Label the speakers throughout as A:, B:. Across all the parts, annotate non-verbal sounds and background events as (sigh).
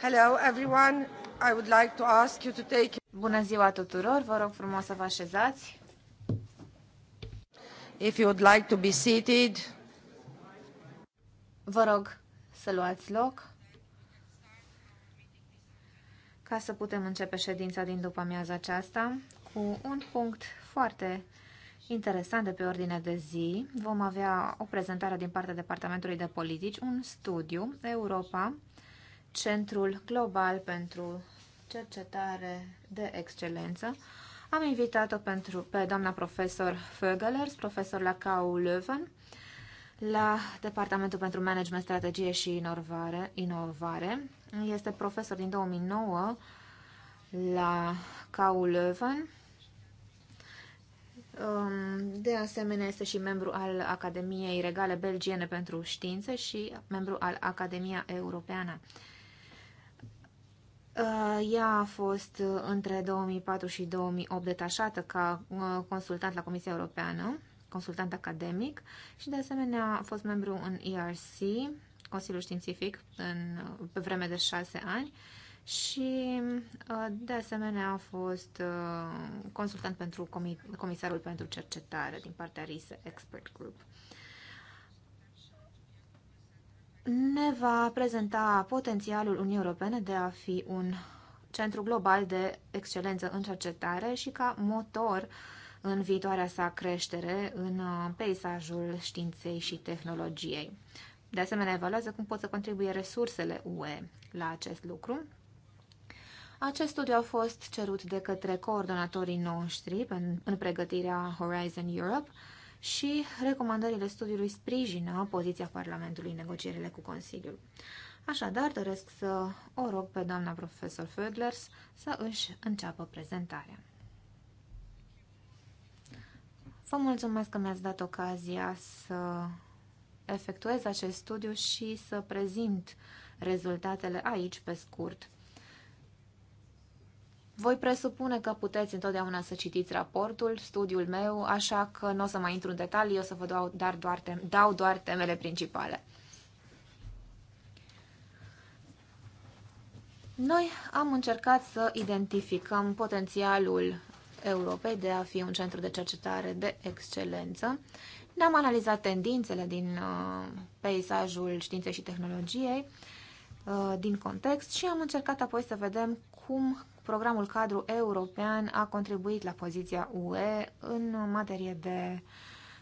A: Hello everyone. I would like to ask you to take Bună ziua tuturor, vă rog frumos să vă așezați.
B: If you would like to be seated.
A: Vă rog să luați loc ca să putem începe ședința din după amiaza aceasta cu un punct foarte interesant de pe ordine de zi. Vom avea o prezentare din partea Departamentului de Politici, un studiu, Europa, Centrul Global pentru Cercetare de Excelență. Am invitat-o pentru, pe doamna profesor Fögelers, profesor la KU Leuven, la Departamentul pentru Management, Strategie și Inovare. Inovare. Este profesor din 2009 la KU Leuven. Um, de asemenea, este și membru al Academiei Regale Belgiene pentru Științe și membru al Academia Europeană Uh, ea a fost uh, între 2004 și 2008 detașată ca uh, consultant la Comisia Europeană, consultant academic și de asemenea a fost membru în ERC, Consiliul Științific, în, pe vreme de șase ani și de asemenea a fost consultant pentru comisarul pentru cercetare din partea RISE Expert Group. ne va prezenta potențialul Uniunii Europene de a fi un centru global de excelență în cercetare și ca motor în viitoarea sa creștere în uh, peisajul științei și tehnologiei. De asemenea, evaluează cum pot să contribuie resursele UE la acest lucru. Acest studiu a fost cerut de către coordonatorii noștri în pregătirea Horizon Europe, și recomandările studiului sprijină poziția Parlamentului în negocierile cu Consiliul. Așadar, doresc să o rog pe doamna profesor Födlers să își înceapă prezentarea. Vă mulțumesc că mi-ați dat ocazia să efectuez acest studiu și să prezint rezultatele aici pe scurt. Voi presupune că puteți întotdeauna să citiți raportul, studiul meu, așa că nu o să mai intru în detalii, o să vă dau, dar doar, tem- dau doar temele principale. Noi am încercat să identificăm potențialul Europei de a fi un centru de cercetare de excelență. Ne-am analizat tendințele din uh, peisajul științei și tehnologiei, uh, din context și am încercat apoi să vedem cum programul cadru european a contribuit la poziția UE în materie de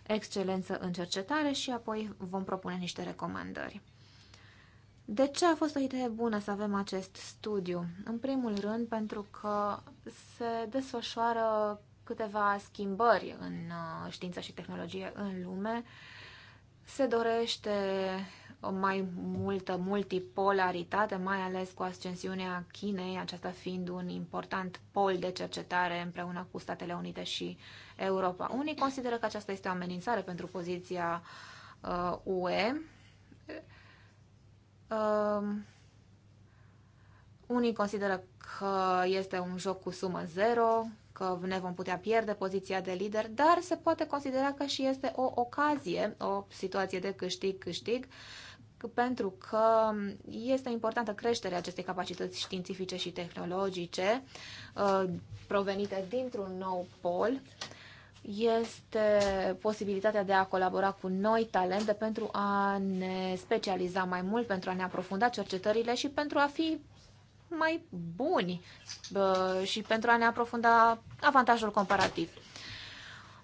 A: excelență în cercetare și apoi vom propune niște recomandări. De ce a fost o idee bună să avem acest studiu? În primul rând pentru că se desfășoară câteva schimbări în uh, știință și tehnologie în lume. Se dorește mai multă multipolaritate, mai ales cu ascensiunea Chinei, aceasta fiind un important pol de cercetare împreună cu Statele Unite și Europa. Unii consideră că aceasta este o amenințare pentru poziția uh, UE. Uh, unii consideră că este un joc cu sumă zero, că ne vom putea pierde poziția de lider, dar se poate considera că și este o ocazie, o situație de câștig-câștig, pentru că este importantă creșterea acestei capacități științifice și tehnologice uh, provenite dintr-un nou pol. Este posibilitatea de a colabora cu noi talente pentru a ne specializa mai mult, pentru a ne aprofunda cercetările și pentru a fi mai buni uh, și pentru a ne aprofunda avantajul comparativ.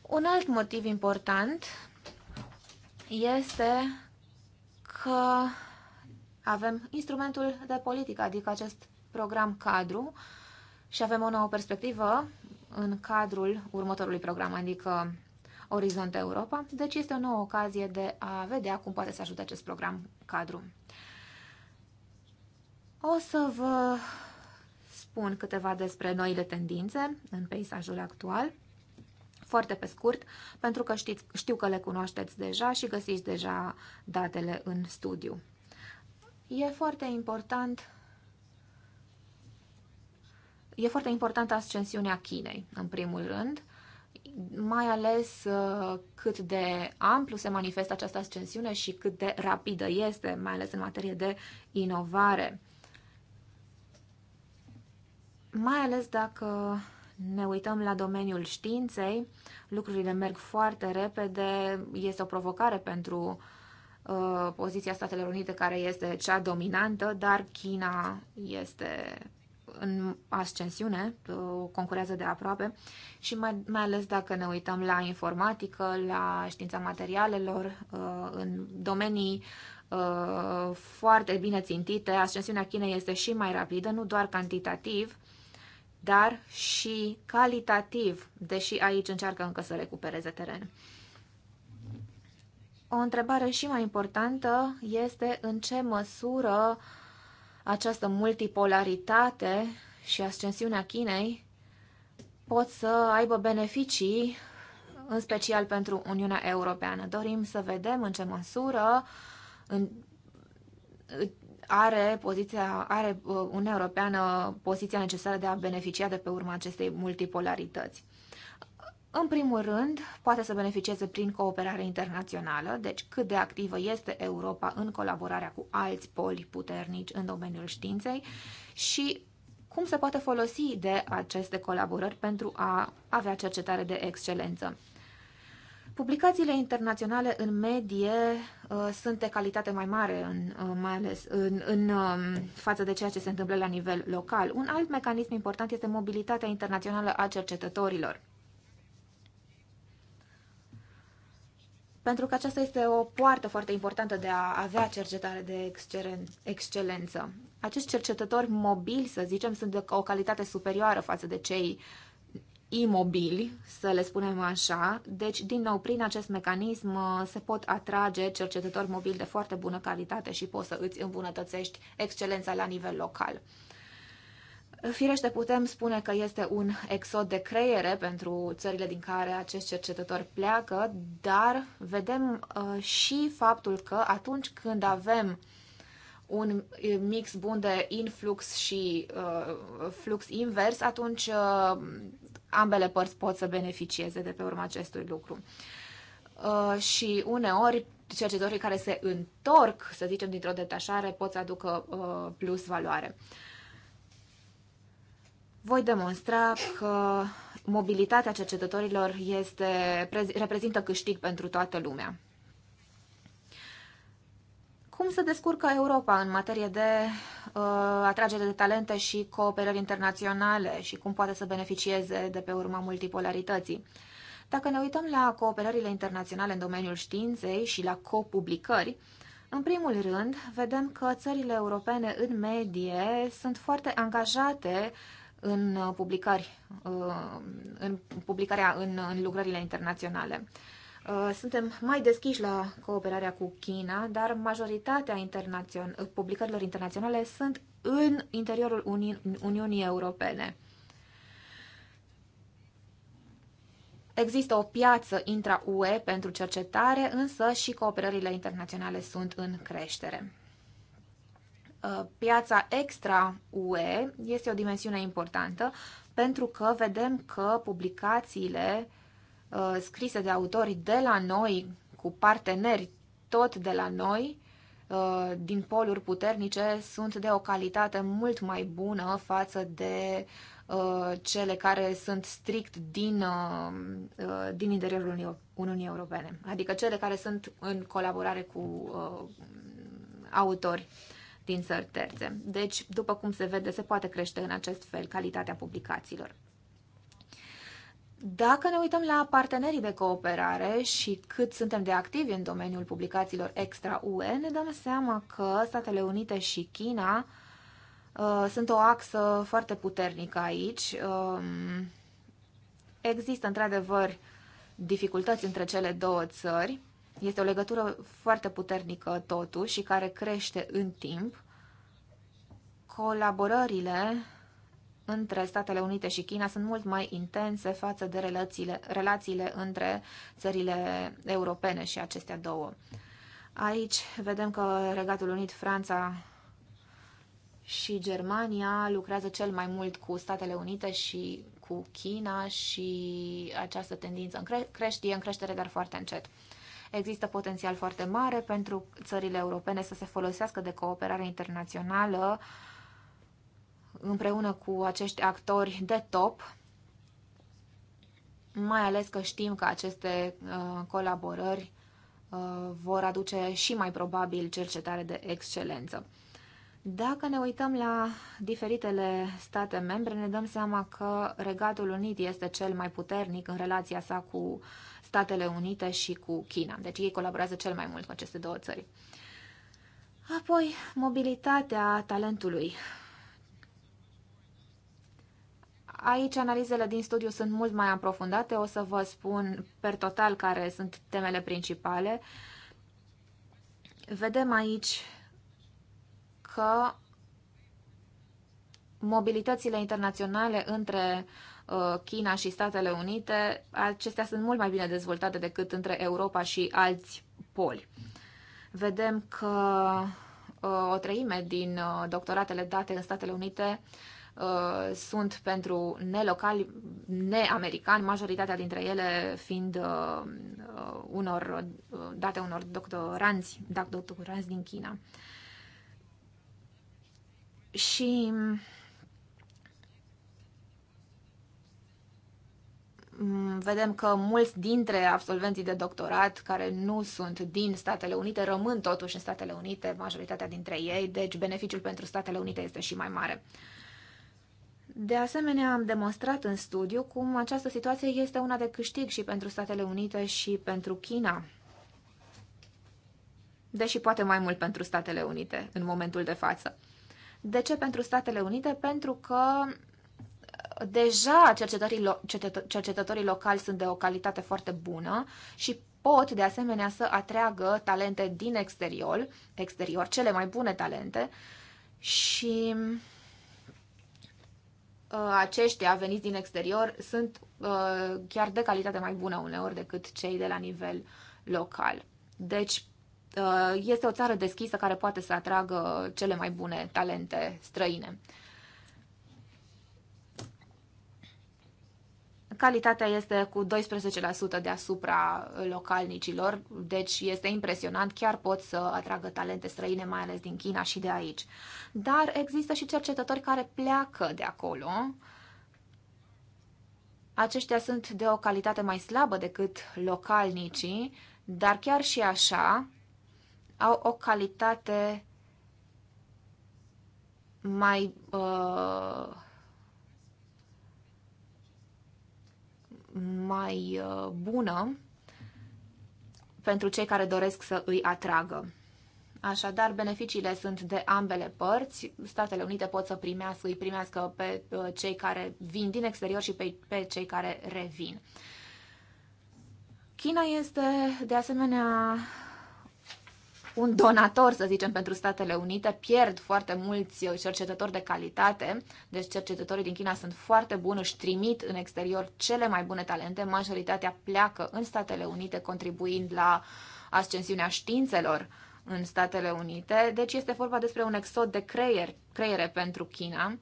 A: Un alt motiv important este că avem instrumentul de politică, adică acest program cadru și avem o nouă perspectivă în cadrul următorului program, adică Orizont Europa. Deci este o nouă ocazie de a vedea cum poate să ajute acest program cadru. O să vă spun câteva despre noile tendințe în peisajul actual foarte pe scurt, pentru că știți, știu că le cunoașteți deja și găsiți deja datele în studiu. E foarte important E foarte importantă ascensiunea Chinei, în primul rând, mai ales uh, cât de amplu se manifestă această ascensiune și cât de rapidă este, mai ales în materie de inovare. Mai ales dacă ne uităm la domeniul științei, lucrurile merg foarte repede, este o provocare pentru uh, poziția Statelor Unite care este cea dominantă, dar China este în ascensiune, uh, concurează de aproape și mai, mai ales dacă ne uităm la informatică, la știința materialelor, uh, în domenii uh, foarte bine țintite, ascensiunea Chinei este și mai rapidă, nu doar cantitativ, dar și calitativ, deși aici încearcă încă să recupereze teren. O întrebare și mai importantă este în ce măsură această multipolaritate și ascensiunea Chinei pot să aibă beneficii, în special pentru Uniunea Europeană. Dorim să vedem în ce măsură în, are, poziția, are uh, Uniunea Europeană poziția necesară de a beneficia de pe urma acestei multipolarități. În primul rând, poate să beneficieze prin cooperare internațională, deci cât de activă este Europa în colaborarea cu alți poli puternici în domeniul științei și cum se poate folosi de aceste colaborări pentru a avea cercetare de excelență. Publicațiile internaționale în medie uh, sunt de calitate mai mare, în, uh, mai ales în, în uh, față de ceea ce se întâmplă la nivel local. Un alt mecanism important este mobilitatea internațională a cercetătorilor. Pentru că aceasta este o poartă foarte importantă de a avea cercetare de excelență. Acești cercetători mobili, să zicem, sunt de o calitate superioară față de cei uh, imobili, să le spunem așa. Deci, din nou, prin acest mecanism uh, se pot atrage cercetători mobili de foarte bună calitate și poți să îți îmbunătățești excelența la nivel local. Firește, putem spune că este un exod de creiere pentru țările din care acești cercetători pleacă, dar vedem uh, și faptul că atunci când avem un uh, mix bun de influx și uh, flux invers, atunci uh, ambele părți pot să beneficieze de pe urma acestui lucru. Uh, și uneori cercetătorii care se întorc, să zicem, dintr-o detașare pot să aducă uh, plus valoare. Voi demonstra că mobilitatea cercetătorilor este, reprezintă câștig pentru toată lumea. Cum se descurcă Europa în materie de uh, atragere de talente și cooperări internaționale și cum poate să beneficieze de pe urma multipolarității? Dacă ne uităm la cooperările internaționale în domeniul științei și la copublicări, în primul rând, vedem că țările europene în medie sunt foarte angajate în publicări, uh, în publicarea în, în lucrările internaționale. Uh, suntem mai deschiși la cooperarea cu China, dar majoritatea internațion- publicărilor internaționale sunt în interiorul Uni- Uniunii Europene. Există o piață intra-UE pentru cercetare, însă și cooperările internaționale sunt în creștere. Uh, piața extra-UE este o dimensiune importantă pentru că vedem că publicațiile uh, uh, scrise de autori de la noi, cu parteneri tot de la noi, uh, din poluri puternice, sunt de o calitate mult mai bună față de uh, cele care sunt strict din, uh, uh, din interiorul Uniunii, Uniunii Europene, adică cele care sunt în colaborare cu uh, autori din țări terțe. Deci, după cum se vede, se poate crește în acest fel calitatea publicațiilor. Dacă ne uităm la partenerii de cooperare și cât suntem de activi în domeniul publicațiilor extra-UE, ne dăm seama că Statele Unite și China uh, sunt o axă foarte puternică aici. Uh, există, într-adevăr, dificultăți între cele două țări. Este o legătură foarte puternică, totuși, și care crește în timp. Colaborările între Statele Unite și China sunt mult mai intense față de relațiile, relațiile între țările europene și acestea două. Aici vedem că Regatul Unit, Franța și Germania lucrează cel mai mult cu Statele Unite și cu China și această tendință în cre- crește, în creștere, dar foarte încet. Există potențial foarte mare pentru țările europene să se folosească de cooperare internațională uh, împreună cu acești actori de top, mai ales că știm că aceste uh, colaborări uh, vor aduce și mai probabil cercetare de excelență. Dacă ne uităm la diferitele state membre, ne dăm seama că Regatul Unit este cel mai puternic în relația sa cu Statele Unite și cu China. Deci ei colaborează cel mai mult cu aceste două țări. Apoi, mobilitatea talentului Aici analizele din studiu sunt mult mai aprofundate, o să vă spun per total care sunt temele principale. Vedem aici că mobilitățile internaționale între uh, China și Statele Unite, acestea sunt mult mai bine dezvoltate decât între Europa și alți poli. Vedem că uh, o treime din uh, doctoratele date în Statele Unite uh, uh, sunt pentru nelocali, neamericani, majoritatea dintre ele fiind uh, uh unor, uh, date unor doctoranți, doctoranți din China. Și mm, vedem că mulți dintre absolvenții de doctorat care nu sunt din Statele Unite rămân totuși în Statele Unite, majoritatea dintre ei, deci beneficiul pentru Statele Unite este și mai mare. De asemenea, am demonstrat în studiu cum această situație este una de câștig și pentru Statele Unite și pentru China. Deși poate mai mult pentru Statele Unite în momentul de față. De ce pentru Statele Unite? Pentru că uh, deja cercetătorii, lo- cercetătorii locali sunt de o calitate foarte bună și pot de asemenea să atragă talente din exterior, exterior cele mai bune talente și Uh, aceștia veniți din exterior sunt uh, chiar de calitate mai bună uneori decât cei de la nivel local. Deci uh, este o țară deschisă care poate să atragă cele mai bune talente străine. calitatea este cu 12% deasupra localnicilor, deci este impresionant, chiar pot să atragă talente străine, mai ales din China și de aici. Dar există și cercetători care pleacă de acolo. Aceștia sunt de o calitate mai slabă decât localnicii, dar chiar și așa au o calitate mai uh, mai uh, bună pentru cei care doresc să îi atragă. Așadar, beneficiile sunt de ambele părți. Statele Unite pot să primească, îi primească pe uh, cei care vin din exterior și pe, pe cei care revin. China este, de asemenea, un donator, să zicem, pentru Statele Unite, pierd foarte mulți cercetători de calitate, deci cercetătorii din China sunt foarte buni, își trimit în exterior cele mai bune talente, majoritatea pleacă în Statele Unite, contribuind la ascensiunea științelor în Statele Unite, deci este vorba despre un exod de creier, creiere pentru China,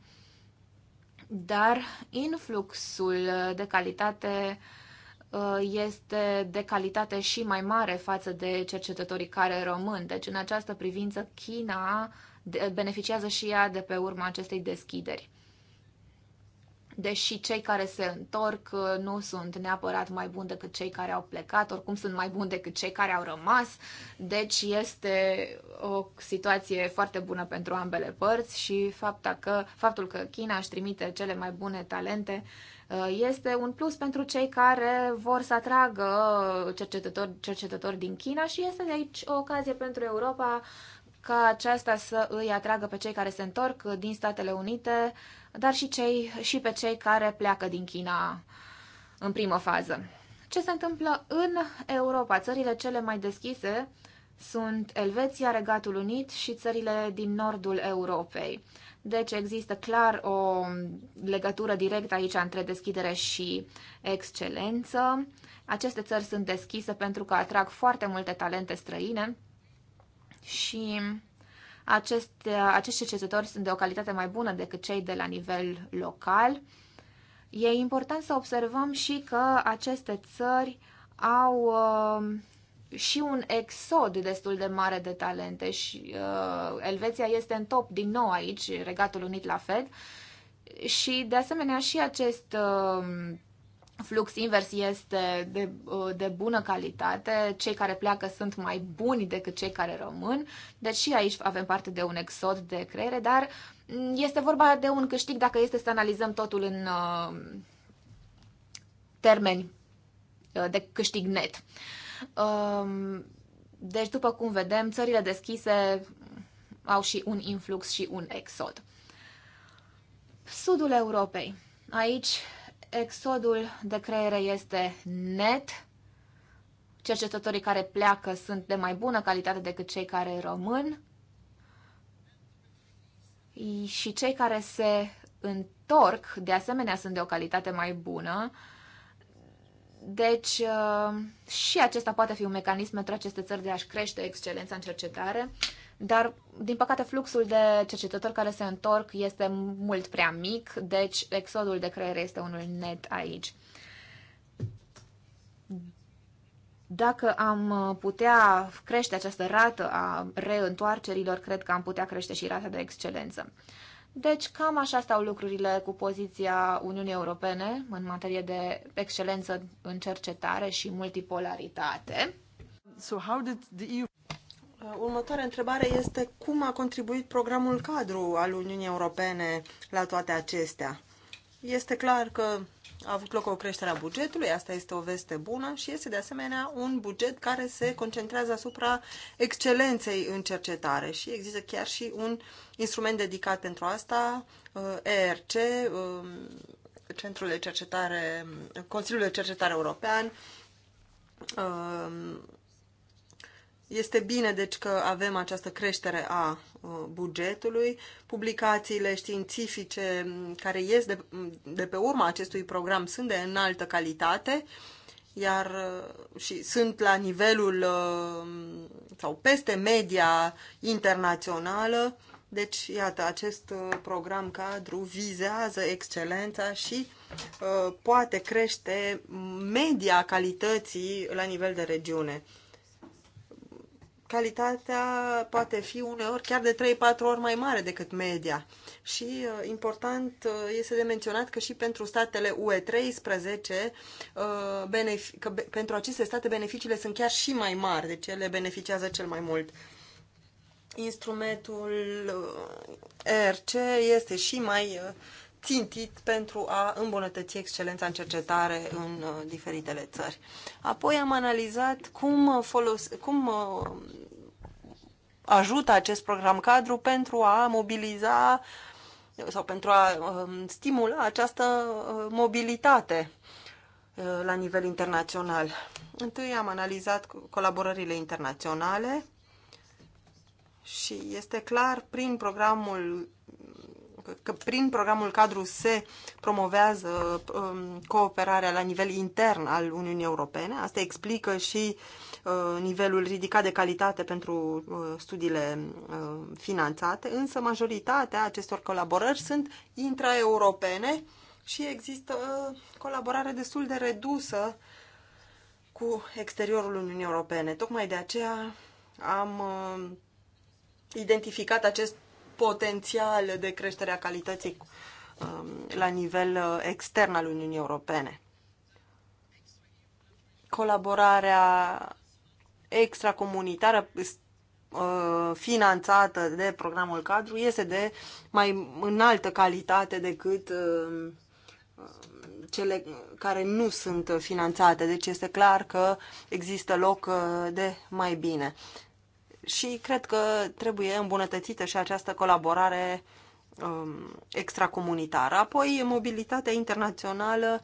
A: dar influxul de calitate uh, Uh, este de calitate și mai mare față de cercetătorii care rămân. Deci, în această privință, China beneficiază și ea de pe urma acestei deschideri. Deși cei care se întorc uh, nu sunt neapărat mai buni decât cei care au plecat, oricum sunt mai buni decât cei care au rămas, deci este o situație foarte bună pentru ambele părți și faptul că, faptul că China își trimite cele mai bune talente uh, Uh, este un plus pentru cei care vor să atragă cercetători, cercetători din China și este de aici o ocazie pentru Europa ca aceasta să îi atragă pe cei care se întorc din Statele Unite, dar și, cei, și pe cei care pleacă din China în primă fază. Ce se întâmplă în Europa? Țările cele mai deschise sunt Elveția, Regatul Unit și țările din nordul Europei. Deci există clar o legătură directă aici între deschidere și excelență. Aceste țări sunt deschise pentru că atrag foarte multe talente străine și aceste, acești cercetători sunt de o calitate mai bună decât cei de la nivel local. E important să observăm și că aceste țări au uh, și un exod destul de mare de talente și uh, Elveția este în top din nou aici, Regatul Unit la fel. Și de asemenea și acest uh, flux invers este de, uh, de bună calitate, cei care pleacă sunt mai buni decât cei care rămân, deci și aici avem parte de un exod de creiere, dar este vorba de un câștig dacă este să analizăm totul în uh, termeni uh, de câștig net. Uh, Ehm, deci, după cum vedem, țările deschise au și un influx și un exod. Sudul Europei. Aici exodul de creiere este net. Cercetătorii care pleacă sunt de mai bună calitate decât cei care rămân. Și cei care se întorc, de asemenea, sunt de o calitate mai bună. Uh, deci uh, și acesta poate fi un mecanism pentru aceste țări de a-și crește excelența în cercetare, dar din păcate fluxul de cercetători care se întorc este mult prea mic, deci exodul de creier este unul net aici. Dacă am putea crește această rată a reîntoarcerilor, cred că am putea crește și rata de excelență. Deci cam așa stau lucrurile cu poziția Uniunii Europene în materie de excelență în cercetare și multipolaritate. So how did the EU... Următoarea întrebare
C: este cum a contribuit programul cadru al Uniunii Europene la toate acestea? Este clar că a avut loc o creștere a bugetului, asta este o veste bună și este de asemenea un buget care se concentrează asupra excelenței în cercetare și există chiar și un instrument dedicat pentru asta, uh, ERC, um, Centrul de Cercetare, Consiliul de Cercetare European, um, este bine, deci, că avem această creștere a uh, bugetului. Publicațiile științifice mm, care ies de, mm, de pe urma acestui program sunt de înaltă calitate iar uh, și sunt la nivelul uh, mm, sau peste media internațională. Deci, iată, acest program cadru vizează excelența și uh, poate crește media calității la nivel de regiune calitatea poate fi uneori chiar de 3-4 ori mai mare decât media. Și uh, important uh, este de menționat că și pentru statele UE13, uh, că pentru aceste state beneficiile sunt chiar și mai mari, deci ele beneficiază cel mai mult. Instrumentul RC este și mai uh, țintit pentru a îmbunătăți excelența în cercetare în uh, diferitele țări. Apoi am analizat cum, uh, folos, cum uh, ajută acest program cadru pentru a mobiliza sau pentru a um, stimula această mobilitate la nivel internațional. Întâi am analizat colaborările internaționale și este clar prin programul că prin programul cadru se promovează um, cooperarea la nivel intern al Uniunii Europene. Asta explică și uh, nivelul ridicat de calitate pentru uh, studiile uh, finanțate, însă majoritatea acestor colaborări sunt intraeuropene și există colaborare destul de redusă cu exteriorul Uniunii Europene. Tocmai de aceea am identificat acest potențial de creștere a calității um, la nivel uh, extern al Uniunii Europene. Colaborarea extracomunitară uh, finanțată de programul cadru este de mai înaltă calitate decât uh, cele care nu sunt finanțate. Deci este clar că există loc de mai bine și cred că trebuie îmbunătățită și această colaborare um, extracomunitară. Apoi, mobilitatea internațională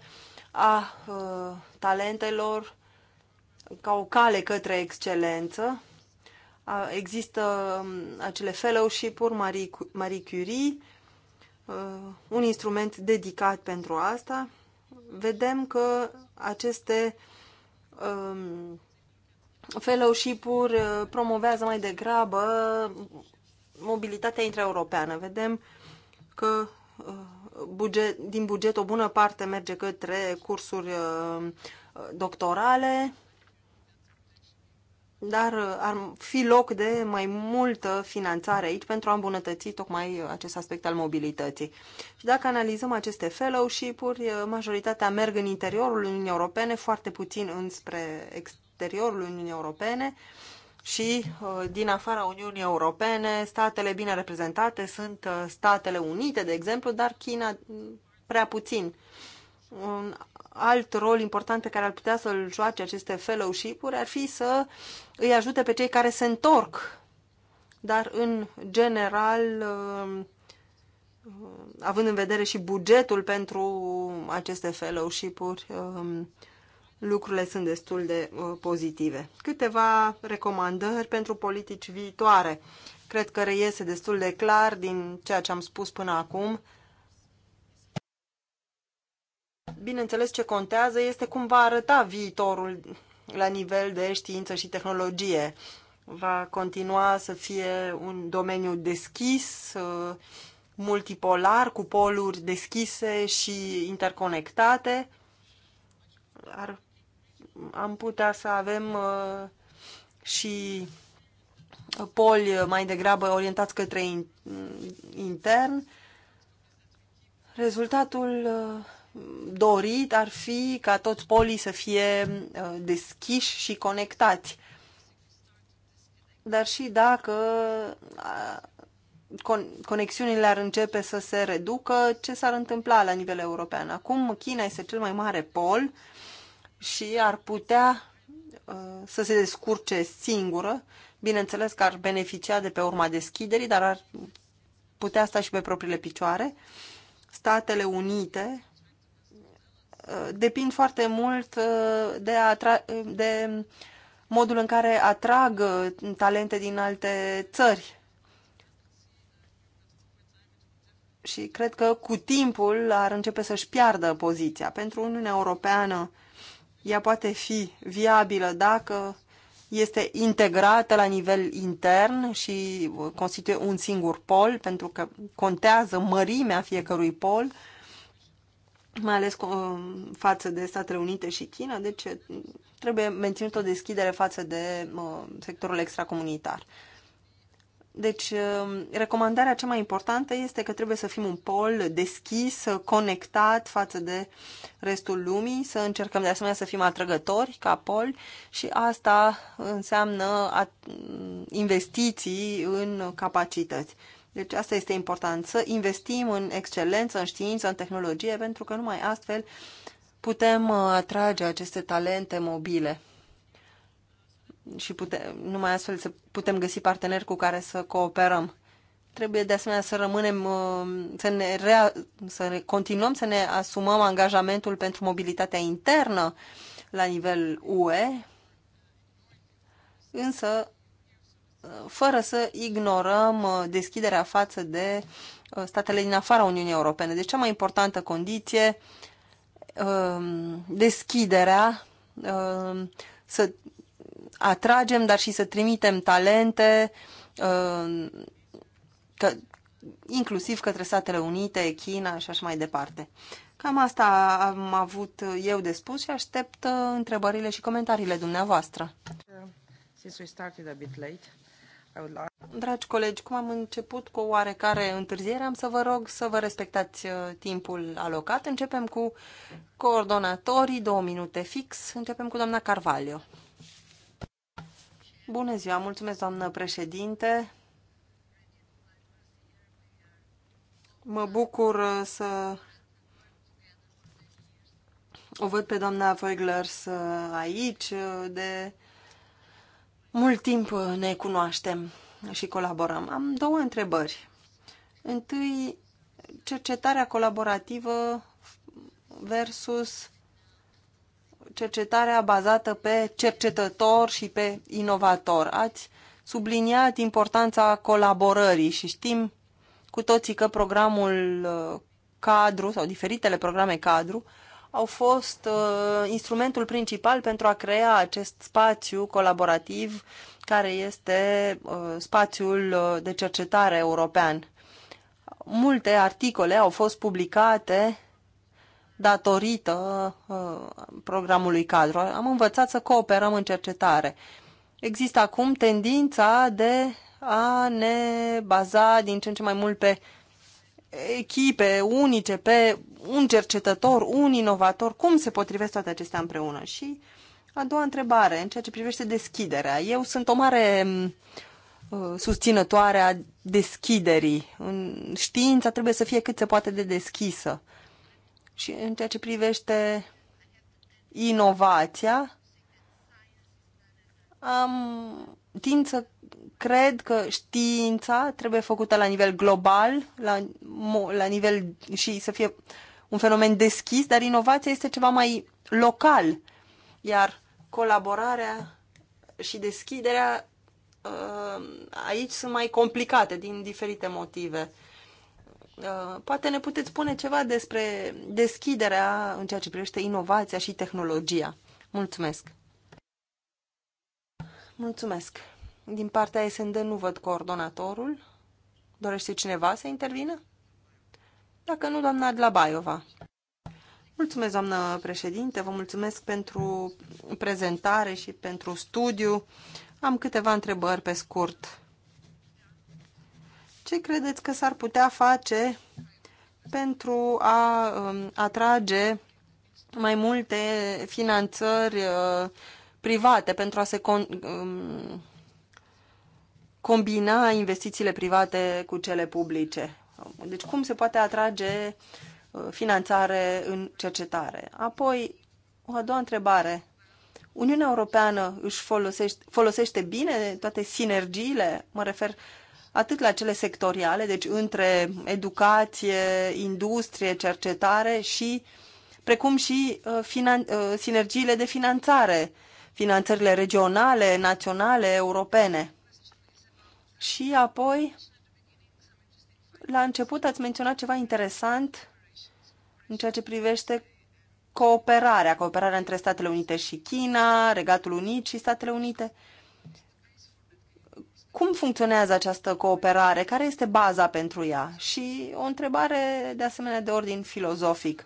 C: a uh, talentelor ca o cale către excelență. Uh, există um, acele fellowship-uri Marie, Marie Curie, uh, un instrument dedicat pentru asta. Vedem că aceste um, fellowship-uri uh, promovează mai degrabă mobilitatea intraeuropeană. Vedem că uh, buget, din buget o bună parte merge către cursuri uh, doctorale, dar ar fi loc de mai multă finanțare aici pentru a îmbunătăți tocmai acest aspect al mobilității. Și dacă analizăm aceste fellowship-uri, majoritatea merg în interiorul Uniunii Europene, foarte puțin înspre exterior exteriorul Uniunii Europene și uh, din afara Uniunii Europene, statele bine reprezentate sunt uh, Statele Unite, de exemplu, dar China mm, prea puțin. Un alt rol important pe care ar putea să-l joace aceste fellowship-uri ar fi să îi ajute pe cei care se întorc. Dar, în general, um, având în vedere și bugetul pentru aceste fellowship-uri, um, lucrurile sunt destul de uh, pozitive. Câteva recomandări pentru politici viitoare. Cred că reiese destul de clar din ceea ce am spus până acum. Bineînțeles, ce contează este cum va arăta viitorul la nivel de știință și tehnologie. Va continua să fie un domeniu deschis, uh, multipolar, cu poluri deschise și interconectate ar am putea să avem uh, și poli mai degrabă orientați către intern. Rezultatul uh, dorit ar fi ca toți polii să fie uh, deschiși și conectați. Dar și dacă conexiunile ar începe să se reducă, ce s-ar întâmpla la nivel european? Acum China este cel mai mare pol, și ar putea uh, să se descurce singură. Bineînțeles că ar beneficia de pe urma deschiderii, dar ar putea sta și pe propriile picioare. Statele Unite uh, depind foarte mult uh, de, de modul în care atrag talente din alte țări. Și cred că cu timpul ar începe să-și piardă poziția. Pentru Uniunea Europeană, ea poate fi viabilă dacă este integrată la nivel intern și constituie un singur pol, pentru că contează mărimea fiecărui pol, mai ales uh, față de Statele Unite și China, deci uh, trebuie menținut o deschidere față de uh, sectorul extracomunitar. Deci, um, recomandarea cea mai importantă este că trebuie să fim un pol deschis, conectat față de restul lumii, să încercăm de asemenea să fim atrăgători ca pol și asta înseamnă mm, investiții în capacități. Deci asta este important, să investim în excelență, în știință, în tehnologie, pentru că numai astfel putem uh, atrage aceste talente mobile și putem, numai astfel să putem găsi parteneri cu care să cooperăm. Trebuie de asemenea să rămânem, uh, să, ne rea, să ne continuăm să ne asumăm angajamentul pentru mobilitatea internă la nivel UE, însă uh, fără să ignorăm uh, deschiderea față de statele din afara Uniunii Europene. Deci cea mai importantă condiție, deschiderea, să atragem, dar și să trimitem talente, uh, că, inclusiv către Statele Unite, China și așa mai departe. Cam asta am avut eu de spus și aștept uh, întrebările și comentariile dumneavoastră. Dragi colegi, cum am început cu o oarecare întârziere, am să vă rog să vă respectați uh, timpul alocat. Începem cu coordonatorii, două minute fix. Începem cu doamna Carvalho. Bună ziua, mulțumesc, doamnă președinte. Mă bucur să o văd pe doamna Voiglers aici. De mult timp ne cunoaștem și colaborăm. Am două întrebări. Întâi, cercetarea colaborativă versus cercetarea bazată pe cercetător și pe inovator. Ați subliniat importanța colaborării și știm cu toții că programul uh, cadru sau diferitele programe cadru au fost uh, instrumentul principal pentru a crea acest spațiu colaborativ care este uh, spațiul uh, de cercetare european. Multe articole au fost publicate datorită uh, programului cadru. Am învățat să cooperăm în cercetare. Există acum tendința de a ne baza din ce în ce mai mult pe echipe unice, pe un cercetător, un inovator, cum se potrivesc toate acestea împreună? Și a doua întrebare, în ceea ce privește deschiderea. Eu sunt o mare mm, uh, susținătoare a deschiderii. Știința trebuie să fie cât se poate de deschisă. Uh, și în ceea ce privește inovația, am tind să cred că știința trebuie făcută la nivel global, la, la nivel și să fie un fenomen deschis, dar inovația este ceva mai local, iar colaborarea și deschiderea uh, aici sunt mai complicate din diferite motive. Uh, poate ne puteți spune ceva despre deschiderea în ceea ce privește inovația și tehnologia. Mulțumesc! Mulțumesc! Din partea SND nu văd coordonatorul. Dorește cineva să intervină? Dacă nu, doamna Baiova. Mulțumesc, doamnă președinte, vă mulțumesc pentru prezentare și pentru studiu. Am câteva întrebări pe scurt. Ce credeți că s-ar putea face pentru a um, atrage mai multe finanțări uh, private, pentru a se con- um, combina investițiile private cu cele publice? Deci cum se poate atrage uh, finanțare în cercetare? Apoi, o a doua întrebare. Uniunea Europeană își folosește, folosește bine toate sinergiile? Mă refer atât la cele sectoriale, deci între educație, industrie, cercetare și precum și uh, finan- uh, sinergiile de finanțare, finanțările regionale, naționale, europene. Și apoi, la început ați menționat ceva interesant în ceea ce privește cooperarea, cooperarea între Statele Unite și China, Regatul Unit și Statele Unite. Cum funcționează această cooperare? Care este baza pentru ea? Și o întrebare de asemenea de ordin filozofic.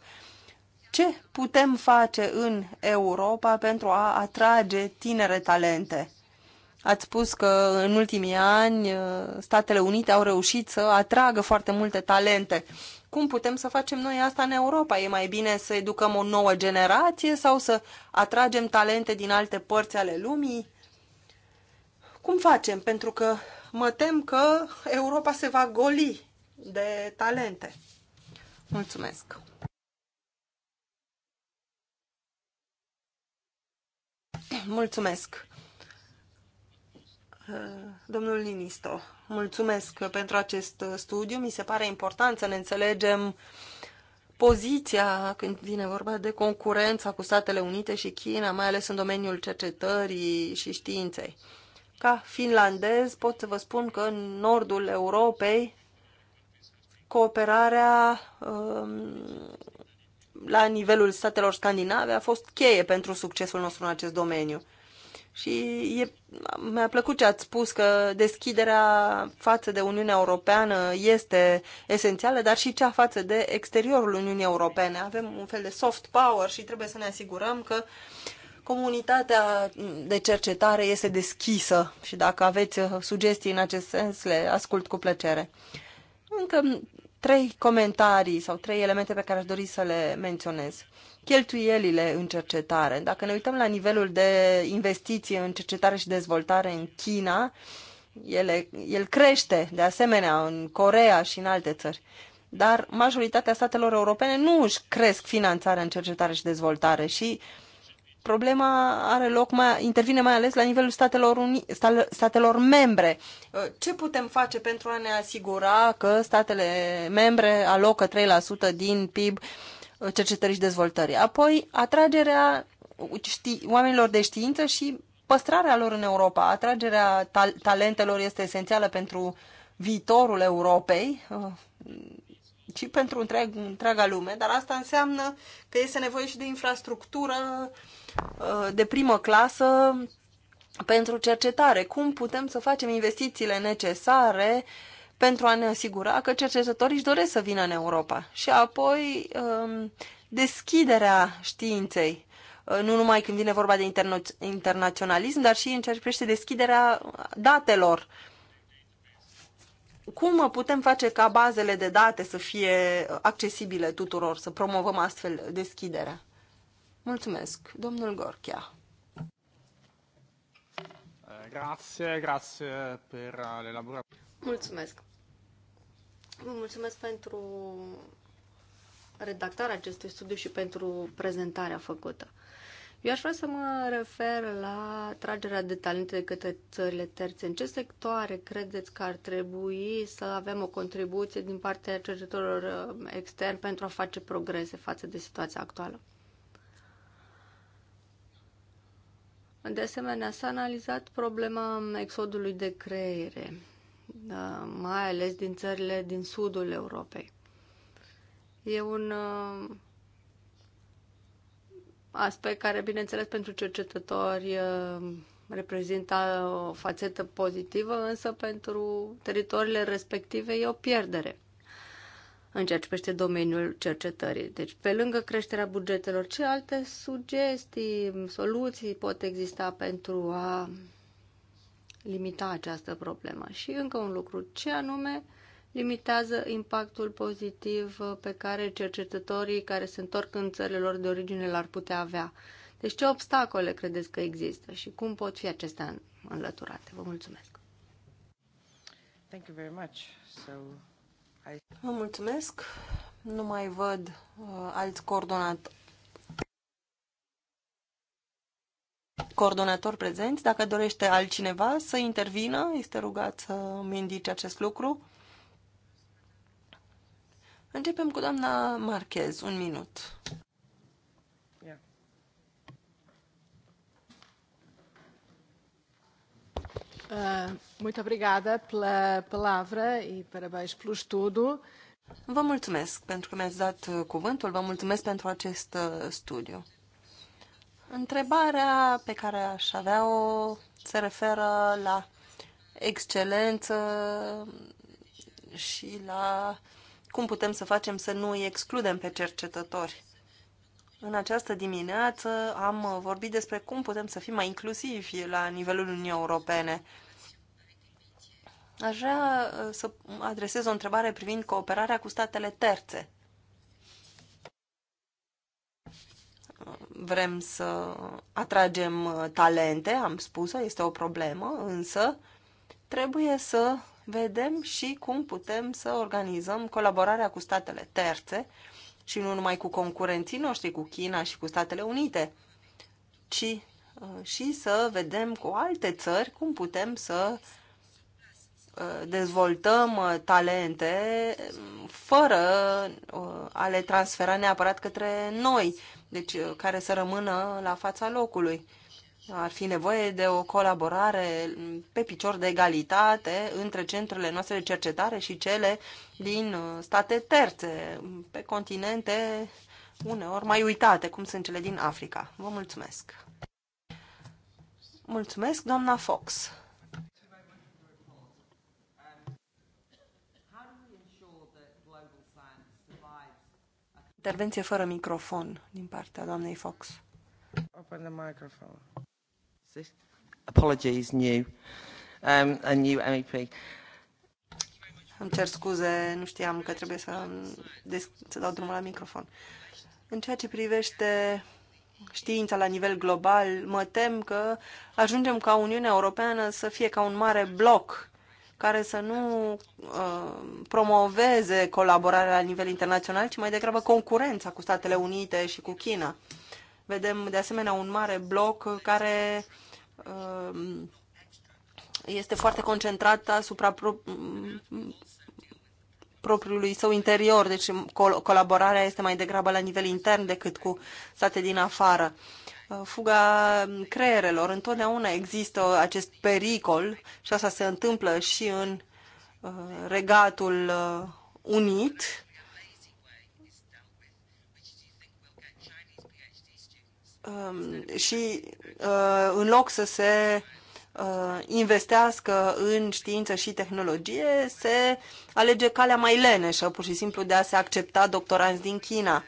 C: Ce putem face în Europa pentru a atrage tinere talente? Ați spus că în ultimii ani uh, Statele Unite au reușit să atragă foarte multe talente. Cum putem să facem noi asta în Europa? E mai bine să educăm o nouă generație sau să atragem talente din alte părți ale lumii? Cum facem? Pentru că mă tem că Europa se va goli de talente. Mulțumesc! Mulțumesc! Domnul Linisto, mulțumesc pentru acest studiu. Mi se pare important să ne înțelegem poziția când vine vorba de concurența cu Statele Unite și China, mai ales în domeniul cercetării și științei. Ca finlandez pot să vă spun că în nordul Europei cooperarea um, la nivelul statelor scandinave a fost cheie pentru succesul nostru în acest domeniu. Și mi-a plăcut ce ați spus că deschiderea față de Uniunea Europeană este esențială, dar și cea față de exteriorul Uniunii Europene. Avem un fel de soft power și trebuie să ne asigurăm că comunitatea de cercetare este deschisă și dacă aveți uh, sugestii în acest sens, le ascult cu plăcere. Încă trei comentarii sau trei elemente pe care aș dori să le menționez. Cheltuielile în cercetare. Dacă ne uităm la nivelul de investiție în cercetare și dezvoltare în China, ele, el crește, de asemenea, în Corea și în alte țări. Dar majoritatea statelor europene nu își cresc finanțarea în cercetare și dezvoltare și uh, problema are loc mai, intervine mai ales la nivelul statelor, uni, statelor membre. Uh, ce putem face pentru a ne asigura că statele membre alocă 3% din PIB uh, cercetării și dezvoltării? Apoi, atragerea ști, oamenilor de știință și păstrarea lor în Europa. Atragerea tal- talentelor este esențială pentru viitorul Europei uh, ci pentru întreg, întreaga lume, dar asta înseamnă că este nevoie și de infrastructură uh, de primă clasă pentru cercetare. Cum putem să facem investițiile necesare pentru a ne asigura că cercetătorii își doresc să vină în Europa? Și apoi um, deschiderea științei uh, nu numai când vine vorba de interna- internaționalism, dar și în ceea ce privește deschiderea datelor cum putem face ca bazele de date să fie accesibile tuturor, să promovăm astfel deschiderea? Mulțumesc, domnul Gorchia.
B: Grazie, grazie per Mulțumesc. Vă mulțumesc pentru redactarea acestui studiu și pentru prezentarea făcută. Eu aș vrea să mă refer la tragerea de talente de către țările terțe. În ce sectoare credeți că ar trebui să avem o contribuție din partea cercetătorilor uh, externi pentru a face progrese față de situația actuală? De asemenea, s-a analizat problema exodului de creiere, uh, mai ales din țările din sudul Europei. E un uh, aspect care, bineînțeles, pentru cercetători uh, reprezintă o fațetă pozitivă, însă pentru teritoriile respective e o pierdere în ceea ce privește domeniul cercetării. Deci, pe lângă creșterea bugetelor, ce alte sugestii, soluții pot exista pentru a limita această problemă? Și încă un lucru, ce anume limitează impactul pozitiv uh, pe care cercetătorii care se întorc în țările lor de origine l-ar putea avea. Deci ce obstacole credeți că există și
C: cum pot fi acestea înlăturate? Vă mulțumesc! Thank you very much. So, I... Vă mulțumesc! Nu mai văd uh, alți coordonat coordonatori prezenți. Dacă dorește altcineva să intervină, este rugat să mi indice acest lucru. Începem cu doamna Marchez, un minut.
B: Uh, muito obrigada pela palavra
C: e parabéns pelo estudo. Vă mulțumesc pentru că mi-ați dat uh, cuvântul, vă mulțumesc pentru acest uh, studiu. Întrebarea pe care aș avea-o se referă la excelență și la cum putem să facem să nu îi excludem pe cercetători? În această dimineață am vorbit despre cum putem să fim mai inclusivi la nivelul Uniunii Europene. Aș vrea uh, să adresez o întrebare privind cooperarea cu statele terțe. Vrem să atragem uh, talente, am spus-o, este o problemă, însă trebuie să vedem și cum putem să organizăm colaborarea cu statele terțe și nu numai cu concurenții noștri, cu China și cu Statele Unite, ci uh, și să vedem cu alte țări cum putem să uh, dezvoltăm uh, talente um, fără a le transfera neapărat către noi, deci care să rămână la fața locului ar fi nevoie de o colaborare pe picior de egalitate între centrele noastre de cercetare și cele din uh, state terțe, pe continente uneori mai uitate, cum sunt cele din Africa. Vă mulțumesc! Mulțumesc, doamna Fox! Intervenție fără microfon din partea doamnei Fox. Open the microphone. Apologies, new. Um, a new MEP. Îmi cer scuze, nu știam că trebuie să, să dau drumul la microfon. În ceea ce privește știința la nivel global, mă tem că ajungem ca Uniunea Europeană să fie ca un mare bloc care să nu uh, promoveze colaborarea la nivel internațional, ci mai degrabă concurența cu Statele Unite și cu China. Vedem de asemenea un mare bloc care um, este foarte concentrat asupra pro propriului său interior, deci colaborarea este mai degrabă la nivel intern decât cu state din afară. Uh, fuga creierelor, întotdeauna există acest pericol și asta se întâmplă și în uh, Regatul uh, Unit Um, și uh, în loc să se uh, investească în știință și tehnologie, se alege calea mai leneșă, pur și simplu de a se accepta doctoranți din China.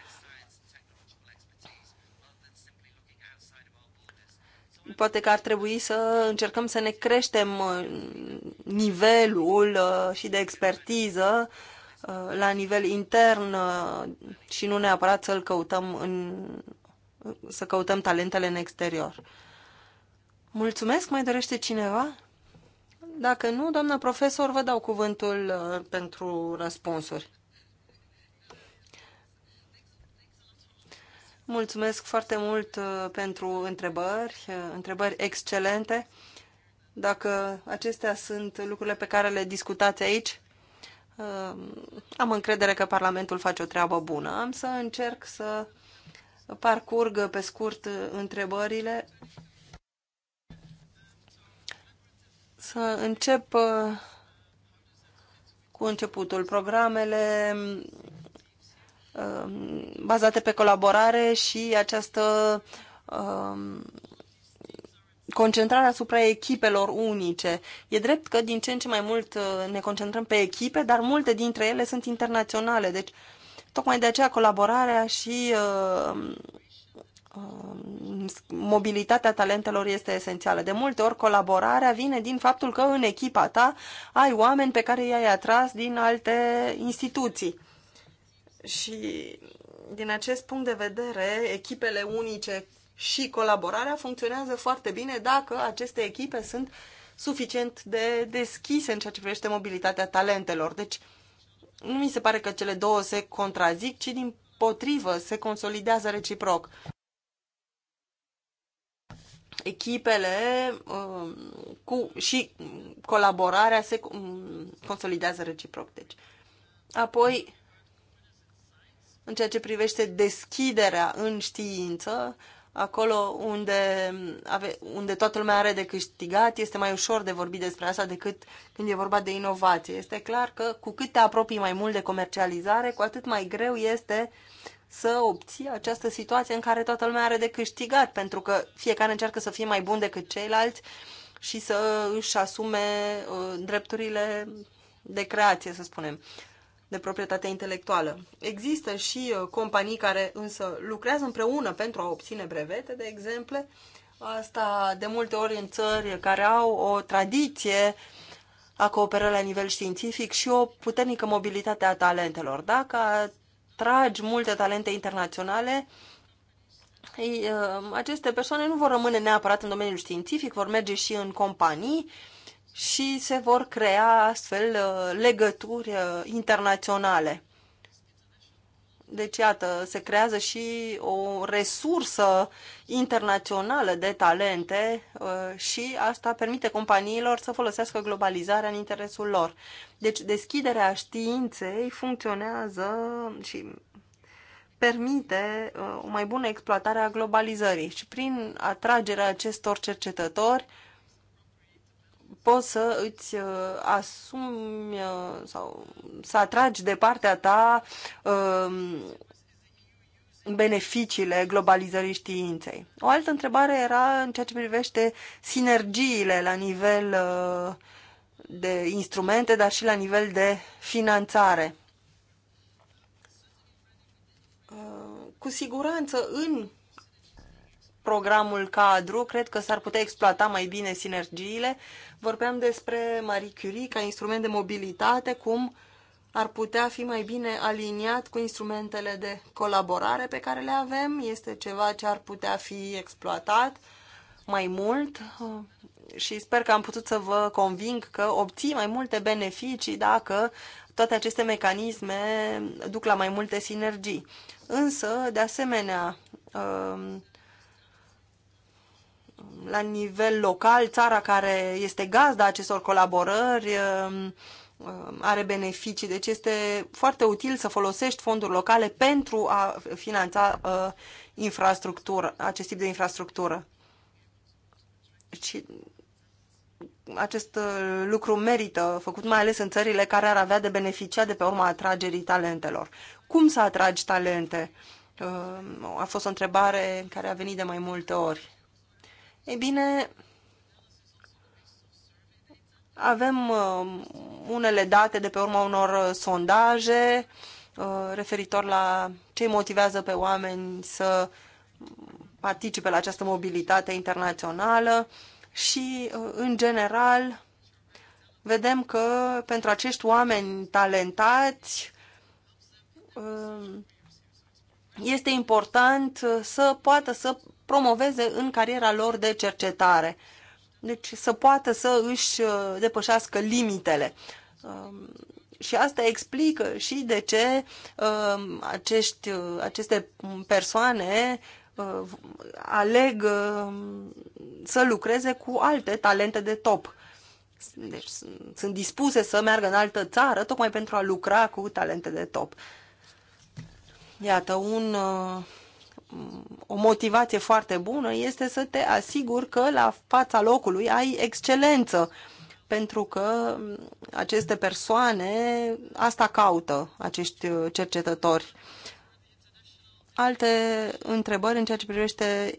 C: Poate că ar trebui să încercăm să ne creștem uh, nivelul uh, și de expertiză uh, la nivel intern și nu neapărat să-l căutăm în să căutăm talentele în exterior. Mulțumesc, mai dorește cineva? Dacă nu, doamna profesor, vă dau cuvântul uh, pentru răspunsuri. Mulțumesc foarte mult uh, pentru întrebări, uh, întrebări excelente. Dacă acestea sunt lucrurile pe care le discutați aici, am încredere că Parlamentul face o treabă bună. Am să încerc să parcurg pe scurt uh, întrebările. Să încep uh, cu începutul. Programele um, bazate pe colaborare și această um, concentrarea asupra echipelor unice. E drept că din ce în ce mai mult uh, ne concentrăm pe echipe, dar multe dintre ele sunt internaționale, deci uh, Tocmai de aceea colaborarea și uh, uh, mobilitatea talentelor este esențială. De multe ori colaborarea vine din faptul că în echipa ta ai oameni pe care i-ai atras din alte instituții. Și din acest punct de vedere, echipele unice și colaborarea funcționează foarte bine dacă aceste echipe sunt suficient de deschise în ceea ce privește mobilitatea talentelor. Deci, uh, nu mi se pare că cele două se contrazic, ci din potrivă se consolidează reciproc. Echipele uh, cu, și colaborarea se um, consolidează reciproc. Deci. Apoi, în ceea ce privește deschiderea în știință, acolo unde, ave, unde toată lumea are de câștigat, este mai ușor de vorbit despre asta decât când e vorba de inovație. Este clar că cu cât te apropii mai mult de comercializare, cu atât mai greu este să obții această situație în care toată lumea are de câștigat, pentru că fiecare încearcă să fie mai bun decât ceilalți și să își asume uh, drepturile de creație, să spunem de proprietate intelectuală. Există și uh, companii care însă lucrează împreună pentru a obține brevete, de exemplu, asta de multe ori în țări care au o tradiție a cooperării la nivel științific și o puternică mobilitate a talentelor. Dacă tragi multe talente internaționale, ei, uh, aceste persoane nu vor rămâne neapărat în domeniul științific, vor merge și în companii și se vor crea astfel uh, legături uh, internaționale. Deci, iată, se creează și o resursă internațională de talente uh, și asta permite companiilor să folosească globalizarea în interesul lor. Deci, deschiderea științei funcționează și permite o mai bună exploatare a globalizării și prin atragerea acestor cercetători poți să îți uh, asumi uh, sau să atragi de partea ta uh, beneficiile globalizării științei. O altă întrebare era în ceea ce privește sinergiile la nivel uh, de instrumente, dar și la nivel de finanțare. Uh, cu siguranță în programul cadru, cred că s-ar putea exploata mai bine sinergiile. Vorbeam despre Marie Curie ca instrument de mobilitate, cum ar putea fi mai bine aliniat cu instrumentele de colaborare pe care le avem. Este ceva ce ar putea fi exploatat mai mult uh, și sper că am putut să vă conving că obții mai multe beneficii dacă toate aceste mecanisme duc la mai multe sinergii. Însă, de asemenea, uh, la nivel local, țara care este gazda acestor colaborări um, um, are beneficii. Deci este foarte util să folosești fonduri locale pentru a finanța uh, infrastructură, acest tip de infrastructură. Și acest uh, lucru merită făcut mai ales în țările care ar avea de beneficiat de pe urma atragerii talentelor. Cum să atragi talente? Um, a fost o întrebare care a venit de mai multe ori. Ei bine, avem uh, unele date de pe urma unor uh, sondaje uh, referitor la ce motivează pe oameni să participe la această mobilitate internațională și, în general, vedem că pentru acești oameni talentați este important uh, să poată să promoveze în cariera lor de cercetare. Deci să poată să își uh, depășească limitele. Um, și asta explică și de ce um, acești, uh, aceste persoane aleg um, să lucreze cu alte talente de top. Deci sunt dispuse să meargă în altă țară tocmai pentru a lucra cu talente de top. Iată, un, uh, o motivație foarte bună este să te asiguri că la fața locului ai excelență, pentru că mm, aceste persoane asta caută, acești uh, cercetători. Alte întrebări în ceea ce privește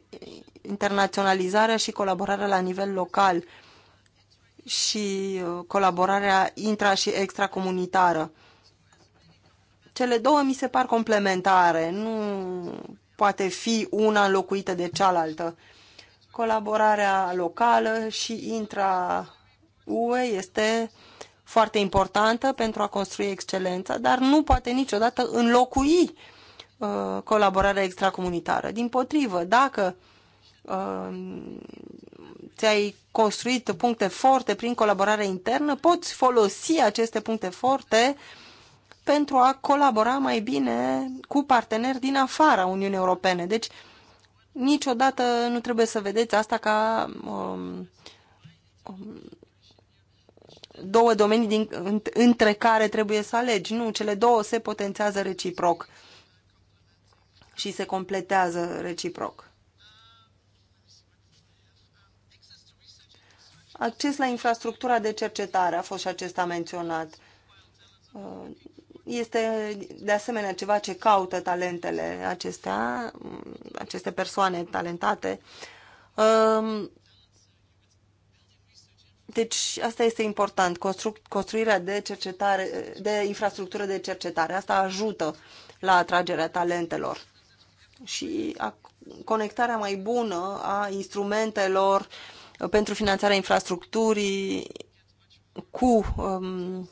C: internaționalizarea și colaborarea la nivel local și uh, colaborarea intra- și extracomunitară cele două mi se par complementare, nu poate fi una înlocuită de cealaltă. Colaborarea locală și intra-UE este foarte importantă pentru a construi excelența, dar nu poate niciodată înlocui uh, colaborarea extracomunitară. Din potrivă, dacă uh, ți-ai construit puncte forte prin colaborare internă, poți folosi aceste puncte forte uh, pentru a colabora mai bine cu parteneri din afara Uniunii Europene. Deci, niciodată nu trebuie să vedeți asta ca um, um, două domenii din, între care trebuie să alegi. Nu, cele două se potențează reciproc și se completează reciproc. Acces la infrastructura de cercetare a fost și acesta menționat. Uh, este de asemenea ceva ce caută talentele acestea, aceste persoane talentate. Um, deci asta este important, constru- construirea de cercetare, de infrastructură de cercetare. Asta ajută la atragerea talentelor și a conectarea mai bună a instrumentelor pentru finanțarea infrastructurii cu um,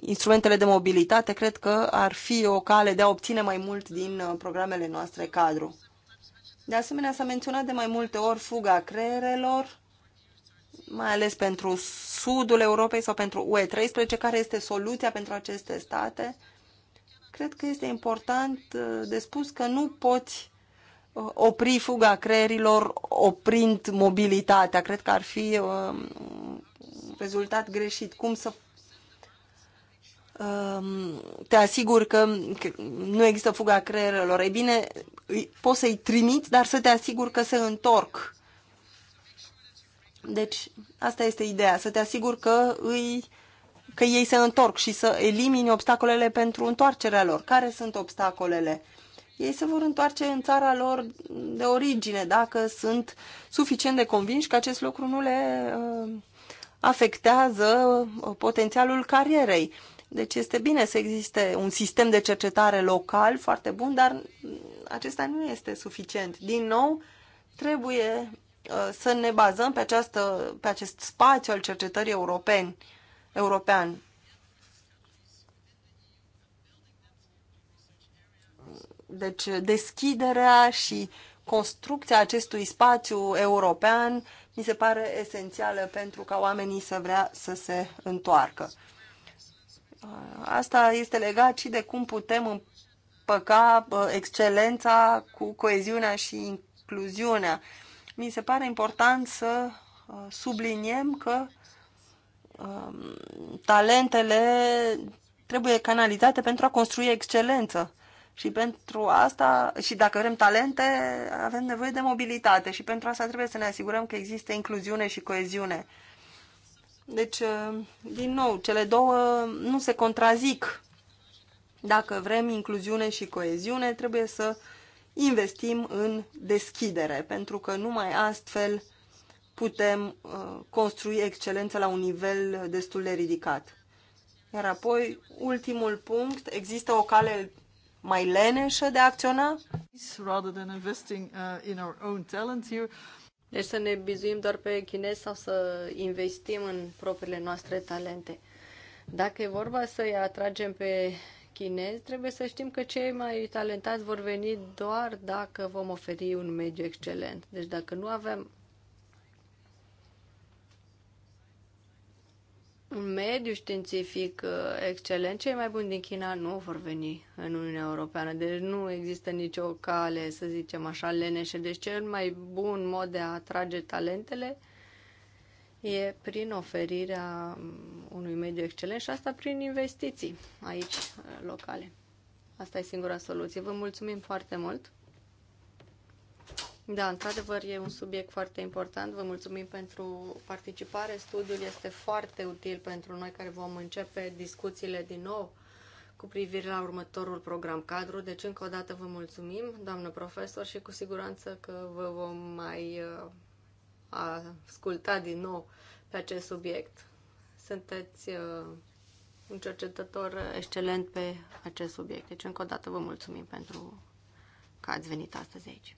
C: instrumentele de mobilitate cred că ar fi o cale de a obține mai mult din uh, programele noastre cadru. De asemenea, s-a menționat de mai multe ori fuga creierelor, mai ales pentru sudul Europei sau pentru UE13, care este soluția pentru aceste state. Cred că este important uh, de spus că nu poți uh, opri fuga creierilor oprind mobilitatea. Cred că ar fi un rezultat greșit. Cum să Um, te asigur că nu există fuga creierelor. Ei bine, poți să-i trimiți, dar să te asigur că se întorc. Deci, asta este ideea, să te asigur că, îi, că ei se întorc și să elimini obstacolele pentru întoarcerea lor. Care sunt obstacolele? Ei se vor întoarce în țara lor de origine, dacă sunt suficient de convinși că acest lucru nu le uh, afectează uh, potențialul carierei deci este bine să existe un sistem de cercetare local foarte bun, dar acesta nu este suficient. Din nou, trebuie uh, să ne bazăm pe, această, pe acest spațiu al cercetării europeni, european. Deci deschiderea și construcția acestui spațiu european mi se pare esențială pentru ca oamenii să vrea să se întoarcă. Asta este legat și de cum putem împăca excelența cu coeziunea și incluziunea. Mi se pare important să uh, subliniem că um, talentele trebuie canalizate pentru a construi excelență. Și pentru asta, și dacă vrem talente, avem nevoie de mobilitate și pentru asta trebuie să ne asigurăm că există incluziune și coeziune. Deci, uh, din nou, cele două nu se contrazic. Dacă vrem incluziune și coeziune, trebuie să investim în deschidere, pentru că numai astfel putem uh, construi excelența la un nivel destul de ridicat. Iar apoi, ultimul punct, există o cale mai leneșă de a acționa?
B: Uh, deci să ne bizuim doar pe chinez sau să investim în propriile noastre talente. Dacă e vorba să-i atragem pe chinezi, trebuie să știm că cei mai talentați vor veni doar dacă vom oferi un mediu excelent. Deci dacă nu avem un mediu științific uh, excelent, cei mai buni din China nu vor veni în Uniunea Europeană. Deci nu există nicio cale, să zicem așa, leneșe. Deci cel mai bun mod de a atrage talentele e prin oferirea mm, unui mediu excelent și asta prin investiții aici uh, locale. Asta e singura soluție. Vă mulțumim foarte mult! Da, într-adevăr e un subiect foarte important. Vă mulțumim pentru participare. Studiul este foarte util pentru noi care vom începe discuțiile din nou cu privire la următorul program cadru. Deci încă o dată vă mulțumim, doamnă profesor, și cu siguranță că vă vom mai uh, asculta din nou pe acest subiect. Sunteți uh, un cercetător excelent pe acest subiect. Deci încă o dată vă mulțumim pentru că ați venit astăzi aici.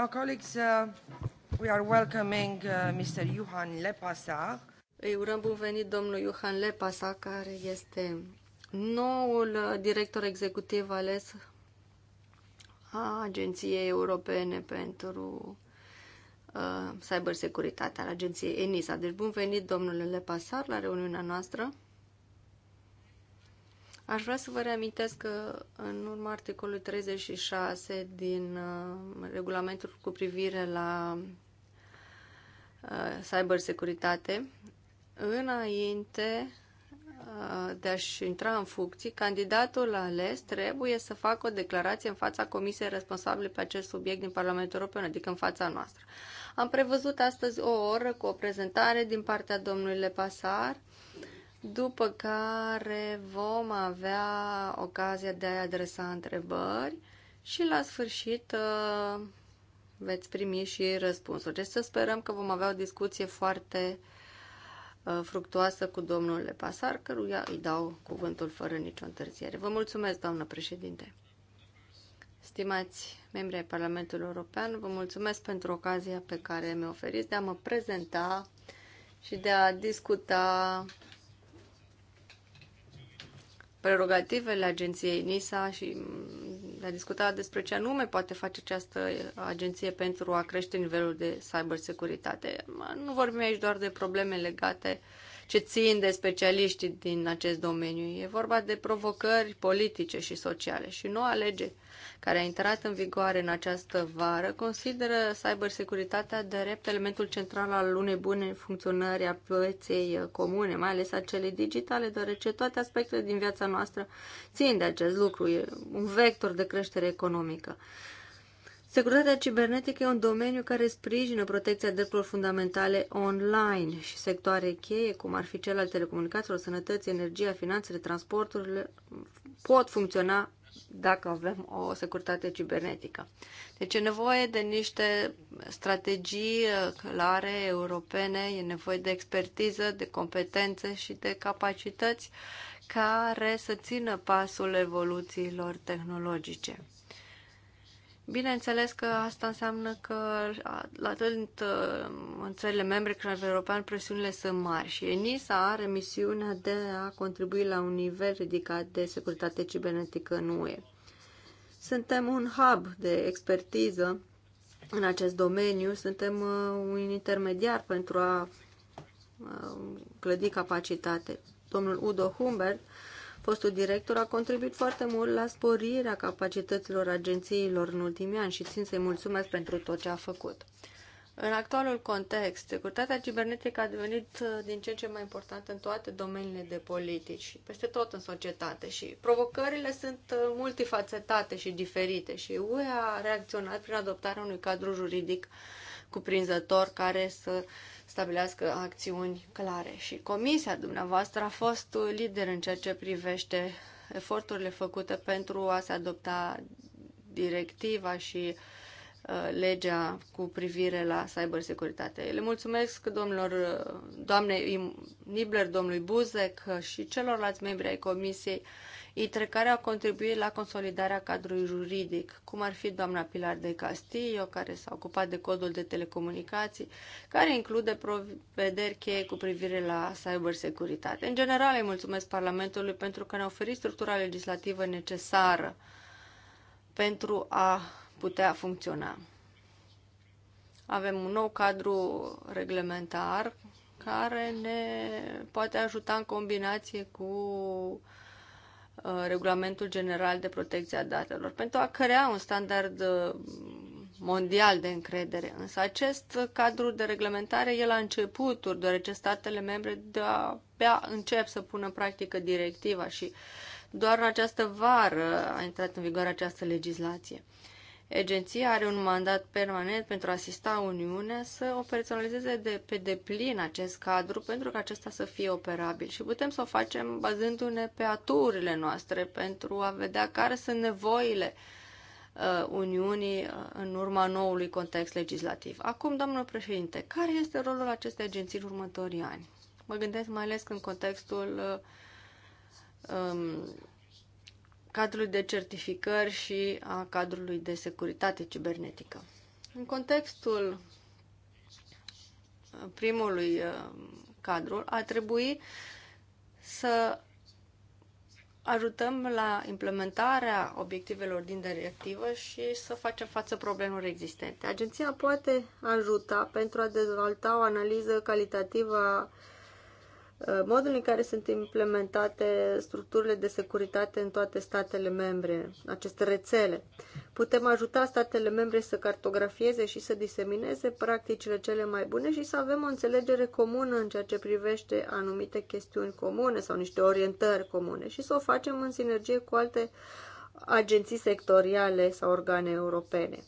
B: Now, colleagues, uh, we are welcoming uh, Mr. Johan Lepasa. Îi urăm bun venit domnul Johan Lepasa, care este noul uh, director executiv ales a Agenției Europene pentru uh, Cybersecuritate, al Agenției ENISA. Deci bun venit, domnule Lepasar, la reuniunea noastră. Aș vrea să vă reamintesc că în urma articolului 36 din uh, regulamentul cu privire la uh, cybersecuritate, înainte uh, de a-și intra în funcții, candidatul ales trebuie să facă o declarație în fața comisiei responsabile pe acest subiect din Parlamentul European, adică în fața noastră. Am prevăzut astăzi o oră cu o prezentare din partea domnului Lepasar, după care vom avea ocazia de a adresa întrebări și la sfârșit uh, veți primi și răspunsuri. Deci să sperăm că vom avea o discuție foarte uh, fructuoasă cu domnul Lepasar, căruia îi dau cuvântul fără nicio întârziere. Vă mulțumesc, doamnă președinte! Stimați membri ai Parlamentului European, vă mulțumesc pentru ocazia pe care mi-o oferiți de a mă prezenta și de a discuta prerogativele agenției NISA și a discutat despre ce anume poate face această agenție pentru a crește nivelul de cybersecuritate. Nu vorbim aici doar de probleme legate uh, ce țin de specialiștii din acest domeniu. E vorba de provocări politice și sociale și noua lege care a intrat în vigoare în această vară consideră cybersecuritatea drept elementul central al unei bune funcționări a pieței comune, mai ales a celei digitale, deoarece toate aspectele din viața noastră țin de acest lucru. E un vector de creștere economică. Securitatea cibernetică e un domeniu care sprijină protecția drepturilor fundamentale online și sectoare cheie, cum ar fi cel al telecomunicațiilor, sănătății, energia, finanțele, transporturile, pot funcționa dacă avem o securitate cibernetică. Deci e nevoie de niște strategii uh, clare europene, e nevoie de expertiză, de competențe și de capacități care să țină pasul evoluțiilor tehnologice. Bineînțeles că asta înseamnă că la atât uh, în țările membre cât și european presiunile sunt mari și ENISA are misiunea de a contribui la un nivel ridicat de securitate cibernetică în UE. Suntem un hub de expertiză în acest domeniu, suntem uh, un intermediar pentru a uh, clădi capacitate. Domnul Udo Humbert Fostul director a contribuit foarte mult la sporirea capacităților agențiilor în ultimii ani și țin să-i mulțumesc pentru tot ce a făcut. În actualul context, securitatea cibernetică a devenit uh, din ce în ce mai importantă în toate domeniile de politici și peste tot în societate și provocările sunt uh, multifacetate și diferite și UE a reacționat prin adoptarea unui cadru juridic cuprinzător care să stabilească acțiuni clare. Și comisia dumneavoastră a fost lider în ceea ce privește eforturile făcute pentru a se adopta directiva și uh, legea cu privire la cybersecuritate. Le mulțumesc domnilor, uh, doamnei Nibler, domnului Buzek și celorlalți membri ai comisiei între care au contribuit la consolidarea cadrului juridic, cum ar fi doamna Pilar de Castillo, care s-a ocupat de codul de telecomunicații, care include provederi cheie cu privire la cybersecuritate. În general, îi mulțumesc Parlamentului pentru că ne-a oferit structura legislativă necesară pentru a putea funcționa. Avem un nou cadru reglementar care ne poate ajuta în combinație cu Uh, regulamentul general de protecție a datelor, pentru a crea un standard uh, mondial de încredere. Însă acest cadru de reglementare e la începuturi, deoarece statele membre de-abia încep să pună în practică directiva și doar în această vară a intrat în vigoare această legislație. Agenția are un mandat permanent pentru a asista Uniunea să operaționalizeze de, pe deplin acest cadru pentru ca acesta să fie operabil și putem să o facem bazându-ne pe aturile noastre pentru a vedea care sunt nevoile uh, Uniunii uh, în urma noului context legislativ. Acum, domnul președinte, care este rolul acestei agenții în următorii ani? Mă gândesc mai ales în contextul uh, um, cadrului de certificări și a cadrului de securitate cibernetică. În contextul primului uh, cadru, a trebui să ajutăm la implementarea obiectivelor din directivă și să facem față problemelor existente. Agenția poate ajuta pentru a dezvolta o analiză calitativă a Uh, modul în care sunt implementate structurile de securitate în toate statele membre, aceste rețele. Putem ajuta statele membre să cartografieze și să disemineze practicile cele mai bune și să avem o înțelegere comună în ceea ce privește anumite chestiuni comune sau niște orientări comune și să o facem în sinergie cu alte agenții sectoriale sau organe europene.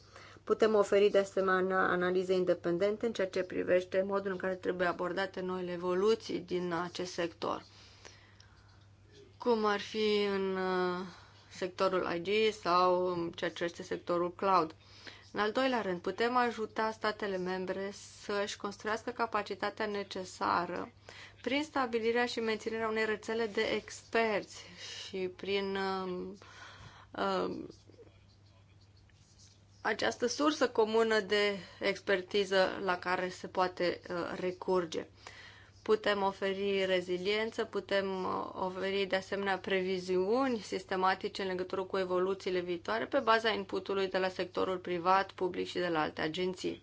B: Putem oferi de asemenea analize independente în ceea ce privește modul în care trebuie abordate noile evoluții din acest sector, cum ar fi în uh, sectorul IG sau în ceea ce este sectorul cloud. În al doilea rând, putem ajuta statele membre să-și construiască capacitatea necesară prin stabilirea și menținerea unei rețele de experți și prin uh, uh, această sursă comună de expertiză la care se poate uh, recurge. Putem oferi reziliență, putem uh, oferi de asemenea previziuni sistematice în legătură cu evoluțiile viitoare pe baza inputului de la sectorul privat, public și de la alte agenții.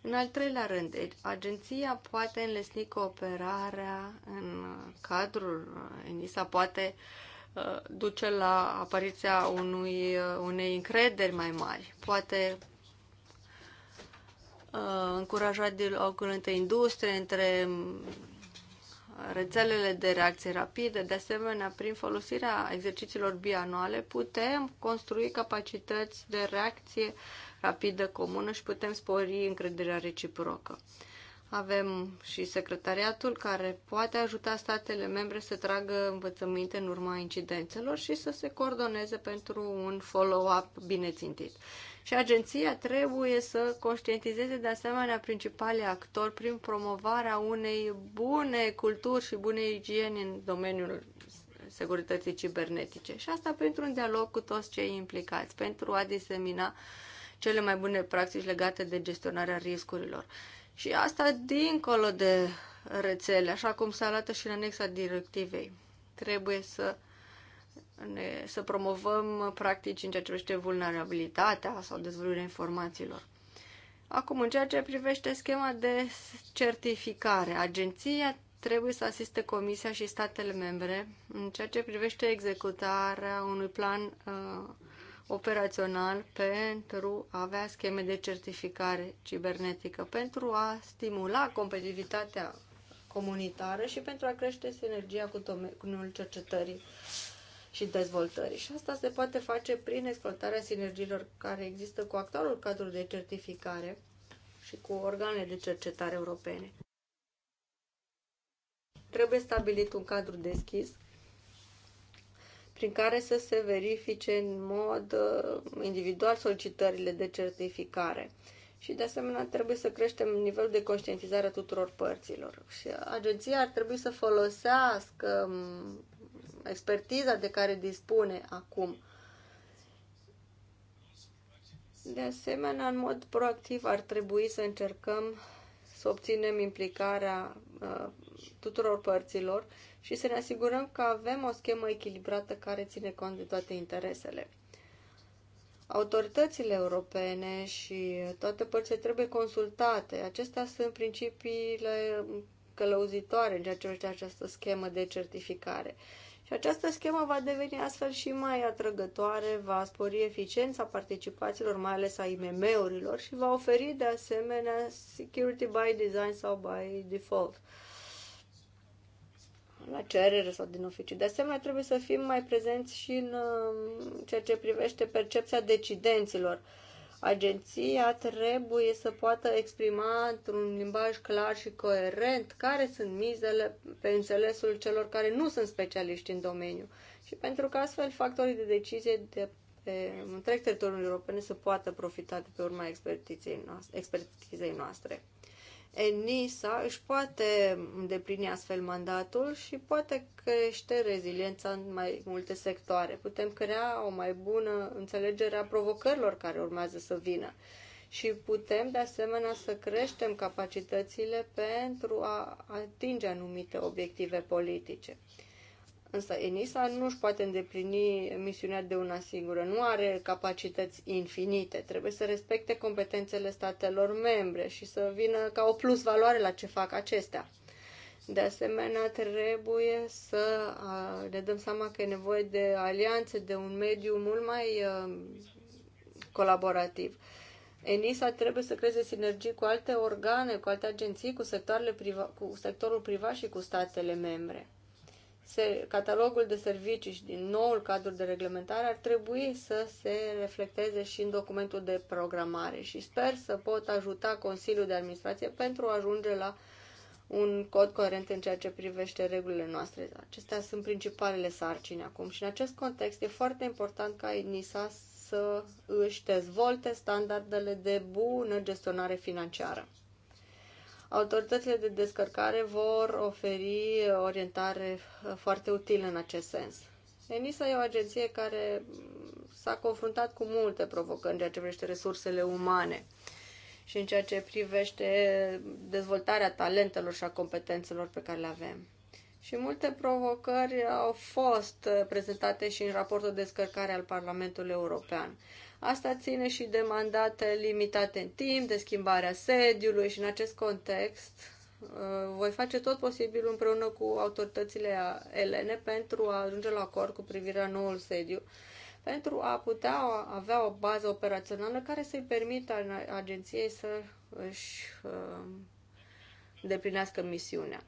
B: În al treilea rând, deci, agenția poate înlesni cooperarea în uh, cadrul ENISA, poate uh, Uh, duce la apariția unui, uh, unei încrederi mai mari. Poate uh, încuraja dialogul între industrie, între mm, rețelele de reacție rapidă. De asemenea, prin folosirea exercițiilor bianuale putem construi capacități de reacție rapidă comună și putem spori încrederea reciprocă. Avem și secretariatul care poate ajuta statele membre să tragă învățăminte în urma incidențelor și să se coordoneze pentru un follow-up bine țintit. Și agenția trebuie să conștientizeze de asemenea principalii actori prin promovarea unei bune culturi și bune igieni în domeniul securității cibernetice. Și asta pentru un dialog cu toți cei implicați, pentru a disemina cele mai bune practici legate de gestionarea riscurilor. Și asta dincolo de rețele, așa cum se arată și în anexa directivei. Trebuie să, ne, să promovăm practici în ceea ce privește vulnerabilitatea sau dezvăluirea informațiilor. Acum, în ceea ce privește schema de certificare, agenția trebuie să asiste Comisia și statele membre în ceea ce privește executarea unui plan uh, operațional pentru a avea scheme de certificare cibernetică, pentru a stimula competitivitatea comunitară și pentru a crește sinergia cu domeniul cercetării și dezvoltării. Și asta se poate face prin exploatarea sinergiilor care există cu actualul cadru de certificare și cu organele de cercetare europene. Trebuie stabilit un cadru deschis prin care să se verifice în mod uh, individual solicitările de certificare. Și de asemenea trebuie să creștem nivelul de conștientizare a tuturor părților. Și agenția ar trebui să folosească um, expertiza de care dispune acum. De asemenea, în mod proactiv ar trebui să încercăm să obținem implicarea uh, tuturor părților și să ne asigurăm că avem o schemă echilibrată care ține cont de toate interesele. Autoritățile europene și toate părțile trebuie consultate. Acestea sunt principiile călăuzitoare în ceea ce este această schemă de certificare. Și această schemă va deveni astfel și mai atrăgătoare, va spori eficiența participaților, mai ales a IMM-urilor și va oferi de asemenea security by design sau by default la cerere sau din oficiu. De asemenea, trebuie să fim mai prezenți și în uh, ceea ce privește percepția decidenților. Agenția trebuie să poată exprima într-un limbaj clar și coerent care sunt mizele pe înțelesul celor care nu sunt specialiști în domeniu. Și pentru că astfel factorii de decizie de pe întreg teritoriul european să poată profita de pe urma expertizei noastre. Expertizei noastre. ENISA își poate îndeplini astfel mandatul și poate crește reziliența în mai multe sectoare. Putem crea o mai bună înțelegere a provocărilor care urmează să vină și putem de asemenea să creștem capacitățile pentru a atinge anumite obiective politice. Însă ENISA nu își poate îndeplini misiunea de una singură, nu are capacități infinite, trebuie să respecte competențele statelor membre și să vină ca o plus valoare la ce fac acestea. De asemenea, trebuie să ne dăm seama că e nevoie de alianțe, de un mediu mult mai colaborativ. ENISA trebuie să creeze sinergii cu alte organe, cu alte agenții, cu, sectoarele priva- cu sectorul privat și cu statele membre se, catalogul de servicii și din noul cadru de reglementare ar trebui să se reflecteze și în documentul de programare și sper să pot ajuta Consiliul de Administrație pentru a ajunge la un cod coerent în ceea ce privește regulile noastre. Acestea sunt principalele sarcini acum și în acest context e foarte important ca NISA să își dezvolte standardele de bună gestionare financiară autoritățile de descărcare vor oferi orientare foarte utilă în acest sens. ENISA e o agenție care s-a confruntat cu multe provocări în ceea ce privește resursele umane și în ceea ce privește dezvoltarea talentelor și a competențelor pe care le avem. Și multe provocări au fost prezentate și în raportul de descărcare al Parlamentului European. Asta ține și de mandate limitate în timp, de schimbarea sediului și în acest context uh, voi face tot posibilul împreună cu autoritățile elene pentru a ajunge la acord cu privirea noului sediu, pentru a putea avea o bază operațională care să-i permită agenției să își uh, deplinească misiunea.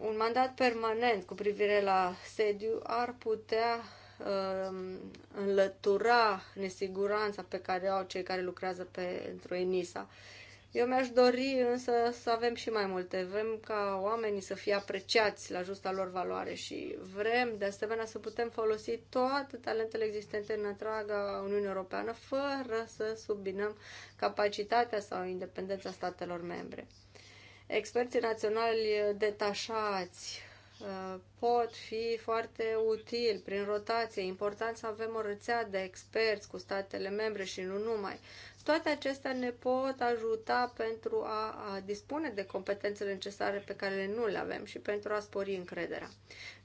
B: Un mandat permanent cu privire la sediu ar putea Um, înlătura nesiguranța pe care o au cei care lucrează pentru ENISA. Eu mi-aș dori însă să avem și mai multe. Vrem ca oamenii să fie apreciați la justa lor valoare și vrem de asemenea să putem folosi toate talentele existente în întreaga Uniune Europeană fără să subbinăm capacitatea sau independența statelor membre. Experții naționali detașați Uh, pot fi foarte util prin rotație. Important să avem o rețea de experți cu statele membre și nu numai. Toate acestea ne pot ajuta pentru a, dispune de competențele necesare pe care nu le avem și pentru a spori încrederea.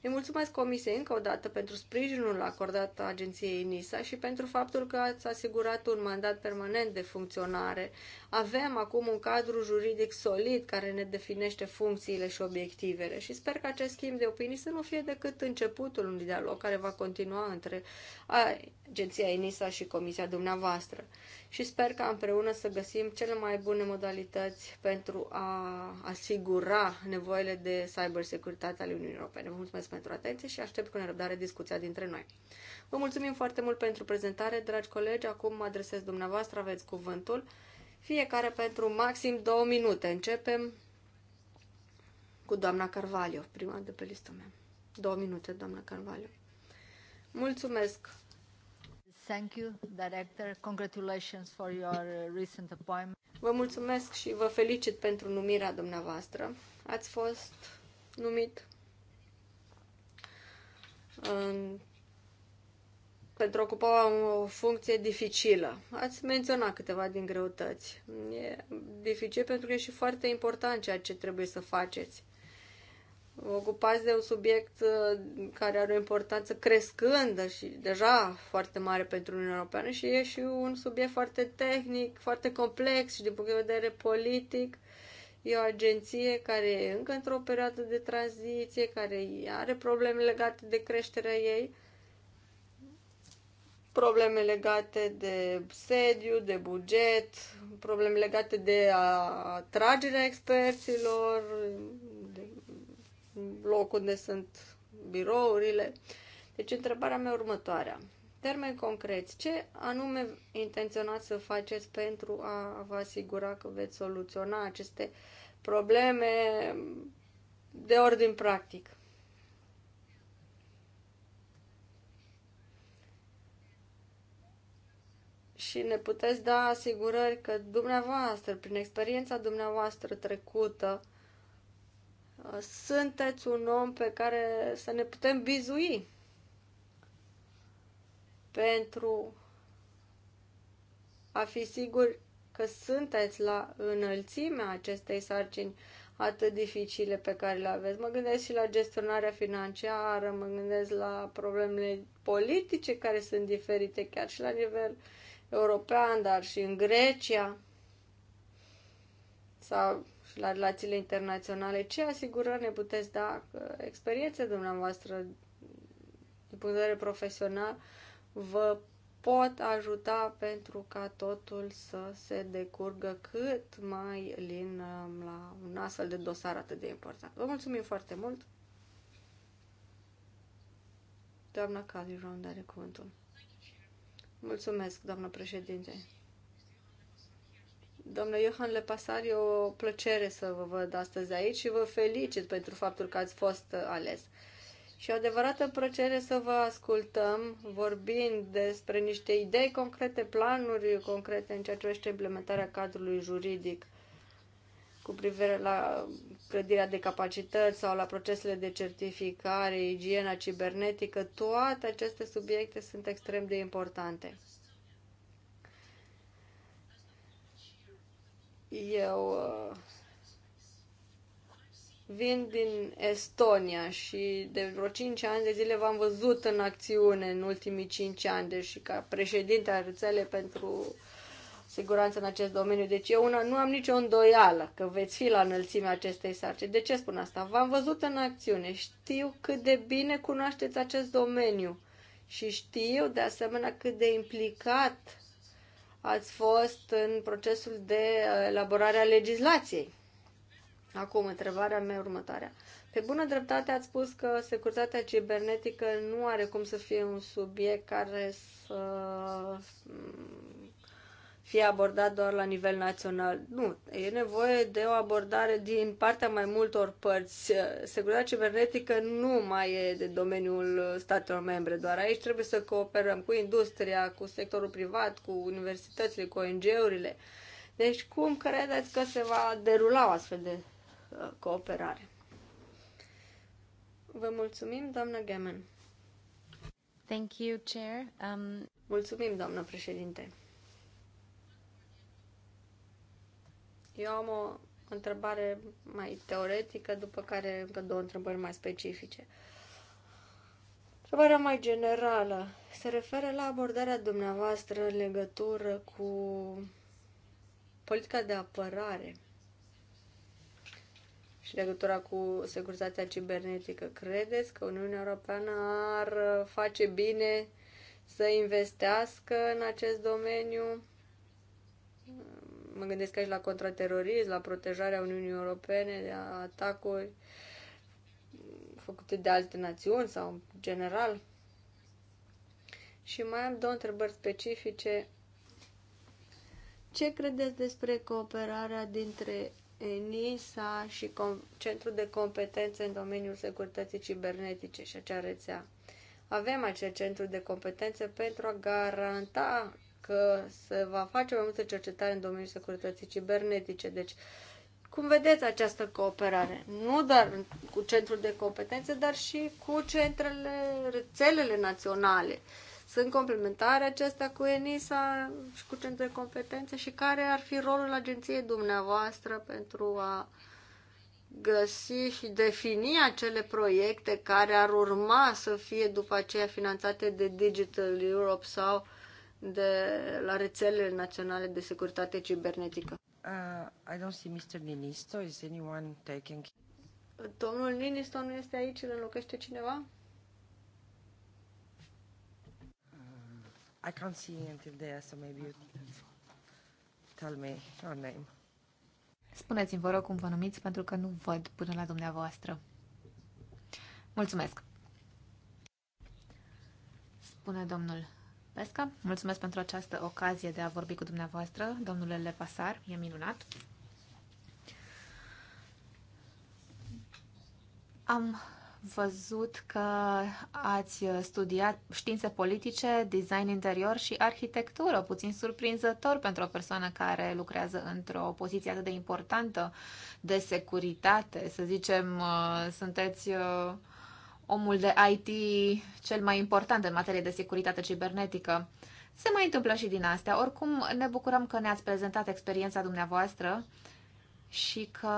B: Îi mulțumesc Comisiei încă o dată pentru sprijinul acordat agenției NISA și pentru faptul că ați asigurat un mandat permanent de funcționare. Avem acum un cadru juridic solid care ne definește funcțiile și obiectivele și sper că acest schimb de opinii să nu fie decât începutul unui dialog care va continua între agenția NISA și Comisia dumneavoastră. Și sper că împreună să găsim cele mai bune modalități pentru a asigura nevoile de cybersecuritate ale Uniunii Europene. Vă mulțumesc mulțumesc pentru atenție și aștept cu nerăbdare discuția dintre noi. Vă mulțumim foarte mult pentru prezentare, dragi colegi. Acum mă adresez dumneavoastră, aveți cuvântul. Fiecare pentru maxim două minute. Începem cu doamna Carvalho, prima de pe listă mea. Două minute, doamna Carvalho. Mulțumesc! Thank you, Director. Congratulations for your uh, recent appointment. Vă mulțumesc și vă felicit pentru numirea dumneavoastră. Ați fost numit în, pentru a ocupa o funcție dificilă. Ați menționat câteva din greutăți. E dificil pentru că e și foarte important ceea ce trebuie să faceți. Vă ocupați de un subiect uh, care are o importanță crescândă și deja foarte mare pentru Uniunea Europeană și e și un subiect foarte tehnic, foarte complex și din punct de vedere politic E o agenție care e încă într-o perioadă de tranziție, care are probleme legate de creșterea ei, probleme legate de sediu, de buget, probleme legate de atragerea experților, de locul unde sunt birourile. Deci întrebarea mea următoarea termeni concret, ce anume intenționați să faceți pentru a vă asigura că veți soluționa aceste probleme de ordin practic? și ne puteți da asigurări că dumneavoastră, prin experiența dumneavoastră trecută, sunteți un om pe care să ne putem bizui pentru a fi siguri că sunteți la înălțimea acestei sarcini atât dificile pe care le aveți. Mă gândesc și la gestionarea financiară, mă gândesc la problemele politice care sunt diferite chiar și la nivel european, dar și în Grecia sau și la relațiile internaționale. Ce asigurări ne puteți da uh, experiențe dumneavoastră din punct de vedere profesional vă pot ajuta pentru ca totul să se decurgă cât mai lin um, la un astfel de dosar atât de important. Vă mulțumim foarte mult! Doamna Caliron are cuvântul. Mulțumesc, doamnă președinte. Domnule Johan Lepasar, e o plăcere să vă văd astăzi aici și vă felicit pentru faptul că ați fost uh, ales. Și o adevărată plăcere să vă ascultăm vorbind despre niște idei concrete, planuri concrete în ceea ce privește implementarea cadrului juridic cu privire la clădirea de capacități sau la procesele de certificare, igiena cibernetică, toate aceste subiecte sunt extrem de importante. Eu uh, Vin din Estonia și de vreo 5 ani de zile v-am văzut în acțiune în ultimii 5 ani, deși ca președinte a rețelei pentru siguranță în acest domeniu. Deci eu una, nu am nicio îndoială că veți fi la înălțimea acestei sarcini. De ce spun asta? V-am văzut în acțiune, știu cât de bine cunoașteți acest domeniu și știu de asemenea cât de implicat ați fost în procesul de uh, elaborare a legislației. Acum, întrebarea mea următoarea. Pe bună dreptate ați spus că securitatea cibernetică nu are cum să fie un subiect care să mm, fie abordat doar la nivel național. Nu, e nevoie de o abordare din partea mai multor părți. Securitatea cibernetică nu mai e de domeniul statelor membre, doar aici trebuie să cooperăm cu industria, cu sectorul privat, cu universitățile, cu ONG-urile. Deci cum credeți că se va derula o astfel de Uh, cooperare. Vă mulțumim, doamnă Gemen. Thank you, Chair. Um... Mulțumim, doamnă președinte. Eu am o întrebare mai teoretică, după care încă două întrebări mai specifice. Întrebarea mai generală se referă la abordarea dumneavoastră în legătură cu politica de apărare și legătura cu securitatea cibernetică. Credeți că Uniunea Europeană ar face bine să investească în acest domeniu? Mă gândesc aici la contraterorism, la protejarea Uniunii Europene de atacuri făcute de alte națiuni sau în general. Și mai am două întrebări specifice. Ce credeți despre cooperarea dintre ENISA și Centrul de Competențe în domeniul securității cibernetice și acea rețea. Avem acel centru de competențe pentru a garanta că se va face mai multă cercetare în domeniul securității cibernetice. Deci, cum vedeți această cooperare? Nu doar cu centrul de competențe, dar și cu centrele, rețelele naționale sunt complementare acestea cu ENISA și cu centru de competențe și care ar fi rolul agenției dumneavoastră pentru a găsi și defini acele proiecte care ar urma să fie după aceea finanțate de Digital Europe sau de la rețelele naționale de securitate cibernetică. Uh, I don't see Mr. Ninisto. Is anyone taking... Domnul Ninisto nu este aici, îl înlocuiește cineva?
C: I can't see until there, so maybe you tell me your name.
A: Spuneți-mi, vă rog, cum vă numiți, pentru că nu văd până la dumneavoastră. Mulțumesc! Spune domnul Pesca. Mulțumesc pentru această ocazie de a vorbi cu dumneavoastră, domnule Lepasar. E minunat. Am văzut că ați studiat științe politice, design interior și arhitectură, puțin surprinzător pentru o persoană care lucrează într-o poziție atât de importantă de securitate. Să zicem, uh, sunteți uh, omul de IT cel mai important în materie de securitate cibernetică. Se mai întâmplă și din astea. Oricum, ne bucurăm că ne-ați prezentat experiența dumneavoastră și că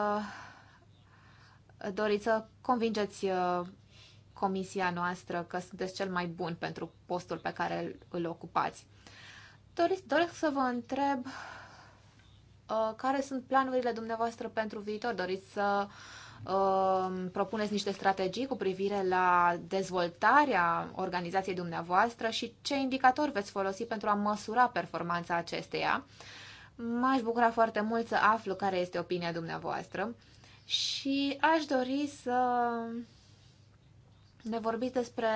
A: doriți să convingeți uh, comisia noastră că sunteți cel mai bun pentru postul pe care îl ocupați. Doriți, doresc să vă întreb uh, care sunt planurile dumneavoastră pentru viitor. Doriți să uh, propuneți niște strategii cu privire la dezvoltarea organizației dumneavoastră și ce indicatori veți folosi pentru a măsura performanța acesteia. M-aș bucura foarte mult să aflu care este opinia dumneavoastră. Și aș dori să ne vorbiți despre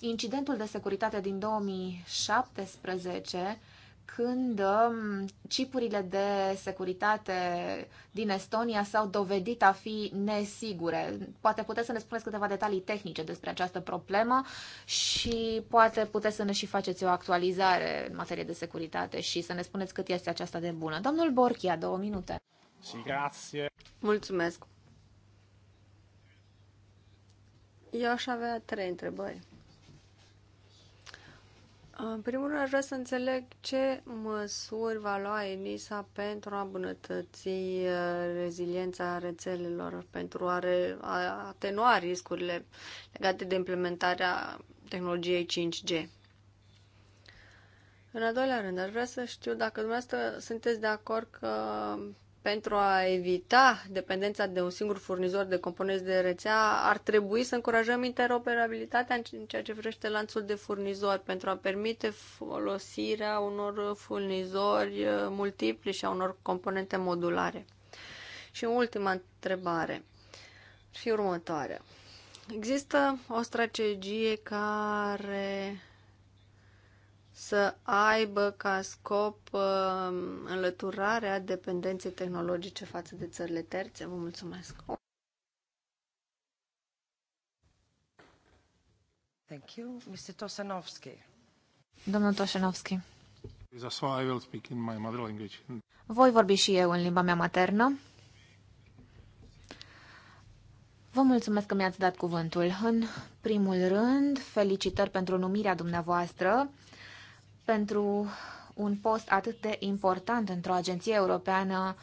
A: incidentul de securitate din 2017, când um, cipurile de securitate din Estonia s-au dovedit a fi nesigure. Poate puteți să ne spuneți câteva detalii tehnice despre această problemă și poate puteți să ne și faceți o actualizare în materie de securitate și să ne spuneți cât este aceasta de bună. Domnul Borchia, două minute.
C: Și grație.
A: Mulțumesc.
B: Eu aș avea trei întrebări. În primul rând, aș vrea să înțeleg ce măsuri va lua ENISA pentru a îmbunătăți uh, reziliența rețelelor, pentru a, re, a atenua riscurile legate de implementarea tehnologiei 5G. În al doilea rând, aș vrea să știu dacă dumneavoastră sunteți de acord că pentru a evita dependența de un singur furnizor de componenți de rețea, ar trebui să încurajăm interoperabilitatea în ceea ce vrește lanțul de furnizori pentru a permite folosirea unor furnizori uh, multipli și a unor componente modulare. Și ultima întrebare și următoarea. Există o strategie care să aibă ca scop uh, înlăturarea dependenței tehnologice față de țările terțe. Vă mulțumesc!
A: Thank you. Mr. Tosanovski. Domnul language. Voi vorbi și eu în limba mea maternă. Vă mulțumesc că mi-ați dat cuvântul. În primul rând, felicitări pentru numirea dumneavoastră pentru un post atât de important într-o agenție europeană,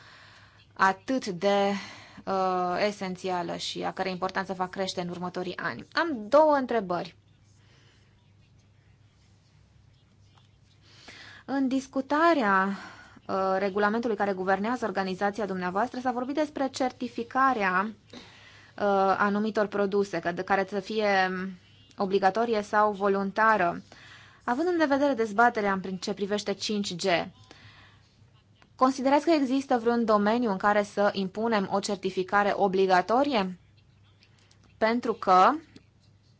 A: atât de uh, esențială și a care importanță va crește în următorii ani. Am două întrebări. În discutarea uh, regulamentului care guvernează organizația dumneavoastră s-a vorbit despre certificarea uh, anumitor produse, că care să fie obligatorie sau voluntară. Uh, Având în vedere dezbaterea în ce privește 5G, considerați că există vreun domeniu în care să impunem o certificare obligatorie? Pentru că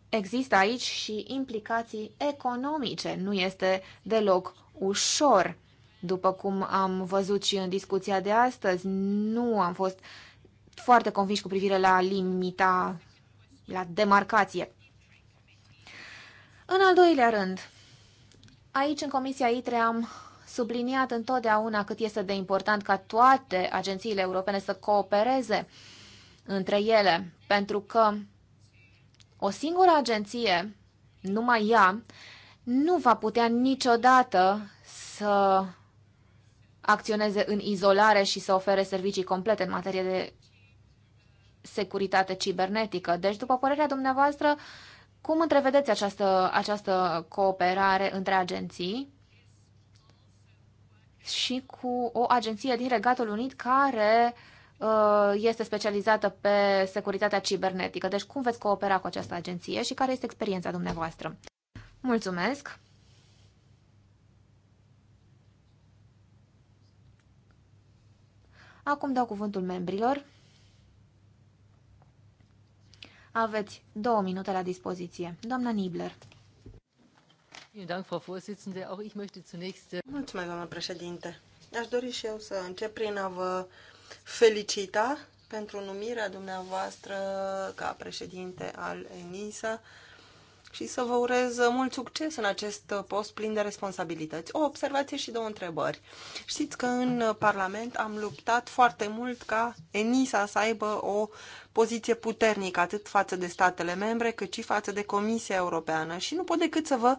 A: există aici și implicații economice. Nu este deloc ușor. După cum am văzut și în discuția de astăzi, nu am fost foarte convinși cu privire la limita, la demarcație. În al doilea rând, Aici, în Comisia ITRE, am subliniat întotdeauna cât este de important ca toate agențiile europene să coopereze între ele, pentru că o singură agenție, numai ea, nu va putea niciodată să acționeze în izolare și să ofere servicii complete în materie de securitate cibernetică. Deci, după părerea dumneavoastră, cum întrevedeți această, această cooperare între agenții și cu o agenție din Regatul Unit care uh, este specializată pe securitatea cibernetică. Deci cum veți coopera cu această agenție și care este experiența dumneavoastră? Mulțumesc! Acum dau cuvântul membrilor. Aveți două minute la dispoziție. Doamna Nibler.
C: Äh, Mulțumesc, doamnă președinte. Aș dori și eu să încep prin a vă felicita pentru numirea dumneavoastră ca președinte al ENISA și să vă urez mult succes în acest post plin de responsabilități. O observație și două întrebări. Știți că în Parlament am luptat foarte mult ca ENISA să aibă o poziție puternică atât față de statele membre cât și față de Comisia Europeană și nu pot decât să vă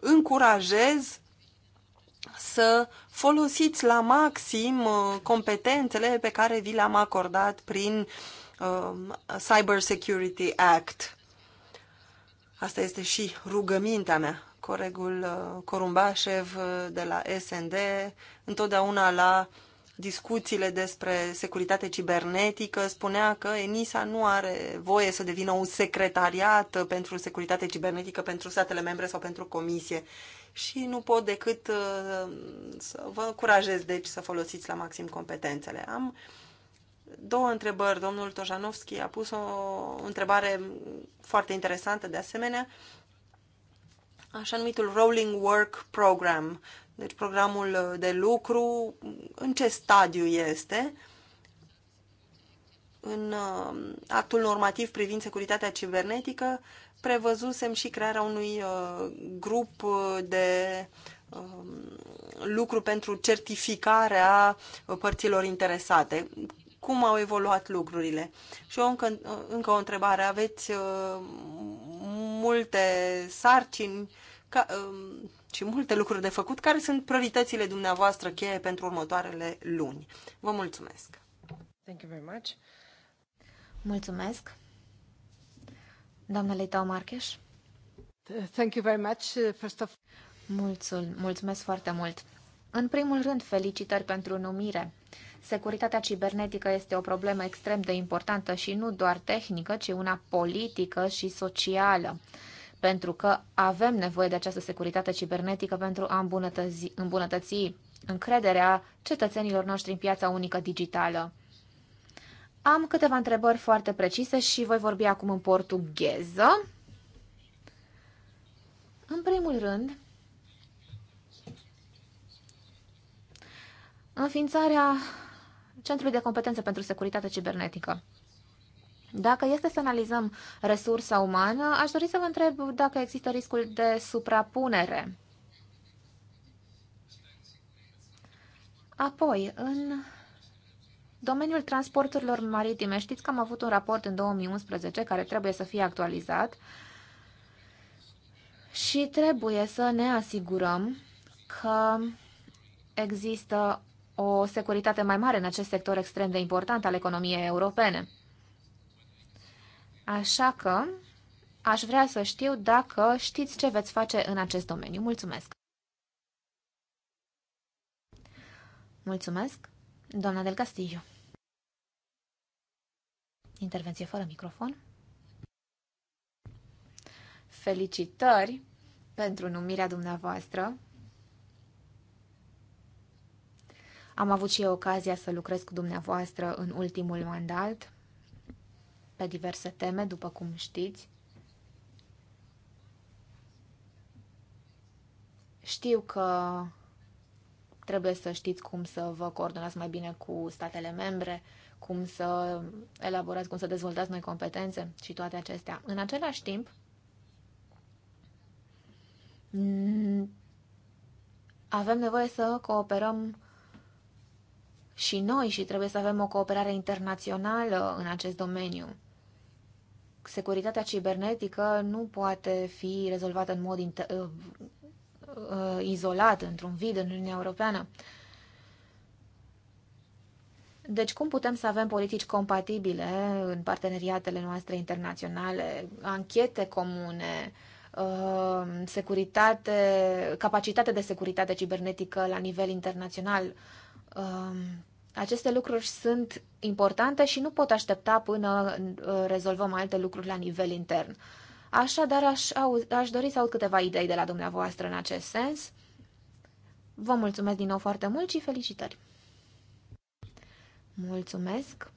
C: încurajez să folosiți la maxim uh, competențele pe care vi le-am acordat prin uh, Cyber Security Act. Asta este și rugămintea mea. Coregul uh, Corumbașev de la SND întotdeauna l-a discuțiile despre securitate cibernetică, spunea că ENISA nu are voie să devină un secretariat pentru securitate cibernetică pentru statele membre sau pentru comisie. Și nu pot decât uh, să vă încurajez, deci, să folosiți la maxim competențele. Am două întrebări. Domnul Tojanovski a pus o întrebare foarte interesantă de asemenea, așa numitul Rolling Work Program deci programul uh, de lucru, în ce stadiu este? În uh, actul normativ privind securitatea cibernetică prevăzusem și crearea unui uh, grup de um, lucru pentru certificarea părților interesate. Cum au evoluat lucrurile? Și eu încă, încă o întrebare. Aveți multe sarcini? Ca, um, și multe lucruri de făcut. Care sunt prioritățile dumneavoastră cheie pentru următoarele luni? Vă mulțumesc!
A: Thank you very much. Mulțumesc! Doamna Leitau Marcheș? Thank you very much. Uh, first of... Mulțul, mulțumesc foarte mult! În primul rând, felicitări pentru numire. Securitatea cibernetică este o problemă extrem de importantă și nu doar tehnică, ci una politică și socială pentru că avem nevoie de această securitate cibernetică pentru a îmbunătăți, îmbunătăți încrederea cetățenilor noștri în piața unică digitală. Am câteva întrebări foarte precise și voi vorbi acum în portugheză. În primul rând, înființarea Centrului de Competențe pentru Securitate Cibernetică. Dacă este să analizăm resursa umană, aș dori să vă întreb dacă există riscul de suprapunere. Apoi, în domeniul transporturilor maritime, știți că am avut un raport în 2011 care trebuie să fie actualizat și trebuie să ne asigurăm că există o securitate mai mare în acest sector extrem de important al economiei europene. Așa că aș vrea să știu dacă știți ce veți face în acest domeniu. Mulțumesc! Mulțumesc, doamna del Castillo. Intervenție fără microfon. Felicitări pentru numirea dumneavoastră. Am avut și eu ocazia să lucrez cu dumneavoastră în ultimul mandat pe diverse teme, după cum știți. Știu că trebuie să știți cum să vă coordonați mai bine cu statele membre, cum să elaborați, cum să dezvoltați noi competențe și toate acestea. În același timp, avem nevoie să cooperăm și noi și trebuie să avem o cooperare internațională în acest domeniu securitatea cibernetică nu poate fi rezolvată în mod uh, uh, izolat, într-un vid în Uniunea Europeană. Deci cum putem să avem politici compatibile în parteneriatele noastre internaționale, anchete comune, uh, securitate, capacitate de securitate cibernetică la nivel internațional, aceste lucruri sunt importante și nu pot aștepta până uh, rezolvăm alte lucruri la nivel intern. Așadar, aș, auz, aș dori să aud câteva idei de la dumneavoastră în acest sens. Vă mulțumesc din nou foarte mult și felicitări! Mulțumesc!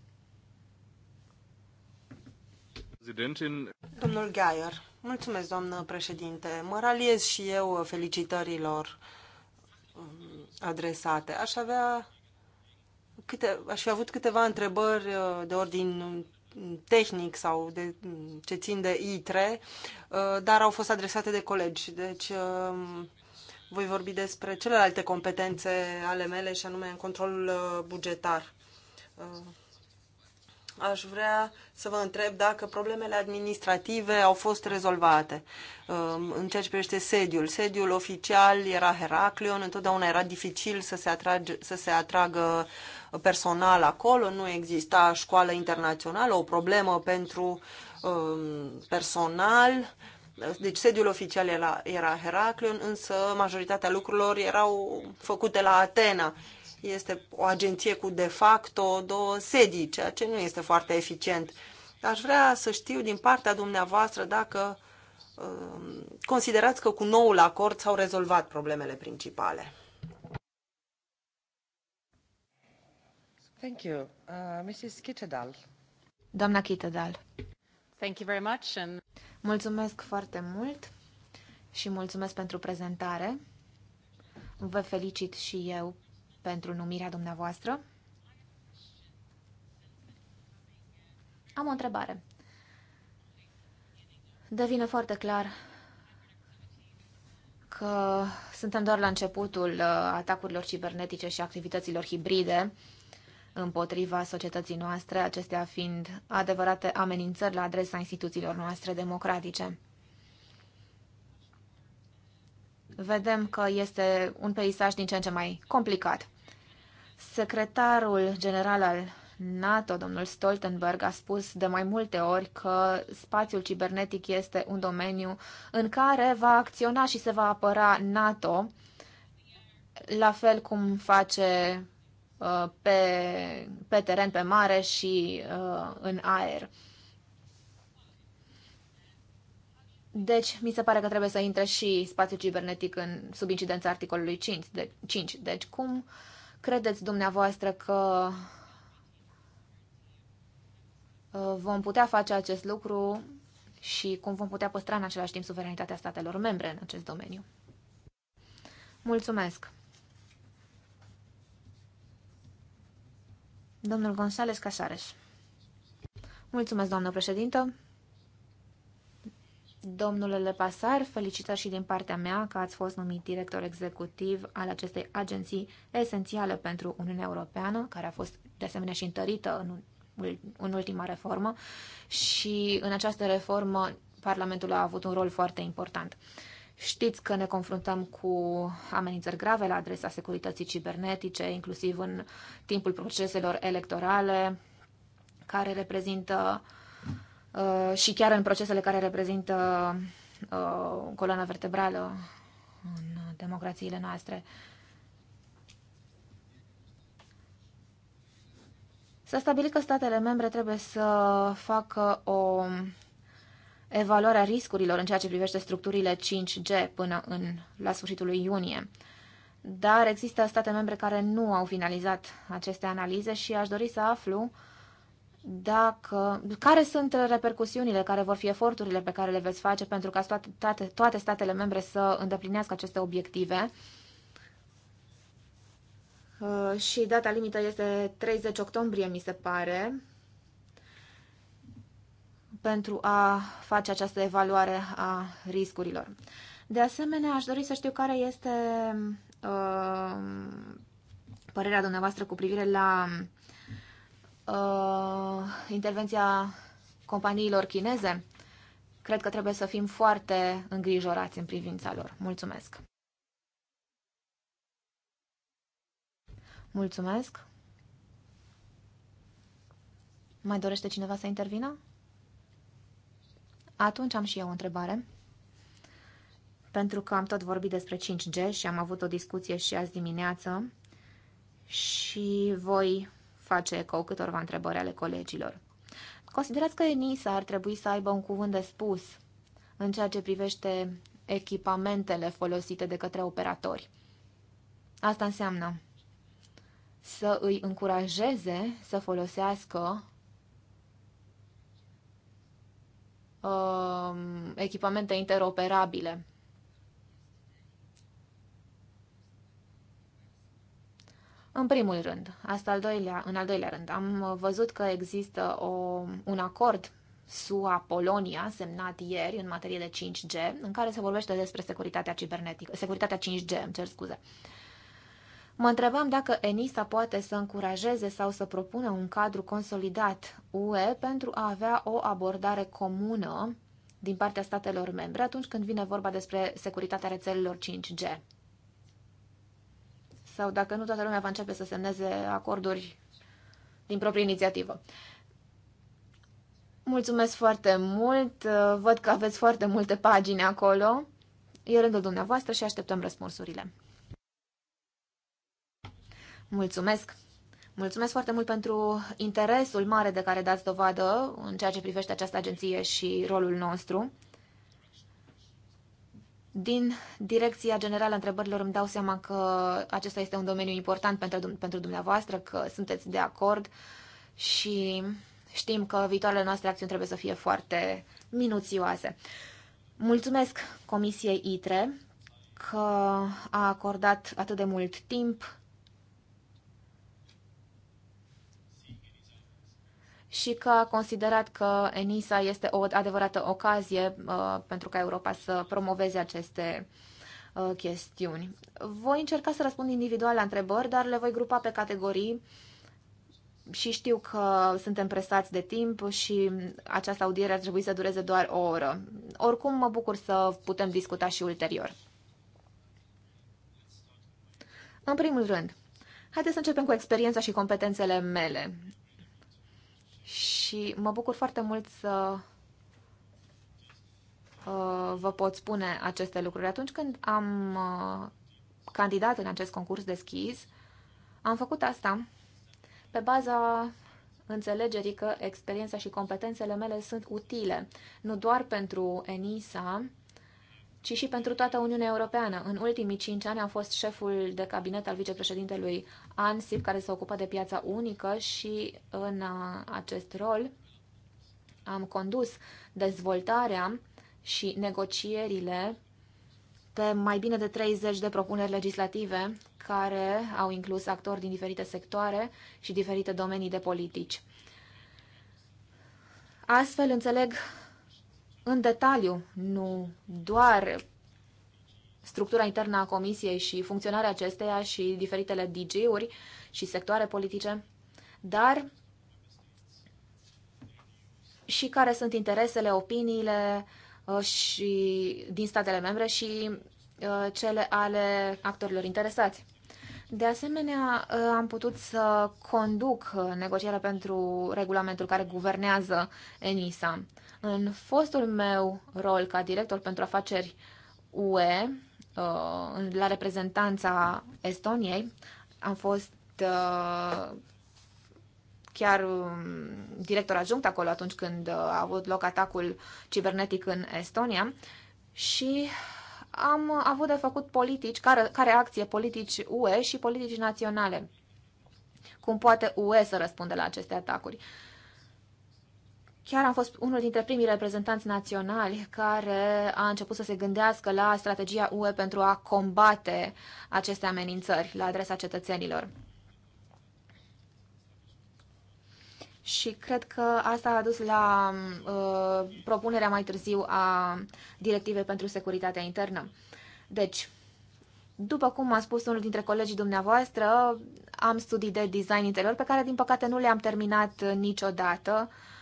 C: Domnul Gaier, mulțumesc, doamnă președinte. Mă raliez și eu felicitărilor um, adresate. Aș avea câte, aș fi avut câteva întrebări uh, de ordin uh, tehnic sau de, ce țin de I3, uh, dar au fost adresate de colegi. Deci um, voi vorbi despre celelalte competențe ale mele și anume în controlul bugetar. Aș vrea să vă întreb dacă problemele administrative au fost rezolvate. Um, în ceea ce privește sediul, sediul oficial era Heraclion, întotdeauna era dificil să se, atrage, să se atragă uh, personal acolo, nu exista școală internațională, o problemă pentru um, personal. Deci sediul oficial era, era Heraclion, însă majoritatea lucrurilor erau făcute la Atena. Este o agenție cu de facto două sedii, ceea ce nu este foarte eficient. Aș vrea să știu din partea dumneavoastră dacă um, considerați că cu noul acord s-au rezolvat problemele principale.
A: Thank you. Uh, Mrs. Kittedal. Doamna Kittedal.
B: Thank you very much and...
A: Mulțumesc foarte mult și mulțumesc pentru prezentare. Vă felicit și eu pentru numirea dumneavoastră. Am o întrebare. Devine foarte clar că suntem doar la începutul uh, atacurilor cibernetice și activităților hibride împotriva societății noastre, acestea fiind adevărate amenințări la adresa instituțiilor noastre democratice. Vedem că este un peisaj din ce în ce mai complicat. Secretarul general al NATO, domnul Stoltenberg, a spus de mai multe ori că spațiul cibernetic este un domeniu în care va acționa și se va apăra NATO, la fel cum face Uh, pe, pe teren, pe mare și uh, în aer. Deci, mi se pare că trebuie să intre și spațiul cibernetic în, sub incidența articolului 5. De, 5. Deci, cum credeți dumneavoastră că uh, vom putea face acest lucru și cum vom putea păstra în același timp suveranitatea statelor membre în acest domeniu? Mulțumesc! Domnul González Casares. Mulțumesc, doamnă președintă. Domnule Lepasar, felicitări și din partea mea că ați fost numit director executiv al acestei agenții esențiale pentru Uniunea Europeană, care a fost de asemenea și întărită în, în ultima reformă și în această reformă Parlamentul a avut un rol foarte important. Uh, Știți că ne confruntăm cu amenințări grave la adresa securității cibernetice, inclusiv în timpul proceselor electorale, care reprezintă uh, și chiar în procesele care reprezintă uh, coloana vertebrală în democrațiile noastre. S-a stabilit că statele membre trebuie să facă o evaluarea riscurilor în ceea ce privește structurile 5G până în, la sfârșitul lui iunie. Dar există state membre care nu au finalizat aceste analize și aș dori să aflu dacă, care sunt repercusiunile, care vor fi eforturile pe care le veți face pentru ca toate, toate, toate statele membre să îndeplinească aceste obiective. Uh, și data limită este 30 octombrie, mi se pare pentru a face această evaluare a riscurilor. De asemenea, aș dori să știu care este uh, părerea dumneavoastră cu privire la uh, intervenția companiilor chineze. Cred că trebuie să fim foarte îngrijorați în privința lor. Mulțumesc! Mulțumesc! Mai dorește cineva să intervină? Atunci am și eu o întrebare. Pentru că am tot vorbit despre 5G și am avut o discuție și azi dimineață și voi face ecou câtorva întrebări ale colegilor. Considerați că ENISA ar trebui să aibă un cuvânt de spus în ceea ce privește echipamentele folosite de către operatori. Asta înseamnă să îi încurajeze să folosească uh, echipamente interoperabile. În primul rând, asta al doilea, în al doilea rând, am văzut că există o, un acord SUA-Polonia semnat ieri în materie de 5G, în care se vorbește despre securitatea cibernetică, securitatea 5G, îmi cer scuze. Uh, Mă întrebam dacă ENISA poate să încurajeze sau să propună un cadru consolidat UE pentru a avea o abordare comună din partea statelor membre atunci când vine vorba despre securitatea rețelelor 5G. Sau dacă nu, toată lumea va începe să semneze acorduri din proprie inițiativă. Mulțumesc foarte mult, văd că aveți foarte multe pagini acolo. E rândul dumneavoastră și așteptăm răspunsurile. Mulțumesc! Mulțumesc foarte mult pentru interesul mare de care dați dovadă în ceea ce privește această agenție și rolul nostru. Din Direcția Generală a Întrebărilor îmi dau seama că acesta este un domeniu important pentru, pentru dumneavoastră, că sunteți de acord și știm că viitoarele noastre acțiuni trebuie să fie foarte minuțioase. Mulțumesc Comisiei ITRE că a acordat atât de mult timp și că a considerat că ENISA este o adevărată ocazie uh, pentru ca Europa să promoveze aceste uh, chestiuni. Voi încerca să răspund individual la întrebări, dar le voi grupa pe categorii și știu că suntem presați de timp și această audiere ar trebui să dureze doar o oră. Oricum, mă bucur să putem discuta și ulterior. În primul rând, haideți să începem cu experiența și competențele mele și mă bucur foarte mult să uh, vă pot spune aceste lucruri. Atunci când am uh, candidat în acest concurs deschis, am făcut asta pe baza înțelegerii că experiența și competențele mele sunt utile, nu doar pentru ENISA, ci și pentru toată Uniunea Europeană. În ultimii cinci ani am fost șeful de cabinet al vicepreședintelui ANSIP, care se ocupă de piața unică și în uh, acest rol am condus dezvoltarea și negocierile pe mai bine de 30 de propuneri legislative care au inclus actori din diferite sectoare și diferite domenii de politici. Astfel, înțeleg în detaliu, nu doar structura internă a Comisiei și funcționarea acesteia și diferitele DG-uri și sectoare politice, dar și care sunt interesele, opiniile uh, și din statele membre și uh, cele ale actorilor interesați. De asemenea, uh, am putut să conduc negocierea pentru regulamentul care guvernează ENISA. În fostul meu rol ca director pentru afaceri UE, uh, la reprezentanța Estoniei, am fost uh, chiar um, director adjunct acolo atunci când uh, a avut loc atacul cibernetic în Estonia și am avut de făcut politici, care, care acție politici UE și politici naționale. Cum poate UE să răspundă la aceste atacuri? Uh, Chiar am fost unul dintre primii reprezentanți naționali care a început să se gândească la strategia UE pentru a combate aceste amenințări la adresa cetățenilor. Și cred că asta a dus la uh, propunerea mai târziu a directivei pentru securitatea internă. Deci, după cum a spus unul dintre colegii dumneavoastră, am studii de design interior pe care, din păcate, nu le-am terminat niciodată. Uh,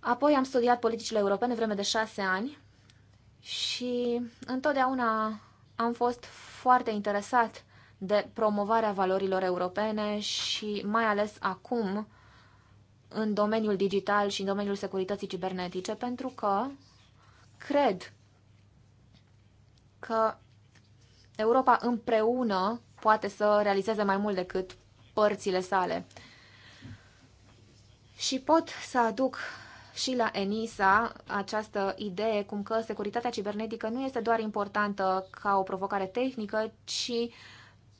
A: Apoi am studiat politicile europene vreme de șase ani și întotdeauna am fost foarte interesat de promovarea valorilor europene și mai ales acum în domeniul digital și în domeniul securității cibernetice, pentru că cred că Europa împreună poate să realizeze mai mult decât părțile sale. Și pot să aduc și la ENISA această idee cum că securitatea cibernetică nu este doar importantă ca o provocare tehnică, ci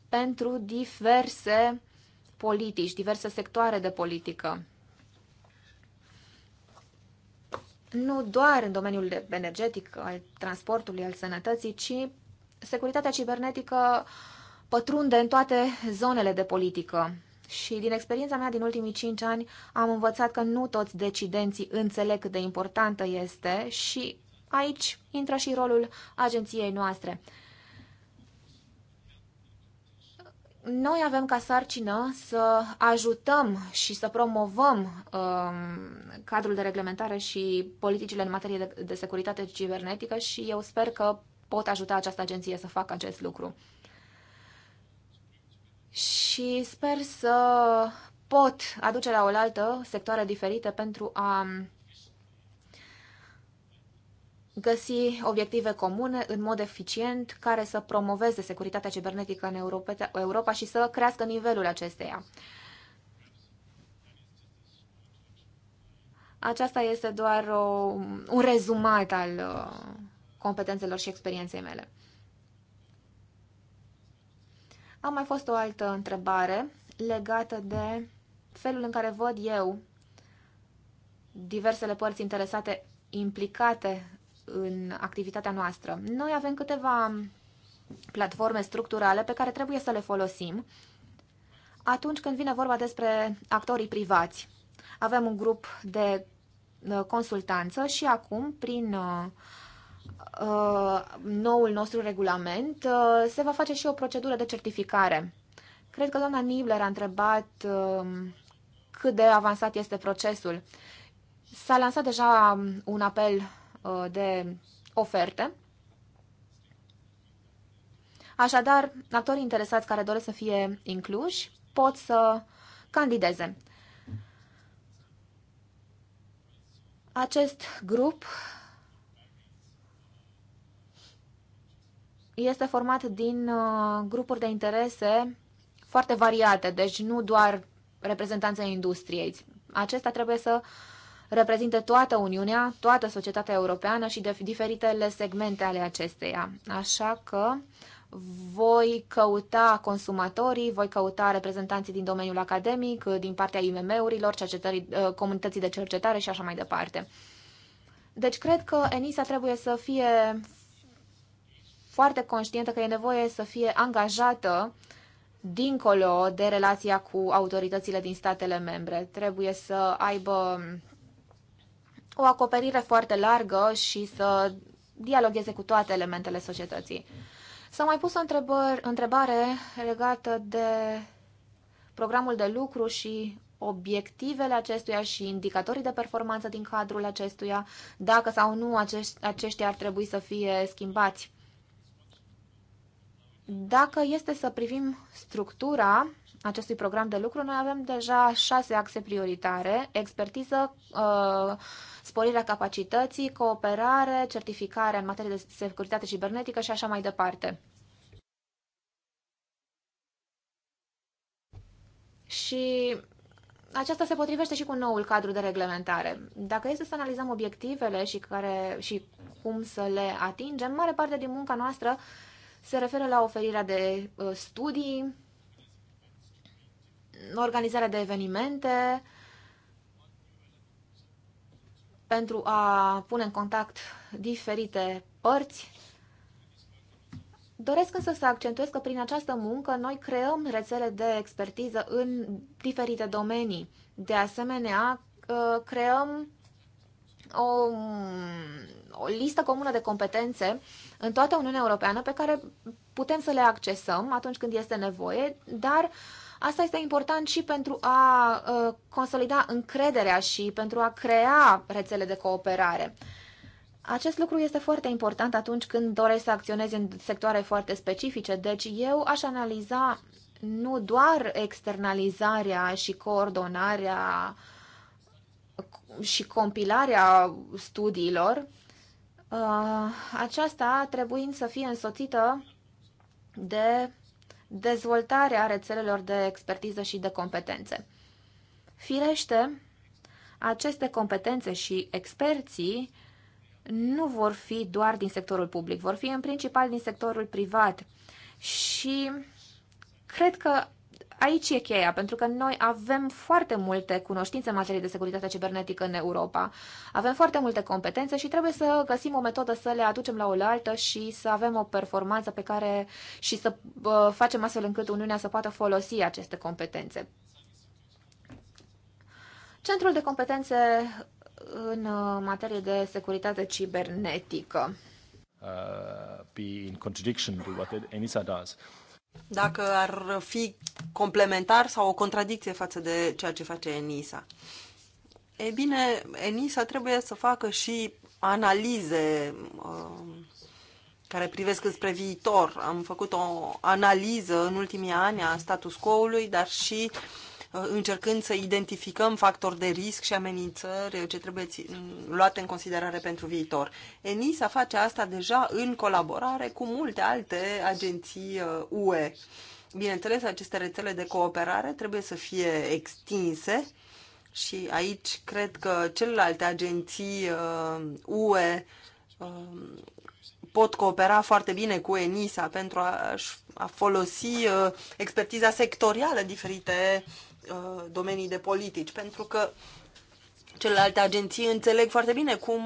A: pentru diverse politici, diverse sectoare de politică. Nu doar în domeniul energetic, al transportului, al sănătății, ci securitatea cibernetică pătrunde în toate zonele de politică. Și din experiența mea din ultimii 5 ani am învățat că nu toți decidenții înțeleg cât de importantă este și aici intră și rolul agenției noastre. Noi avem ca sarcină să ajutăm și să promovăm um, cadrul de reglementare și politicile în materie de, de securitate cibernetică și eu sper că pot ajuta această agenție să facă acest lucru și sper să pot aduce la oaltă sectoare diferite pentru a găsi obiective comune în mod eficient care să promoveze securitatea cibernetică în Europa, Europa și să crească nivelul acesteia. Aceasta este doar o, un rezumat al uh, competențelor și experienței mele. Am mai fost o altă întrebare legată de felul în care văd eu diversele părți interesate implicate în activitatea noastră. Noi avem câteva platforme structurale pe care trebuie să le folosim atunci când vine vorba despre actorii privați. Avem un grup de uh, consultanță și acum, prin uh, Uh, noul nostru regulament, uh, se va face și o procedură de certificare. Cred că doamna Nibler a întrebat um, cât de avansat este procesul. S-a lansat deja um, un apel uh, de oferte. Așadar, actorii interesați care doresc să fie incluși pot să candideze. Acest grup este format din uh, grupuri de interese foarte variate, deci nu doar reprezentanța industriei. Acesta trebuie să reprezinte toată Uniunea, toată societatea europeană și de diferitele segmente ale acesteia. Așa că voi căuta consumatorii, voi căuta reprezentanții din domeniul academic, din partea IMM-urilor, uh, comunității de cercetare și așa mai departe. Deci cred că ENISA trebuie să fie foarte conștientă că e nevoie să fie angajată dincolo de relația cu autoritățile din statele membre. Trebuie să aibă o acoperire foarte largă și să dialogheze cu toate elementele societății. S-a mai pus o întrebare legată de programul de lucru și obiectivele acestuia și indicatorii de performanță din cadrul acestuia, dacă sau nu acești, aceștia ar trebui să fie schimbați. Dacă este să privim structura acestui program de lucru, noi avem deja șase axe prioritare, expertiză, uh, sporirea capacității, cooperare, certificare în materie de securitate cibernetică și așa mai departe. Și aceasta se potrivește și cu noul cadru de reglementare. Dacă este să analizăm obiectivele și, care, și cum să le atingem, mare parte din munca noastră uh, se referă la oferirea de uh, studii, organizarea de evenimente pentru a pune în contact diferite părți. Doresc însă să accentuez că prin această muncă noi creăm rețele de expertiză în diferite domenii. De asemenea, uh, creăm o, o listă comună de competențe în toată Uniunea Europeană pe care putem să le accesăm atunci când este nevoie, dar asta este important și pentru a uh, consolida încrederea și pentru a crea rețele de cooperare. Acest lucru este foarte important atunci când dorești să acționezi în sectoare foarte specifice, deci eu aș analiza nu doar externalizarea și coordonarea uh, și compilarea studiilor, uh, aceasta trebuind să fie însoțită de dezvoltarea rețelelor de expertiză și de competențe. Firește, aceste competențe și experții nu vor fi doar din sectorul public, vor fi în principal din sectorul privat și cred că Aici e cheia, pentru că noi avem foarte multe cunoștințe în materie de securitate cibernetică în Europa. Avem foarte multe competențe și trebuie să găsim o metodă să le aducem la oaltă și să avem o performanță pe care și să facem astfel încât Uniunea să poată folosi aceste competențe. Centrul de competențe în uh, materie de securitate cibernetică. Uh, be in contradiction to what ENISA does. Dacă
C: ar fi complementar sau o contradicție față de ceea ce face ENISA. E bine, ENISA trebuie să facă și analize uh, care privesc spre viitor. Am făcut o analiză în ultimii ani a status quo-ului, dar și uh, încercând să identificăm factori de risc și amenințări ce trebuie luate în considerare pentru viitor. ENISA face asta deja în colaborare cu multe alte agenții UE. Uh, Bineînțeles, aceste rețele de cooperare trebuie să fie extinse și aici cred că celelalte agenții UE uh, uh, pot coopera foarte bine cu ENISA pentru a, a folosi uh, expertiza sectorială diferite Uh, domenii de politici, pentru că celelalte agenții înțeleg foarte bine cum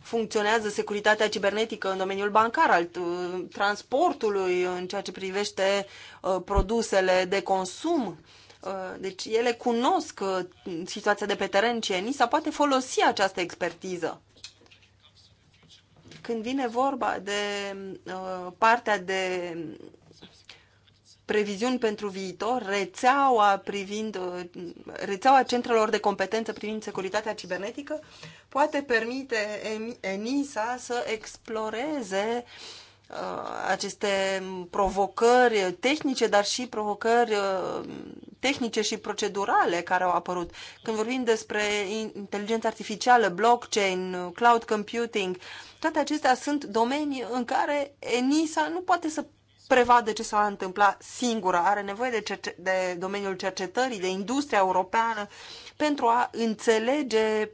C: funcționează securitatea cibernetică în domeniul bancar, al uh, transportului, în ceea ce privește uh, produsele de consum. Deci ele cunosc situația de pe teren și a poate folosi această expertiză. Când vine vorba de partea de previziuni pentru viitor, rețeaua, privind, uh, rețeaua centrelor de competență privind securitatea cibernetică poate permite ENISA să exploreze uh, aceste provocări tehnice, dar și provocări uh, tehnice și procedurale care au apărut. Când vorbim despre inteligență artificială, blockchain, cloud computing, toate acestea sunt domenii în care ENISA nu poate să prevadă ce s-a întâmplat singură, are nevoie de, cerce- de domeniul cercetării, de industria europeană, pentru a înțelege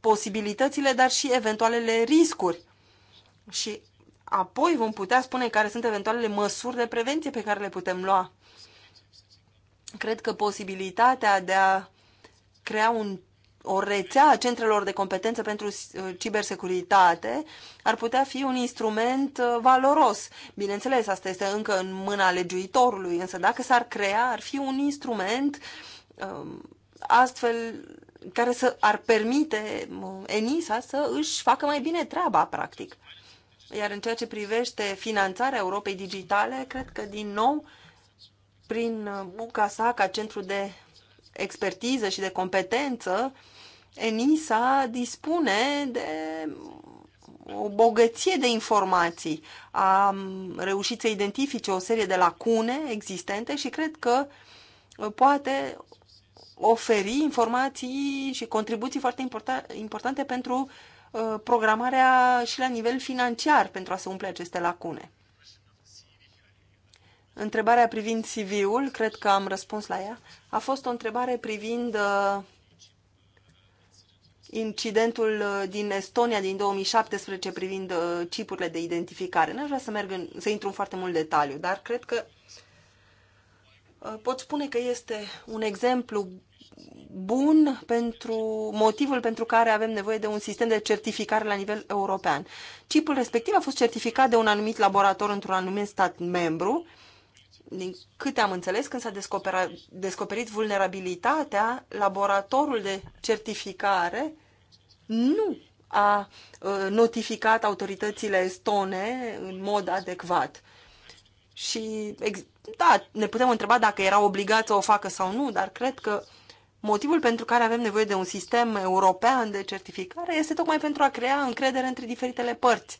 C: posibilitățile, dar și eventualele riscuri. Și apoi vom putea spune care sunt eventualele măsuri de prevenție pe care le putem lua. Cred că posibilitatea de a crea un o rețea a centrelor de competență pentru uh, cibersecuritate ar putea fi un instrument uh, valoros. Bineînțeles, asta este încă în mâna legiuitorului, însă dacă s-ar crea, ar fi un instrument um, astfel care să ar permite uh, ENISA să își facă mai bine treaba, practic. Iar în ceea ce privește finanțarea Europei Digitale, cred că, din nou, prin UCASA, ca centru de expertiză și de competență, ENISA dispune de o bogăție de informații. A reușit să identifice o serie de lacune existente și cred că poate oferi informații și contribuții foarte importante pentru uh, programarea și la nivel financiar pentru a se umple aceste lacune. Întrebarea privind CV-ul, cred că am răspuns la ea, a fost o întrebare privind uh, incidentul uh, din Estonia din 2017 privind uh, cipurile de identificare. N-aș vrea să merg în, să intru în foarte mult detaliu, dar cred că uh, pot spune că este un exemplu bun pentru motivul pentru care avem nevoie de un sistem de certificare la nivel european. Cipul respectiv a fost certificat de un anumit laborator într-un anumit stat membru din câte am înțeles, când s-a descoperit vulnerabilitatea, laboratorul de certificare nu a uh, notificat autoritățile estone în mod adecvat. Și, da, ne putem întreba dacă era obligat să o facă sau nu, dar cred că motivul pentru care avem nevoie de un sistem european de certificare este tocmai pentru a crea încredere între diferitele părți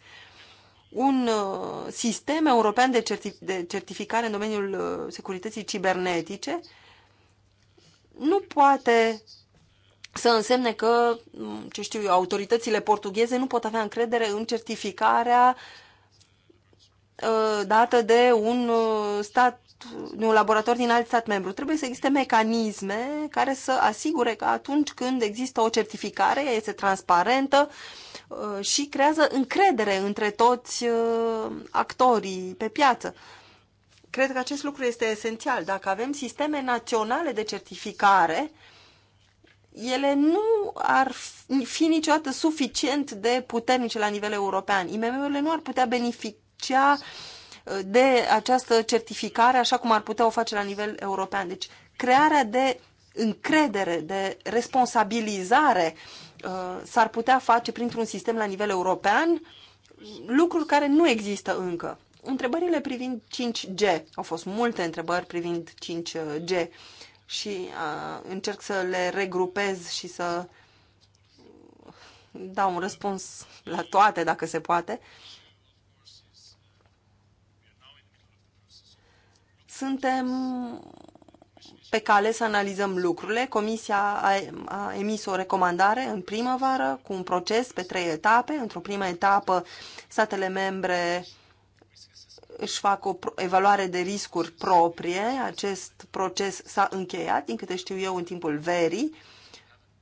C: un uh, sistem european de, certif- de certificare în domeniul uh, securității cibernetice nu poate să însemne că, mm, ce știu eu, autoritățile portugheze nu pot avea încredere în certificarea uh, dată de un stat, de un laborator din alt stat membru. Trebuie să existe mecanisme care să asigure că atunci când există o certificare, ea este transparentă, uh, Uh, și creează încredere între toți uh, actorii pe piață. Cred că acest lucru este esențial. Dacă avem sisteme naționale de certificare, ele nu ar fi niciodată suficient de puternice la nivel european. IMM-urile nu ar putea beneficia uh, de această certificare așa cum ar putea o face la nivel european. Deci crearea de încredere, de responsabilizare uh, Uh, s-ar putea face printr-un sistem la nivel european, lucruri care nu există încă. Întrebările privind 5G, au fost multe întrebări privind 5G și uh, încerc să le regrupez și să dau un răspuns la toate, dacă se poate. Suntem pe cale să analizăm lucrurile. Comisia a, a emis o recomandare în primăvară cu un proces pe trei etape. Într-o primă etapă, statele membre își fac o evaluare de riscuri proprie. Acest proces s-a încheiat, din câte știu eu, în timpul verii.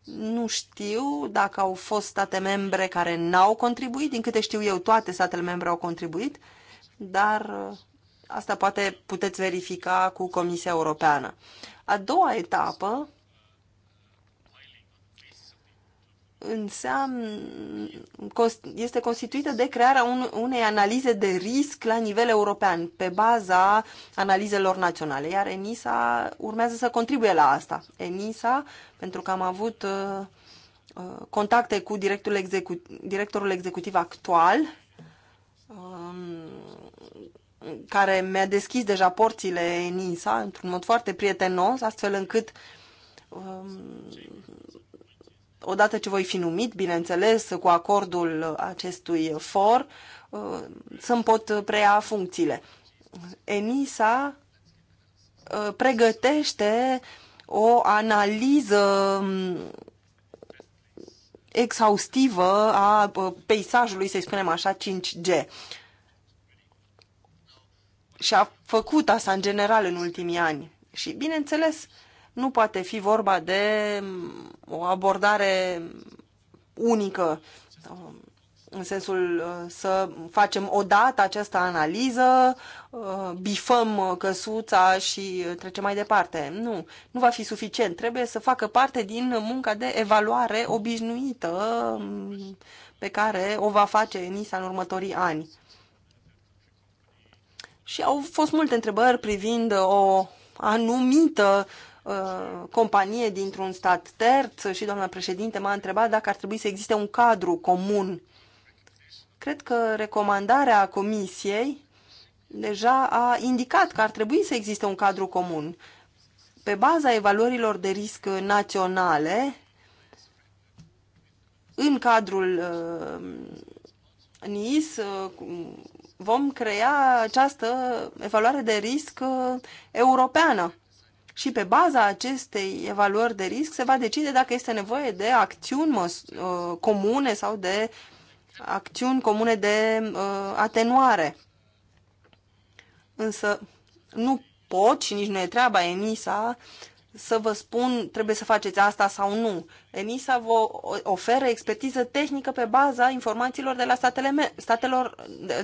C: Nu știu dacă au fost state membre care n-au contribuit. Din câte știu eu, toate statele membre au contribuit, dar uh, asta poate puteți verifica cu Comisia Europeană. A doua etapă înseamnă, este constituită de crearea unei analize de risc la nivel european, pe baza analizelor naționale, iar ENISA urmează să contribuie la asta. ENISA, pentru că am avut uh, uh, contacte cu directorul, directorul executiv actual, um, care mi-a deschis deja porțile ENISA într-un mod foarte prietenos, astfel încât um, odată ce voi fi numit, bineînțeles, cu acordul acestui for, uh, să-mi pot preia funcțiile. ENISA uh, pregătește o analiză um, exhaustivă a uh, peisajului, să-i spunem așa, 5G și a făcut asta în general în ultimii ani. Și, bineînțeles, nu poate fi vorba de mm, o abordare unică, în sensul uh, să facem odată această analiză, uh, bifăm uh, căsuța și trecem mai departe. Nu, nu va fi suficient. Trebuie să facă parte din munca de evaluare obișnuită mm, pe care o va face NISA în următorii ani. Și au fost multe întrebări privind uh, o anumită uh, companie dintr-un stat terț și doamna președinte m-a întrebat dacă ar trebui să existe un cadru comun. Cred că recomandarea comisiei deja a indicat că ar trebui să existe un cadru comun. Pe baza evaluărilor de risc naționale, în cadrul uh, NIS, uh, vom crea această evaluare de risc uh, europeană. Și pe baza acestei evaluări de risc se va decide dacă este nevoie de acțiuni uh, comune sau de acțiuni comune de uh, atenuare. Însă nu pot și nici nu e treaba ENISA să vă spun trebuie să faceți asta sau nu. ENISA vă oferă expertiză tehnică pe baza informațiilor de la statele, me- statelor,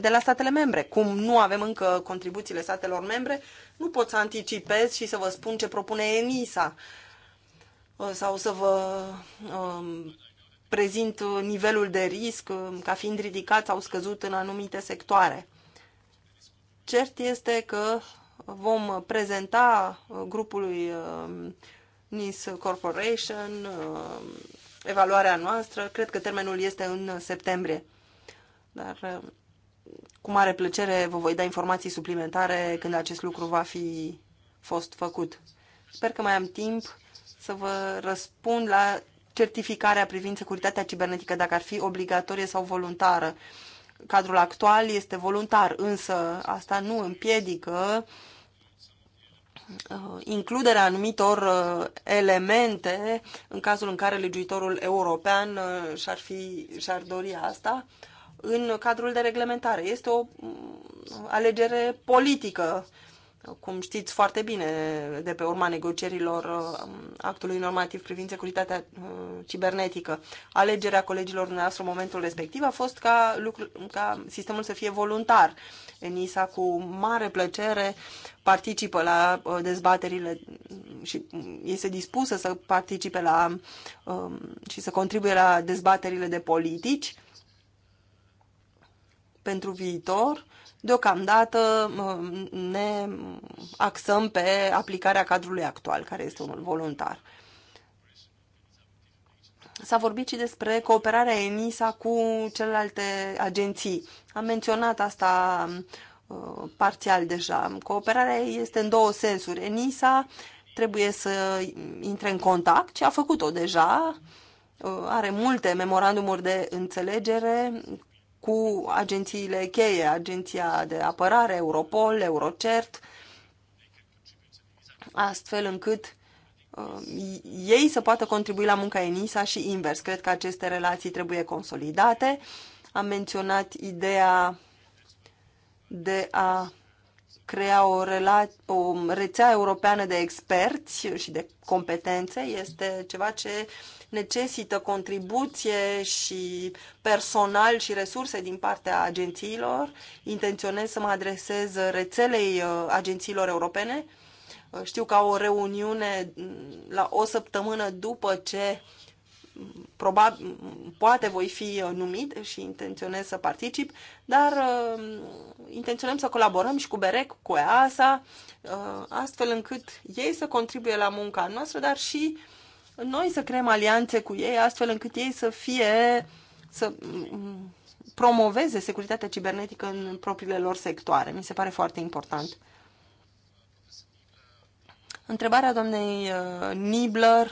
C: de la statele membre. Cum nu avem încă contribuțiile statelor membre, nu pot să anticipez și să vă spun ce propune ENISA uh, sau să vă um, prezint nivelul de risc um, ca fiind ridicat sau scăzut în anumite sectoare. Cert este că vom prezenta uh, grupului uh, NIS Corporation uh, evaluarea noastră. Cred că termenul este în septembrie. Dar cu mare plăcere vă voi da informații suplimentare când acest lucru va fi fost făcut. Sper că mai am timp să vă răspund la certificarea privind securitatea cibernetică, dacă ar fi obligatorie sau voluntară cadrul actual este voluntar, însă asta nu împiedică uh, includerea anumitor uh, elemente în cazul în care legiuitorul european uh, și-ar, fi, și-ar dori asta în cadrul de reglementare. Este o mm, alegere politică cum știți foarte bine, de pe urma negocierilor uh, actului normativ privind securitatea uh, cibernetică. Alegerea colegilor dumneavoastră în momentul respectiv a fost ca, lucru, ca sistemul să fie voluntar. ENISA cu mare plăcere participă la uh, dezbaterile și este dispusă să participe la um, și să contribuie la dezbaterile de politici pentru viitor Deocamdată ne axăm pe aplicarea cadrului actual, care este unul voluntar. S-a vorbit și despre cooperarea ENISA cu celelalte agenții. Am menționat asta uh, parțial deja. Cooperarea este în două sensuri. ENISA trebuie să intre în contact și a făcut-o deja. Uh, are multe memorandumuri de înțelegere cu agențiile cheie, Agenția de Apărare, Europol, Eurocert, astfel încât uh, ei să poată contribui la munca ENISA și invers. Cred că aceste relații trebuie consolidate. Am menționat ideea de a crea o, rela- o rețea europeană de experți și de competențe este ceva ce necesită contribuție și personal și resurse din partea agențiilor. Intenționez să mă adresez rețelei uh, agențiilor europene. Uh, știu că au o reuniune mm, la o săptămână după ce probabil, poate voi fi numit și intenționez să particip, dar uh, intenționăm să colaborăm și cu BEREC, cu EASA, uh, astfel încât ei să contribuie la munca noastră, dar și noi să creăm alianțe cu ei, astfel încât ei să fie, să mm, promoveze securitatea cibernetică în propriile lor sectoare. Mi se pare foarte important. Întrebarea doamnei uh, Nibler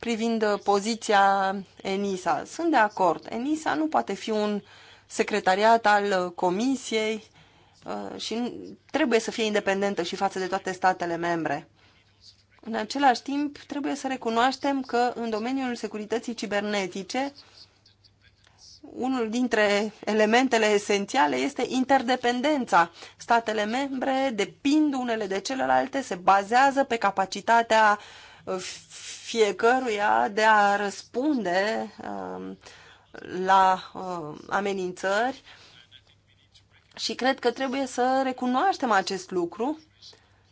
C: privind uh, poziția ENISA. Sunt de acord. ENISA nu poate fi un secretariat al uh, Comisiei uh, și trebuie să fie independentă și față de toate statele membre. În același timp, trebuie să recunoaștem că în domeniul securității cibernetice, unul dintre elementele esențiale este interdependența. Statele membre depind unele de celelalte, se bazează pe capacitatea fiecăruia de a răspunde um, la um, amenințări și cred că trebuie să recunoaștem acest lucru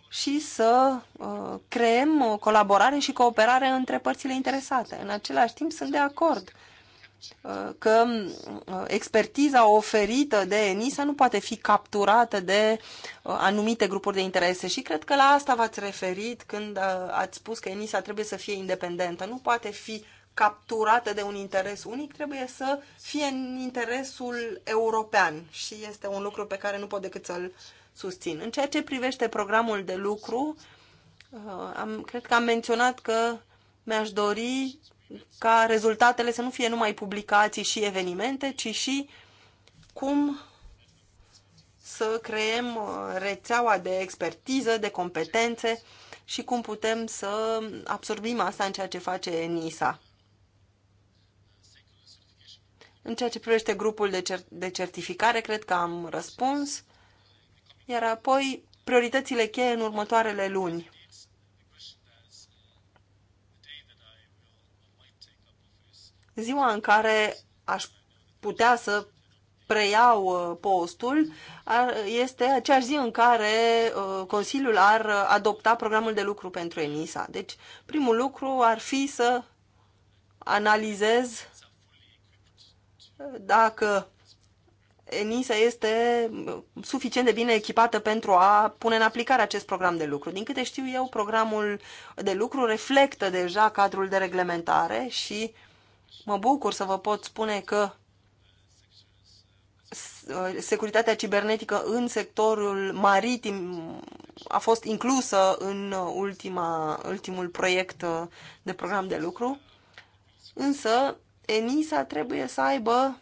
C: și să uh, creăm o colaborare și cooperare între părțile interesate. În același timp, sunt de acord că uh, expertiza oferită de ENISA nu poate fi capturată de uh, anumite grupuri de interese și cred că la asta v-ați referit când uh, ați spus că ENISA trebuie să fie independentă. Nu poate fi capturată de un interes unic, trebuie să fie în interesul european și este un lucru pe care nu pot decât să-l susțin. În ceea ce privește programul de lucru, am, cred că am menționat că mi-aș dori ca rezultatele să nu fie numai publicații și evenimente, ci și cum să creăm uh, rețeaua de expertiză, de competențe și cum putem să absorbim asta în ceea ce face NISA. În ceea ce privește grupul de, cer- de certificare, cred că am răspuns, iar apoi prioritățile cheie în următoarele luni. ziua în care aș putea să preiau uh, postul este aceeași zi în care uh, Consiliul ar adopta programul de lucru pentru ENISA. Deci, primul lucru ar fi să analizez uh, dacă ENISA este suficient de bine echipată pentru a pune în aplicare acest program de lucru. Din câte știu eu, programul de lucru reflectă deja cadrul de reglementare și uh, Mă bucur să vă pot spune că uh, securitatea cibernetică în sectorul maritim a fost inclusă în uh, ultima, ultimul proiect uh, de program de lucru, însă ENISA trebuie să aibă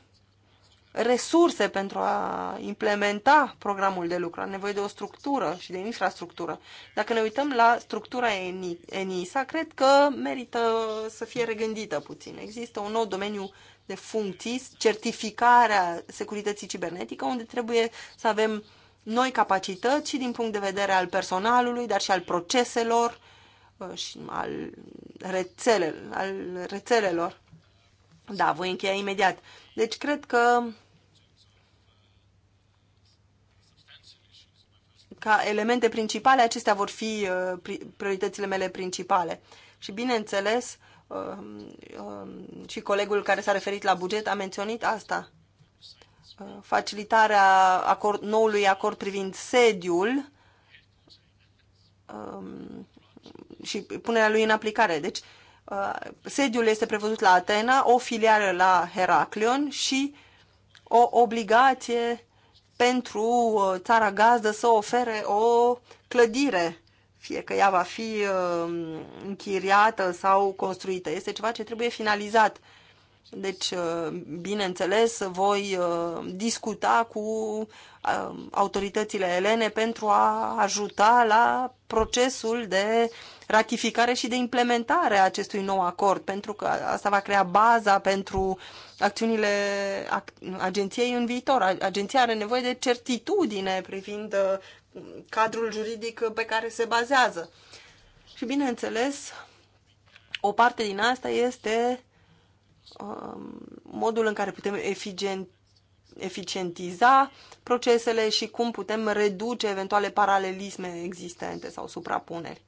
C: resurse pentru a implementa programul de lucru, are nevoie de o structură și de infrastructură. Dacă ne uităm la structura ENISA, cred că merită să fie regândită puțin. Există un nou domeniu de funcții, certificarea securității cibernetică, unde trebuie să avem noi capacități și din punct de vedere al personalului, dar și al proceselor uh, și al, rețele, al rețelelor. Da, voi încheia imediat. Deci cred că ca elemente principale, acestea vor fi uh, prioritățile mele principale. Și bineînțeles, um, um, și colegul care s-a referit la buget a menționat asta. Uh, facilitarea acord, noului acord privind sediul um, și punerea lui în aplicare. Deci, uh, sediul este prevăzut la Atena, o filială la Heraclion și o obligație pentru uh, țara gazdă să ofere o clădire, fie că ea va fi uh, închiriată sau construită. Este ceva ce trebuie finalizat. Deci, uh, bineînțeles, voi uh, discuta cu uh, autoritățile elene pentru a ajuta la procesul de ratificare și de implementare a acestui nou acord, pentru că asta va crea baza pentru acțiunile agenției în viitor. Agenția are nevoie de certitudine privind cadrul juridic pe care se bazează. Și, bineînțeles, o parte din asta este Um, modul în care putem eficient, eficientiza procesele și cum putem reduce eventuale paralelisme existente sau suprapuneri.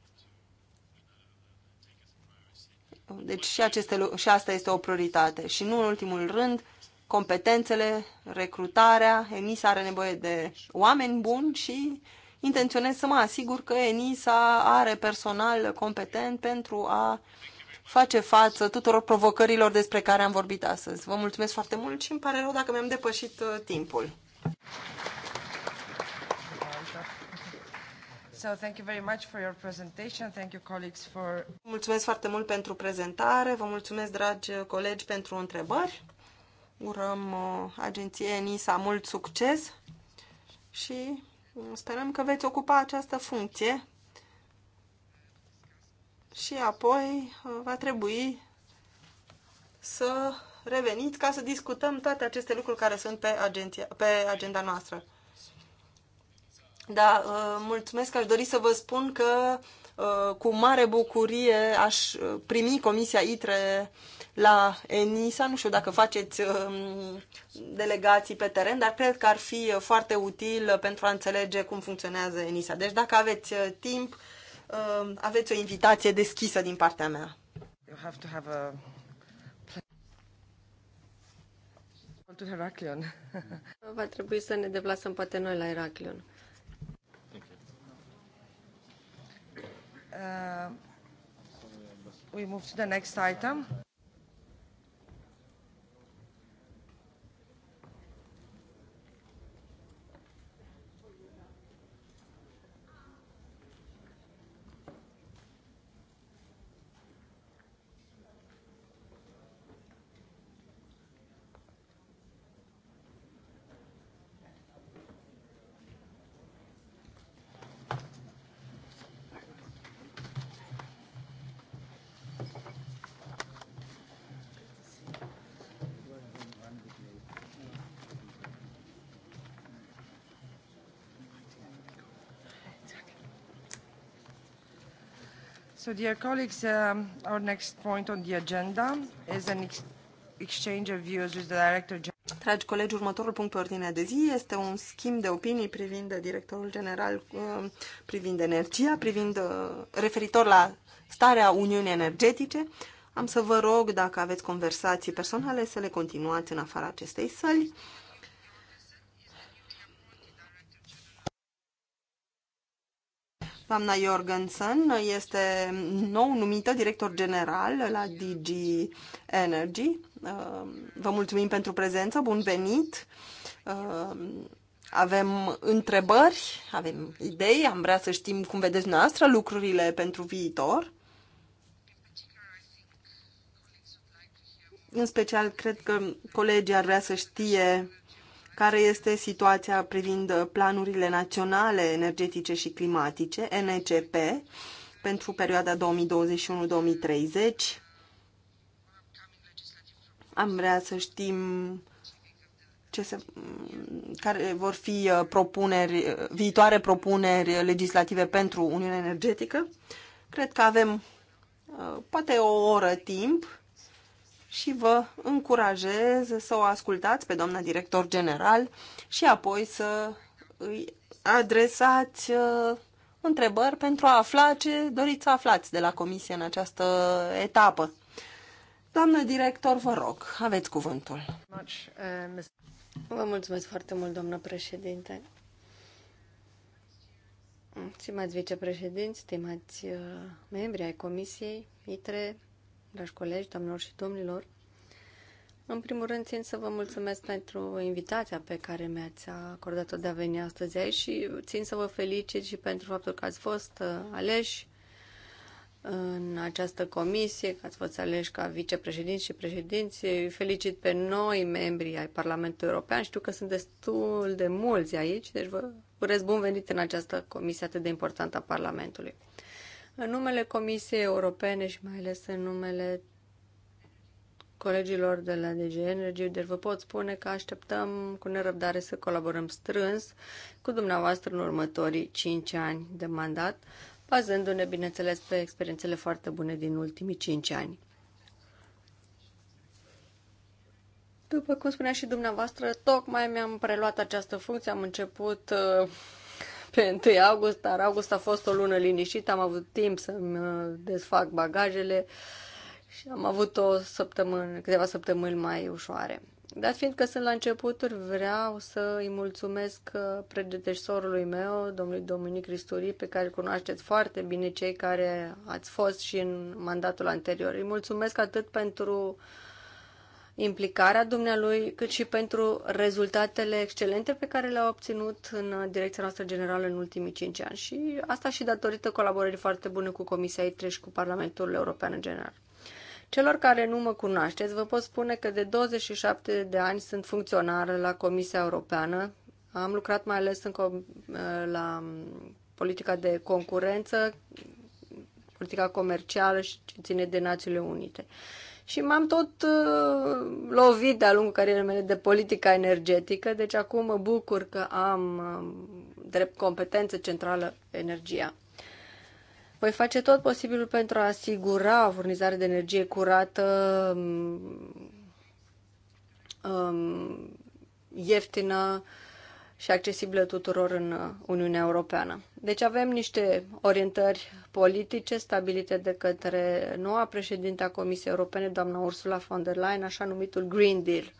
C: Deci și, aceste, și asta este o prioritate. Și nu în ultimul rând, competențele, recrutarea. ENISA are nevoie de oameni buni și intenționez să mă asigur că ENISA are personal competent pentru a uh, face față tuturor provocărilor despre care am vorbit astăzi. Vă mulțumesc foarte mult și îmi pare rău dacă mi-am depășit uh, timpul.
B: So thank you very
C: much for your presentation. Thank you colleagues for Mulțumesc foarte mult pentru prezentare. Vă mulțumesc dragi colegi pentru întrebări. Urăm uh, agenției NISA mult succes și mm, sperăm că veți ocupa această funcție și apoi uh, va trebui să reveniți ca să discutăm toate aceste lucruri care sunt pe, agenția, pe agenda noastră. Da, uh, mulțumesc, aș dori să vă spun că uh, cu mare bucurie aș primi Comisia ITRE la ENISA. Nu știu dacă faceți um, delegații pe teren, dar cred că ar fi foarte util pentru a înțelege cum funcționează ENISA. Deci dacă aveți timp, uh, aveți o invitație deschisă din partea mea. (laughs) Va
B: trebui să ne deplasăm poate noi la Heraclion.
C: Uh,
B: we move to the next item.
C: So, dear colleagues, um, our next point on the agenda is an ex exchange of views with the director general. Dragi colegi, următorul punct pe ordinea de zi este un schimb de opinii privind directorul general uh, privind energia, privind uh, referitor la starea Uniunii Energetice. Am să vă rog, dacă aveți conversații personale, să le continuați în afara acestei săli. Doamna Jorgensen este nou numită director general la DG Energy. Uh, vă mulțumim pentru prezență, bun venit! Uh, avem întrebări, avem idei, am vrea să știm cum vedeți noastră lucrurile pentru viitor. În special, cred că colegii ar vrea să știe care este situația privind uh, planurile naționale energetice și climatice, NCP, pentru perioada 2021-2030. Am vrea să știm ce se, care vor fi uh, propuneri, uh, viitoare propuneri legislative pentru Uniunea Energetică. Cred că avem poate o oră timp și vă încurajez să o ascultați pe doamna director general și apoi să îi adresați uh, întrebări pentru a afla ce doriți să aflați de la comisie în această etapă. Doamnă director, vă rog, aveți cuvântul.
B: Vă mulțumesc foarte mult, doamnă președinte. Stimați vicepreședinți, stimați uh, membri ai Comisiei ITRE, dragi colegi, domnilor și domnilor. În primul rând, țin să vă mulțumesc pentru invitația pe care mi-ați acordat-o de a veni astăzi aici și țin să vă felicit și pentru faptul că ați fost uh, aleși în această comisie, că ați fost aleși ca vicepreședinți și președinți. Felicit pe noi, membrii ai Parlamentului European. Știu că sunt destul de mulți aici, deci vă urez bun venit în această comisie atât de importantă a Parlamentului. În numele Comisiei Europene și mai ales în numele colegilor de la DG Energy, deci vă pot spune că așteptăm cu nerăbdare să colaborăm strâns cu dumneavoastră în următorii 5 ani de mandat, bazându-ne, bineînțeles, pe experiențele foarte bune din ultimii 5 ani. După cum spunea și dumneavoastră, tocmai mi-am preluat această funcție, am început uh, pe 1 august, dar august a fost o lună liniștită, am avut timp să-mi uh, desfac bagajele și am avut o săptămână, câteva săptămâni mai ușoare. Dar fiindcă sunt la începuturi, vreau să îi mulțumesc uh, predetesorului meu, domnului Dominic Risturi, pe care îl cunoașteți foarte bine cei care ați fost și în mandatul anterior. Îi mulțumesc atât pentru uh, implicarea dumnealui, cât și pentru rezultatele excelente pe care le-a obținut în direcția noastră generală în ultimii cinci ani și asta și datorită colaborării foarte bune cu Comisia ITRE și cu Parlamentul European în general. Celor care nu mă cunoașteți, vă pot spune că de 27 de ani sunt funcționar la Comisia Europeană. Am lucrat mai ales în com- la politica de concurență, politica comercială și ce ține de Națiunile Unite. Uh, și m-am tot uh, lovit de-a lungul carierei mele de politica energetică, deci acum mă bucur că am uh, drept competență centrală energia. Voi face tot posibilul pentru a asigura o furnizare de energie curată, um, um ieftină, uh, și accesibilă tuturor în uh, Uniunea Europeană. Deci avem niște orientări politice stabilite de către noua președinte a Comisiei Europene, doamna Ursula von der Leyen, așa numitul Green Deal.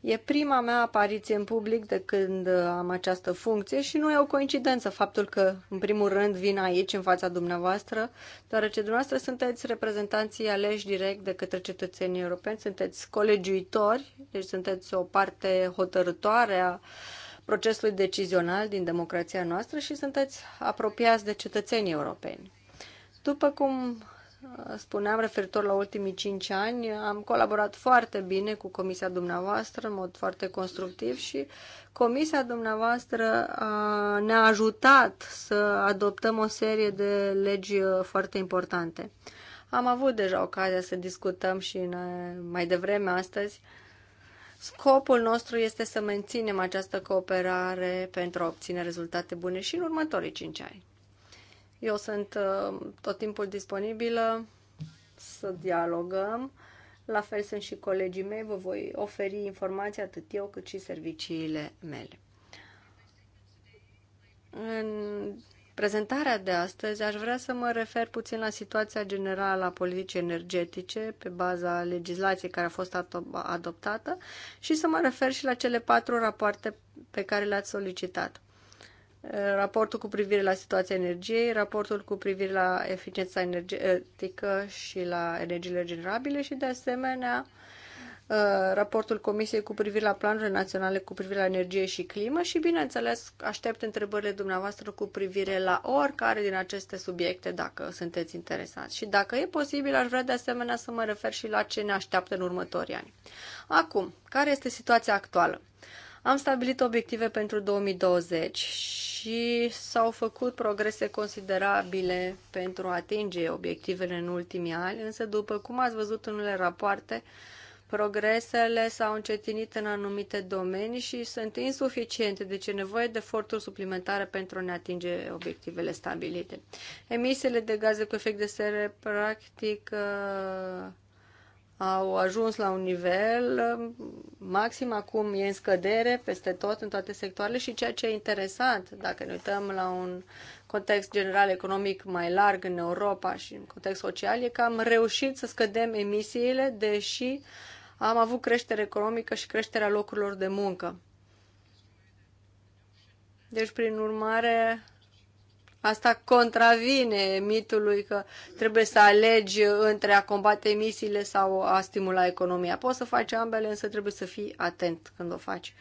B: E prima mea apariție în public de când uh, am această funcție și nu e o coincidență faptul că, în primul rând, vin aici, în fața dumneavoastră, deoarece dumneavoastră sunteți reprezentanții aleși direct de către cetățenii europeni, sunteți colegiuitori, deci sunteți o parte hotărătoare a uh, procesului decizional din democrația noastră și sunteți apropiați de cetățenii europeni. După cum uh, spuneam referitor la ultimii cinci ani, am colaborat foarte bine cu comisia dumneavoastră în mod foarte constructiv și comisia dumneavoastră uh, ne-a ajutat să adoptăm o serie de legi uh, foarte importante. Am avut deja ocazia să discutăm și mai devreme astăzi uh, Scopul nostru este să menținem această cooperare pentru a obține rezultate bune și în următorii 5 ani. Eu sunt uh, tot timpul disponibilă să dialogăm. La fel sunt și colegii mei, vă voi oferi informații atât eu cât și serviciile mele. În prezentarea de astăzi aș vrea să mă refer puțin la situația generală a politicii energetice pe baza legislației care a fost adoptată și să mă refer și la cele patru rapoarte pe care le-ați solicitat raportul cu privire la situația energiei, raportul cu privire la eficiența energetică și la energiile generabile și, de asemenea, Uh, raportul Comisiei cu privire la planurile naționale cu privire la energie și climă și, bineînțeles, aștept întrebările dumneavoastră cu privire la oricare din aceste subiecte, dacă sunteți interesați. Și dacă e posibil, aș vrea de asemenea să mă refer și la ce ne așteaptă în următorii ani. Acum, care este situația actuală? Am stabilit obiective pentru 2020 și s-au făcut progrese considerabile pentru a atinge obiectivele în ultimii ani, însă după cum ați văzut în unele rapoarte, uh, Progresele s-au încetinit în anumite domenii și sunt insuficiente, deci e nevoie de eforturi suplimentare pentru a ne atinge obiectivele stabilite. Emisiile de gaze cu efect de seră, practic, uh, au ajuns la un nivel uh, maxim, acum e în scădere peste tot, în toate sectoarele și ceea ce e interesant, dacă ne uităm la un context general economic mai larg în Europa și în context social, e că am reușit să scădem emisiile, deși uh, am avut creștere economică și creșterea locurilor de muncă. Deci, prin urmare, asta contravine mitului că trebuie să alegi între a combate emisiile sau a stimula economia. Poți să faci ambele, însă trebuie să fii atent când o faci.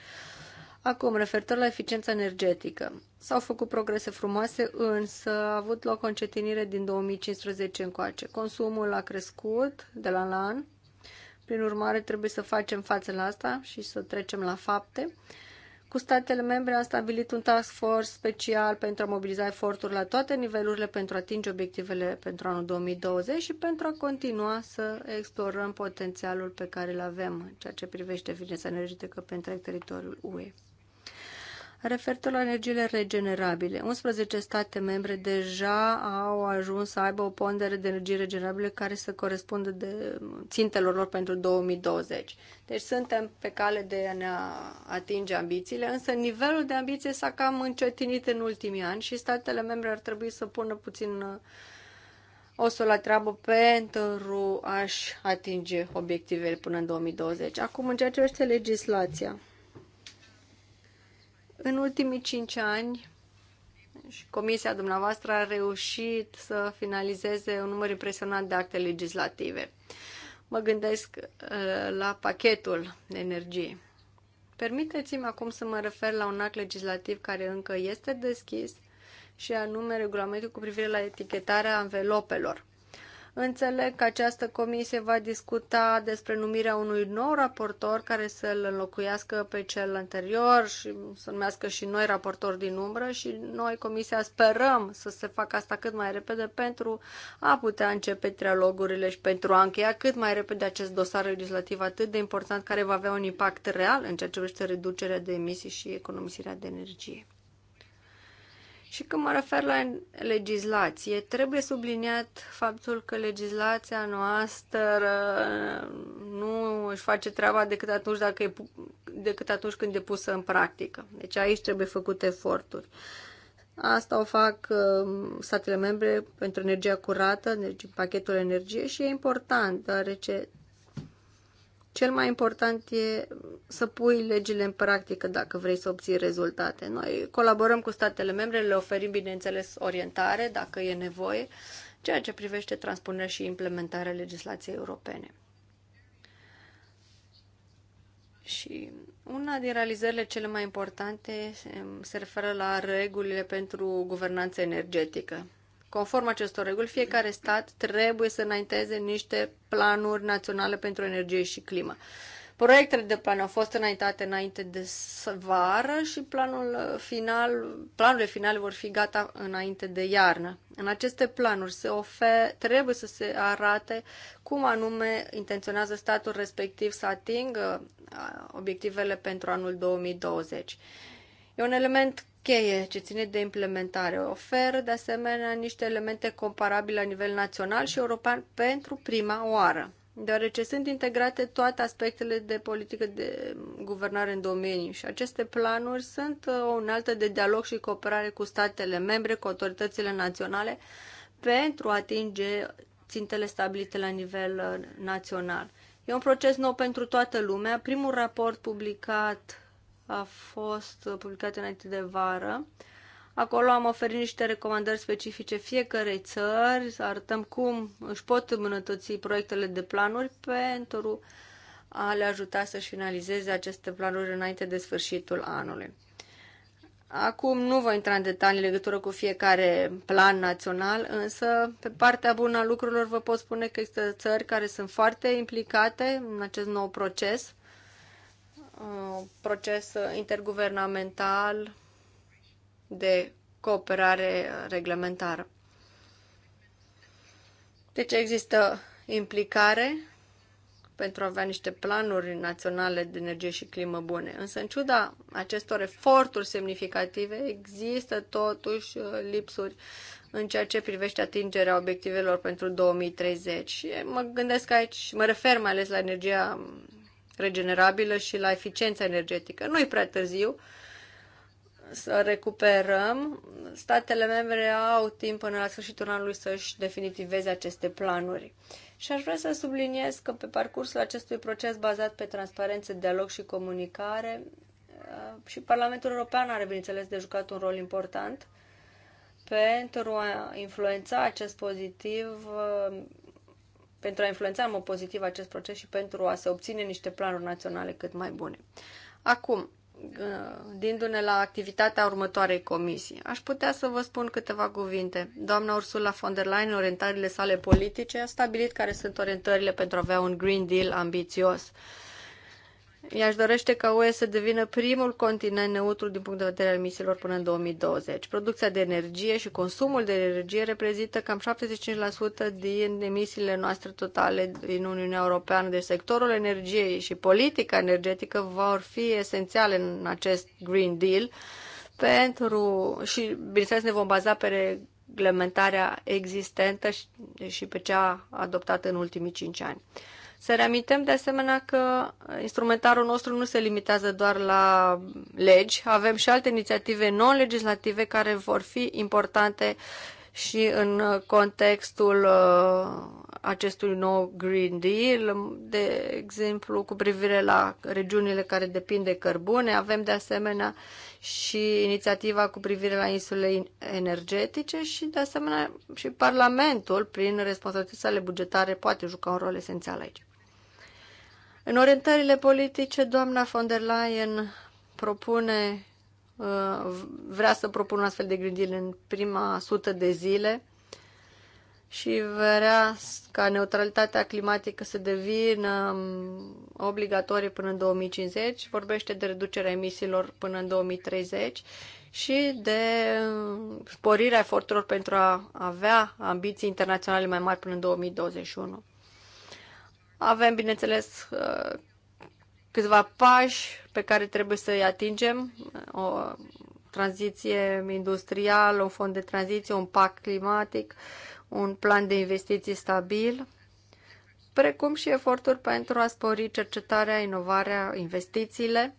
B: Acum, referitor la eficiența energetică. S-au făcut progrese frumoase, însă a avut loc o încetinire din 2015 încoace. Consumul a crescut de la an la an, prin urmare, trebuie să facem față la asta și să trecem la fapte. Cu statele membre am stabilit un task force special pentru a mobiliza eforturi la toate nivelurile pentru a atinge obiectivele pentru anul 2020 și pentru a continua să explorăm potențialul pe care îl avem în ceea ce privește eficiența energetică pe întreg teritoriul UE. Referitor la energiile regenerabile, 11 state membre deja au ajuns să aibă o pondere de energie regenerabile care să corespundă de țintelor lor pentru 2020. Deci suntem pe cale de a ne atinge ambițiile, însă nivelul de ambiție s-a cam încetinit în ultimii ani și statele membre ar trebui să pună puțin uh, să la treabă pentru a-și atinge obiectivele până în 2020. Acum, în ceea ce legislația, în ultimii cinci ani, și comisia dumneavoastră a reușit să finalizeze un număr impresionant de acte legislative. Mă gândesc uh, la pachetul de energie. Permiteți-mi acum să mă refer la un act legislativ care încă este deschis și anume regulamentul cu privire la etichetarea anvelopelor. Înțeleg că această comisie va discuta despre numirea unui nou raportor care să-l înlocuiască pe cel anterior și să numească și noi raportori din umbră și noi, comisia, sperăm să se facă asta cât mai repede pentru a putea începe trialogurile și pentru a încheia cât mai repede acest dosar legislativ atât de important care va avea un impact real în ceea ce privește reducerea de emisii și economisirea de energie. Și când mă refer la legislație, trebuie subliniat faptul că legislația noastră uh, nu își face treaba decât atunci, dacă e, decât atunci când e pusă în practică. Deci aici trebuie făcute eforturi. Asta o fac uh, statele membre pentru energia curată, deci pachetul energie și e important, deoarece cel mai important e să pui legile în practică dacă vrei să obții rezultate. Noi colaborăm cu statele membre, le oferim, bineînțeles, orientare dacă e nevoie, ceea ce privește transpunerea și implementarea legislației europene. Și una din realizările cele mai importante se referă la regulile pentru guvernanță energetică. Conform acestor reguli, fiecare stat trebuie să înainteze niște planuri naționale pentru energie și climă. Proiectele de plan au fost înaintate înainte de vară și planul final, planurile finale vor fi gata înainte de iarnă. În aceste planuri se ofer, trebuie să se arate cum anume intenționează statul respectiv să atingă obiectivele pentru anul 2020. E un element cheie ce ține de implementare. Oferă, de asemenea, niște elemente comparabile la nivel național și european pentru prima oară, deoarece sunt integrate toate aspectele de politică de guvernare în domeniu și aceste planuri sunt uh, o unaltă de dialog și cooperare cu statele membre, cu autoritățile naționale, pentru a atinge țintele stabilite la nivel uh, național. E un proces nou pentru toată lumea. Primul raport publicat a fost publicată înainte de vară. Acolo am oferit niște recomandări specifice fiecărei țări, să arătăm cum își pot îmbunătăți proiectele de planuri pentru a le ajuta să-și finalizeze aceste planuri înainte de sfârșitul anului. Acum nu voi intra în detalii în legătură cu fiecare plan național, însă pe partea bună a lucrurilor vă pot spune că există țări care sunt foarte implicate în acest nou proces Uh, proces interguvernamental de cooperare reglementară. Deci există implicare pentru a avea niște planuri naționale de energie și climă bune. Însă, în ciuda acestor eforturi semnificative, există totuși uh, lipsuri în ceea ce privește atingerea obiectivelor pentru 2030. Și mă gândesc aici, mă refer mai ales la energia regenerabilă și la eficiența energetică. Nu i prea târziu să recuperăm. Statele membre au timp până la sfârșitul anului să-și definitiveze aceste planuri. Și aș vrea să subliniez că pe parcursul acestui proces bazat pe transparență, dialog și comunicare, uh, și Parlamentul European are, bineînțeles, de jucat un rol important pentru a influența acest pozitiv uh, pentru a influența în mod pozitiv acest proces și pentru a se obține niște planuri naționale cât mai bune. Acum, gândindu-ne la activitatea următoarei comisii. Aș putea să vă spun câteva cuvinte. Doamna Ursula von der Leyen, orientările sale politice, a stabilit care sunt orientările pentru a avea un Green Deal ambițios. Uh, ea își dorește ca UE să devină primul continent neutru din punct de vedere al emisiilor până în 2020. Producția de energie și consumul de energie reprezintă cam 75% din emisiile noastre totale din Uniunea Europeană. Deci sectorul energiei și politica energetică vor fi esențiale în acest Green Deal pentru și, bineînțeles, ne vom baza pe reglementarea existentă și, și pe cea adoptată în ultimii 5 ani. Să reamintim de asemenea că instrumentarul nostru nu se limitează doar la legi, avem și alte inițiative non-legislative care vor fi importante și în contextul uh, acestui nou Green Deal, de exemplu cu privire la regiunile care depind de cărbune, avem de asemenea și inițiativa cu privire la insule energetice și de asemenea și Parlamentul, prin responsabilitățile bugetare, poate juca un rol esențial aici. În orientările politice, doamna von der Leyen propune, uh, vrea să propună astfel de gândire în prima sută de zile și vrea ca neutralitatea climatică să devină um, obligatorie până în 2050, vorbește de reducerea emisiilor până în 2030 și de um, sporirea eforturilor pentru a avea ambiții internaționale mai mari până în 2021. Avem, bineînțeles, uh, câțiva pași pe care trebuie să îi atingem. O tranziție industrială, un fond de tranziție, un pact climatic, un plan de investiții stabil, precum și eforturi pentru a spori cercetarea, inovarea, investițiile,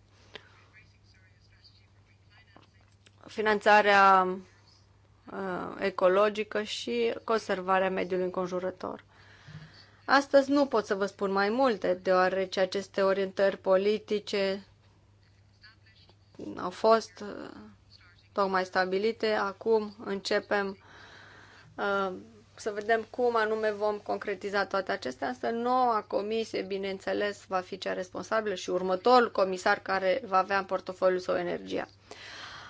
B: finanțarea uh, ecologică și conservarea mediului înconjurător. Astăzi nu pot să vă spun mai multe, deoarece aceste orientări politice au fost uh, tocmai stabilite. Acum începem uh, să vedem cum anume vom concretiza toate acestea, însă noua comisie, bineînțeles, va fi cea responsabilă și următorul comisar care va avea în portofoliu sau energia.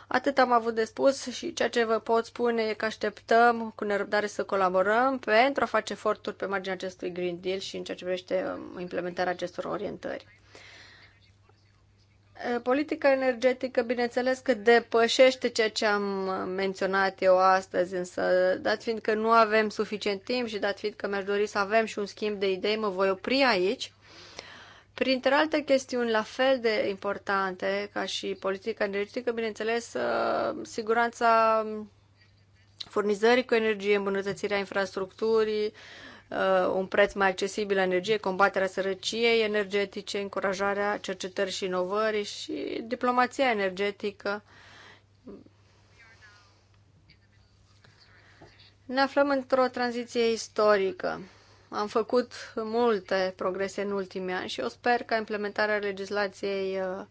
B: Atât am avut de spus și ceea ce vă pot spune e că așteptăm cu nerăbdare să colaborăm pentru a face eforturi pe marginea acestui Green Deal și în ceea ce privește um, implementarea acestor orientări. Politica energetică, bineînțeles că depășește ceea ce am uh, menționat eu astăzi, însă dat fiind că nu avem suficient timp și dat fiind că mi-aș dori să avem și un schimb de idei, mă voi opri aici. Printre alte chestiuni la fel de importante ca și politica energetică, bineînțeles, uh, siguranța furnizării cu energie, îmbunătățirea infrastructurii, uh, un preț mai accesibil la energie, combaterea sărăciei energetice, încurajarea cercetării și inovării și diplomația energetică. Ne aflăm într-o tranziție istorică am făcut multe progrese în ultimii ani și eu sper ca implementarea legislației uh,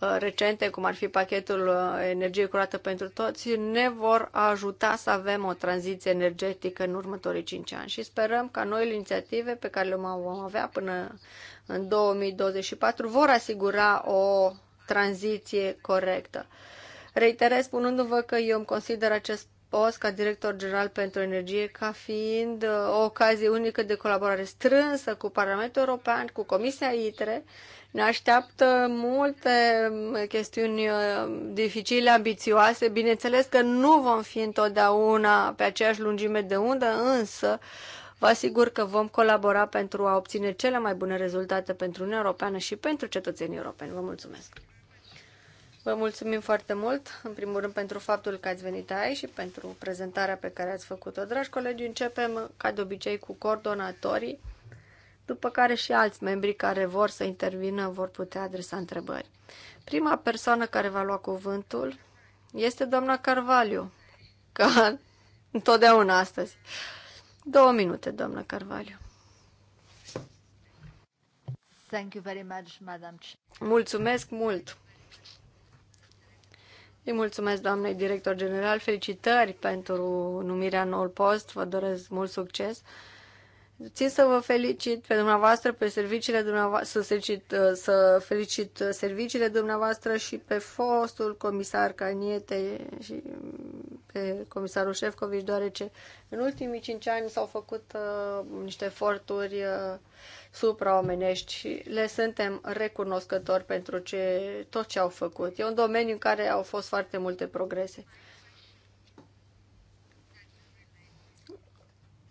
B: uh, recente, cum ar fi pachetul uh, energie curată pentru toți, ne vor ajuta să avem o tranziție energetică în următorii 5 ani și sperăm ca noile inițiative pe care le vom avea până în 2024 vor asigura o tranziție corectă. Reiterez spunându-vă că eu îmi consider acest post ca director general pentru energie ca fiind uh, o ocazie unică de colaborare strânsă cu Parlamentul European, cu Comisia ITRE. Ne așteaptă multe um, chestiuni uh, dificile, ambițioase. Bineînțeles că nu vom fi întotdeauna pe aceeași lungime de undă, însă vă asigur că vom colabora pentru a obține cele mai bune rezultate pentru Uniunea Europeană și pentru cetățenii europeni. Vă mulțumesc! Vă mulțumim foarte mult, în primul rând, pentru faptul că ați venit aici și pentru prezentarea pe care ați făcut-o. Dragi colegi, începem, ca de obicei, cu coordonatorii, după care și alți membri care vor să intervină vor putea adresa întrebări. Prima persoană care va lua cuvântul este doamna Carvaliu, ca (laughs) întotdeauna astăzi. Două minute, doamna Carvaliu. Thank you very much, Madam Mulțumesc mult, îi mulțumesc, doamnei director general. Felicitări pentru numirea în noul post. Vă doresc mult succes. Țin să vă felicit pe dumneavoastră, pe serviciile dumneavoastră, să, felicit, uh, să felicit serviciile dumneavoastră și pe fostul comisar Caniete și pe comisarul Șefcoviș, deoarece în ultimii cinci ani s-au făcut uh, niște eforturi uh, supraomenești și le suntem recunoscători pentru ce, tot ce au făcut. E un domeniu în care au fost foarte multe progrese.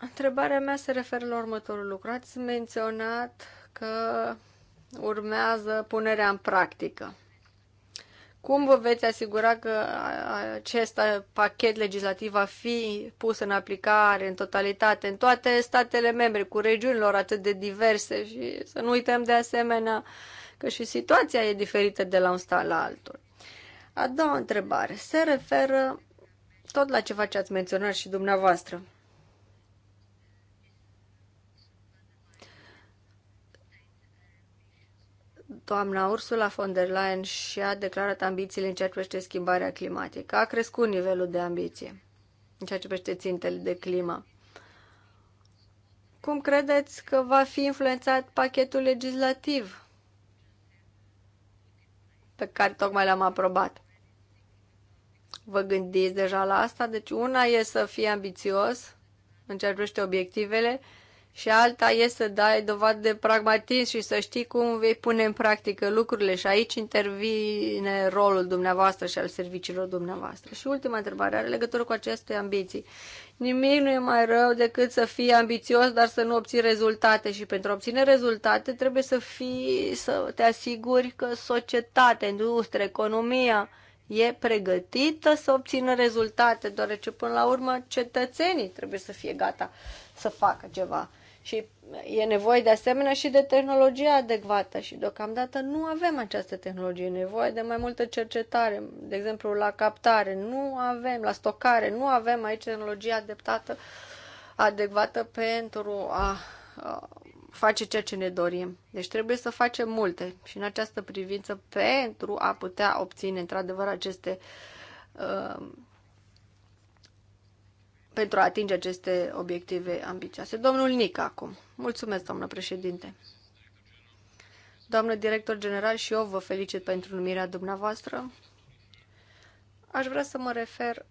B: Întrebarea mea se referă la următorul lucru. Ați menționat că urmează punerea în practică. Cum vă veți asigura că acest pachet legislativ va fi pus în aplicare în totalitate în toate statele membre, cu regiunilor atât de diverse și să nu uităm de asemenea că și situația e diferită de la un stat la altul. A doua întrebare se referă tot la ceva ce ați menționat și dumneavoastră. doamna Ursula von der Leyen și-a declarat ambițiile în ceea ce privește schimbarea climatică. A crescut nivelul de ambiție în ceea ce privește țintele de climă. Cum credeți că va fi influențat pachetul legislativ pe care tocmai l-am aprobat? Vă gândiți deja la asta? Deci una e să fii ambițios în ceea ce privește obiectivele și alta e să dai dovadă de pragmatism și să știi cum vei pune în practică lucrurile și aici intervine rolul dumneavoastră și al serviciilor dumneavoastră. Și ultima întrebare are legătură cu aceste ambiții. Nimic nu e mai rău decât să fii ambițios, dar să nu obții rezultate și pentru a obține rezultate trebuie să fii, să te asiguri că societatea, industria, economia e pregătită să obțină rezultate, deoarece până la urmă cetățenii trebuie să fie gata să facă ceva. Și e nevoie de asemenea și de tehnologie adecvată și deocamdată nu avem această tehnologie, e nevoie de mai multă cercetare, de exemplu la captare, nu avem, la stocare, nu avem aici tehnologie adaptată, adecvată pentru a, a face ceea ce ne dorim. Deci trebuie să facem multe și în această privință pentru a putea obține într-adevăr aceste uh, pentru a atinge aceste obiective ambițioase. Domnul Nic acum. Mulțumesc, doamnă președinte. Doamnă director general, și eu vă felicit pentru numirea dumneavoastră. Aș vrea să mă refer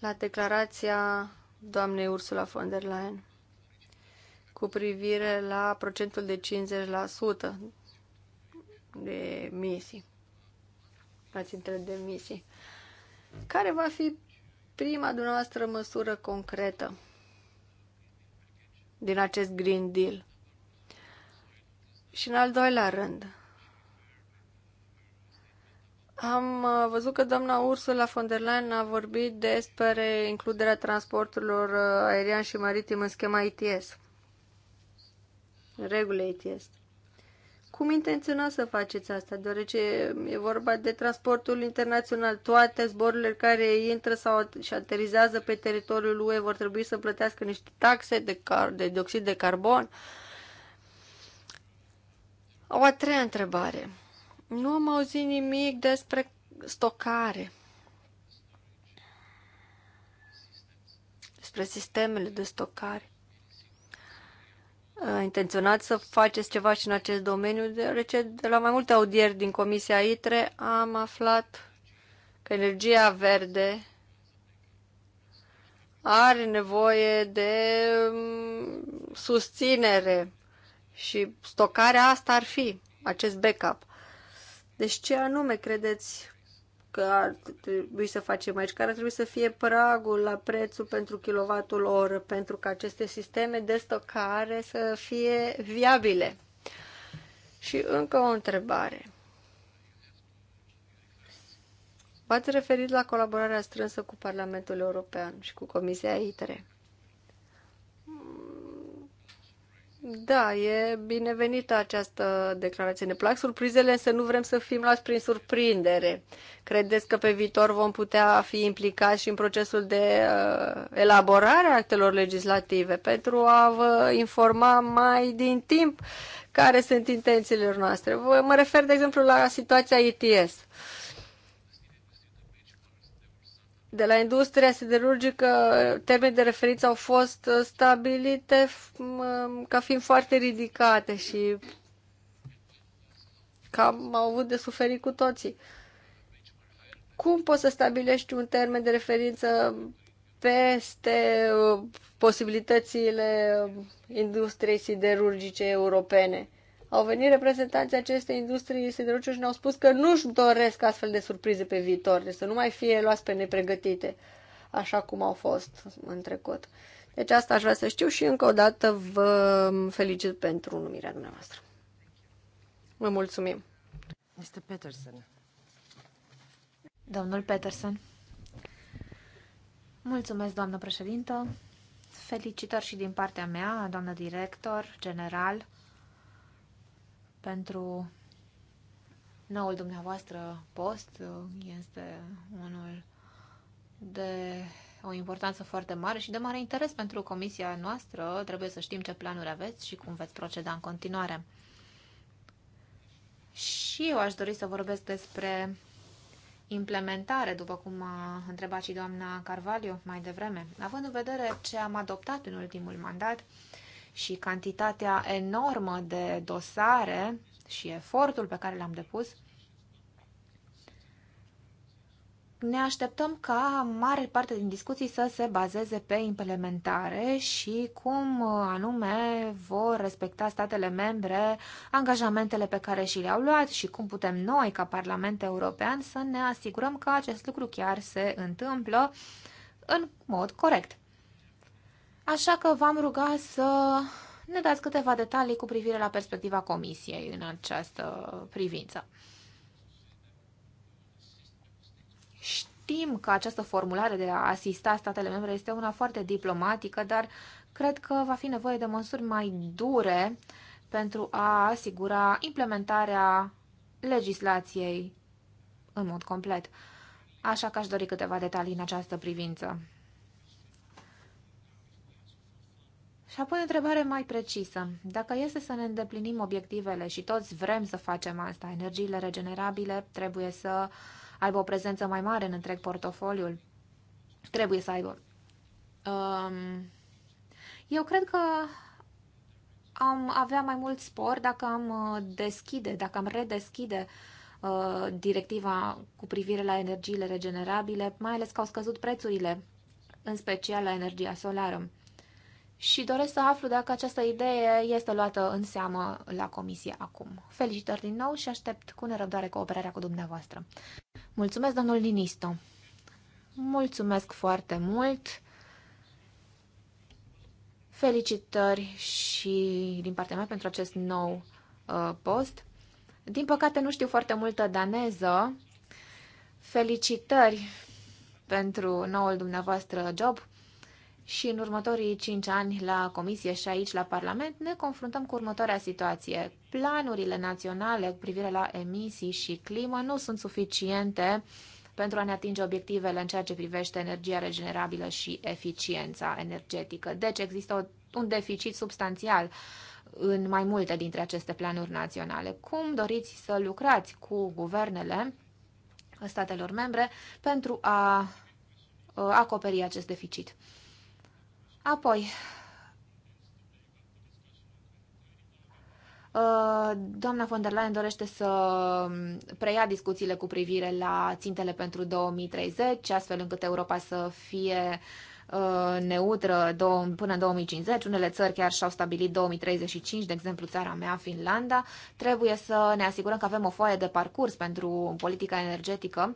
B: la declarația doamnei Ursula von der Leyen cu privire la procentul de 50% de misii. Ați țintele de misii. Care va fi prima dumneavoastră măsură concretă din acest Green Deal? Și în al doilea rând, am uh, văzut că doamna Ursula von der Leyen a vorbit despre includerea transporturilor uh, aerian și maritim în schema ITS, în regulă ITS. Cum intenționați să faceți asta? Deoarece e vorba de transportul internațional. Toate zborurile care intră sau și aterizează pe teritoriul UE vor trebui să plătească niște taxe de, car- de dioxid de carbon. O a treia întrebare. Nu am auzit nimic despre stocare. Despre sistemele de stocare intenționați să faceți ceva și în acest domeniu, deoarece de la mai multe audieri din Comisia ITRE am aflat că energia verde are nevoie de mm, susținere și stocarea asta ar fi acest backup. Deci ce anume credeți că ar trebui să facem aici, care ar trebui să fie pragul la prețul pentru kilovatul oră, pentru ca aceste sisteme de stocare să fie viabile. Și încă o întrebare. V-ați referit la colaborarea strânsă cu Parlamentul European și cu Comisia ITRE. Da, e binevenită această declarație. Ne plac surprizele, însă nu vrem să fim luați prin surprindere. Credeți că pe viitor vom putea fi implicați și în procesul de uh, elaborare a actelor legislative pentru a vă informa mai din timp care sunt intențiile noastre? mă refer, de exemplu, la situația ITS. Uh, de la industria siderurgică, termenii de referință au fost uh, stabilite ca fiind foarte ridicate și cam au avut de suferit cu toții. Cum poți să stabilești un termen de referință peste uh, posibilitățile uh, industriei siderurgice europene? Au venit reprezentanții acestei industrii siderurgice și ne-au spus că nu-și doresc astfel de surprize pe viitor, deci să nu mai fie luați pe nepregătite, așa cum au fost în trecut. Deci asta aș vrea să știu și încă o dată vă felicit pentru numirea dumneavoastră. Vă mulțumim.
C: Este Peterson.
A: Domnul Peterson. Mulțumesc, doamnă președintă. Felicitări și din partea mea, doamnă director, general pentru noul dumneavoastră post. Uh, este unul de o importanță foarte mare și de mare interes pentru comisia noastră. Trebuie să știm ce planuri aveți și cum veți proceda în continuare. Și eu aș dori să vorbesc despre implementare, după cum a întrebat și doamna Carvalho mai devreme. Având în vedere ce am adoptat în ultimul mandat, și cantitatea enormă de dosare și efortul pe care l-am depus, ne așteptăm ca mare parte din discuții să se bazeze pe implementare și cum uh, anume vor respecta statele membre angajamentele pe care și le-au luat și cum putem noi, ca Parlament European, să ne asigurăm că acest lucru chiar se întâmplă în mod corect. Așa că v-am ruga să ne dați câteva detalii cu privire la perspectiva Comisiei în această privință. Știm că această formulare de a asista statele membre este una foarte diplomatică, dar cred că va fi nevoie de măsuri mai dure pentru a asigura implementarea legislației în mod complet. Așa că aș dori câteva detalii în această privință. Și apoi o întrebare mai precisă. Dacă este să ne îndeplinim obiectivele și toți vrem să facem asta, energiile regenerabile trebuie să aibă o prezență mai mare în întreg portofoliul. Trebuie să aibă. Um, eu cred că am avea mai mult spor dacă am uh, deschide, dacă am redeschide uh, directiva cu privire la energiile regenerabile, mai ales că au scăzut prețurile, în special la energia solară și doresc să aflu dacă această idee este luată în seamă la comisie acum. Felicitări din nou și aștept cu nerăbdare cooperarea cu dumneavoastră. Mulțumesc, domnul Linisto. Mulțumesc foarte mult. Felicitări și din partea mea pentru acest nou uh, post. Din păcate nu știu foarte multă daneză. Felicitări pentru noul dumneavoastră job și în următorii cinci ani la Comisie și aici la Parlament ne confruntăm cu următoarea situație. Planurile naționale cu privire la emisii și climă nu sunt suficiente pentru a ne atinge obiectivele în ceea ce privește energia regenerabilă și eficiența energetică. Deci există un deficit substanțial în mai multe dintre aceste planuri naționale. Cum doriți să lucrați cu guvernele statelor membre pentru a acoperi acest deficit? Apoi, uh, Doamna von der Leyen dorește să um, preia discuțiile cu privire la țintele pentru 2030, astfel încât Europa să fie uh, neutră până în 2050. Unele țări chiar și-au stabilit 2035, de exemplu țara mea, Finlanda. Trebuie să ne asigurăm că avem o foaie de parcurs pentru politica energetică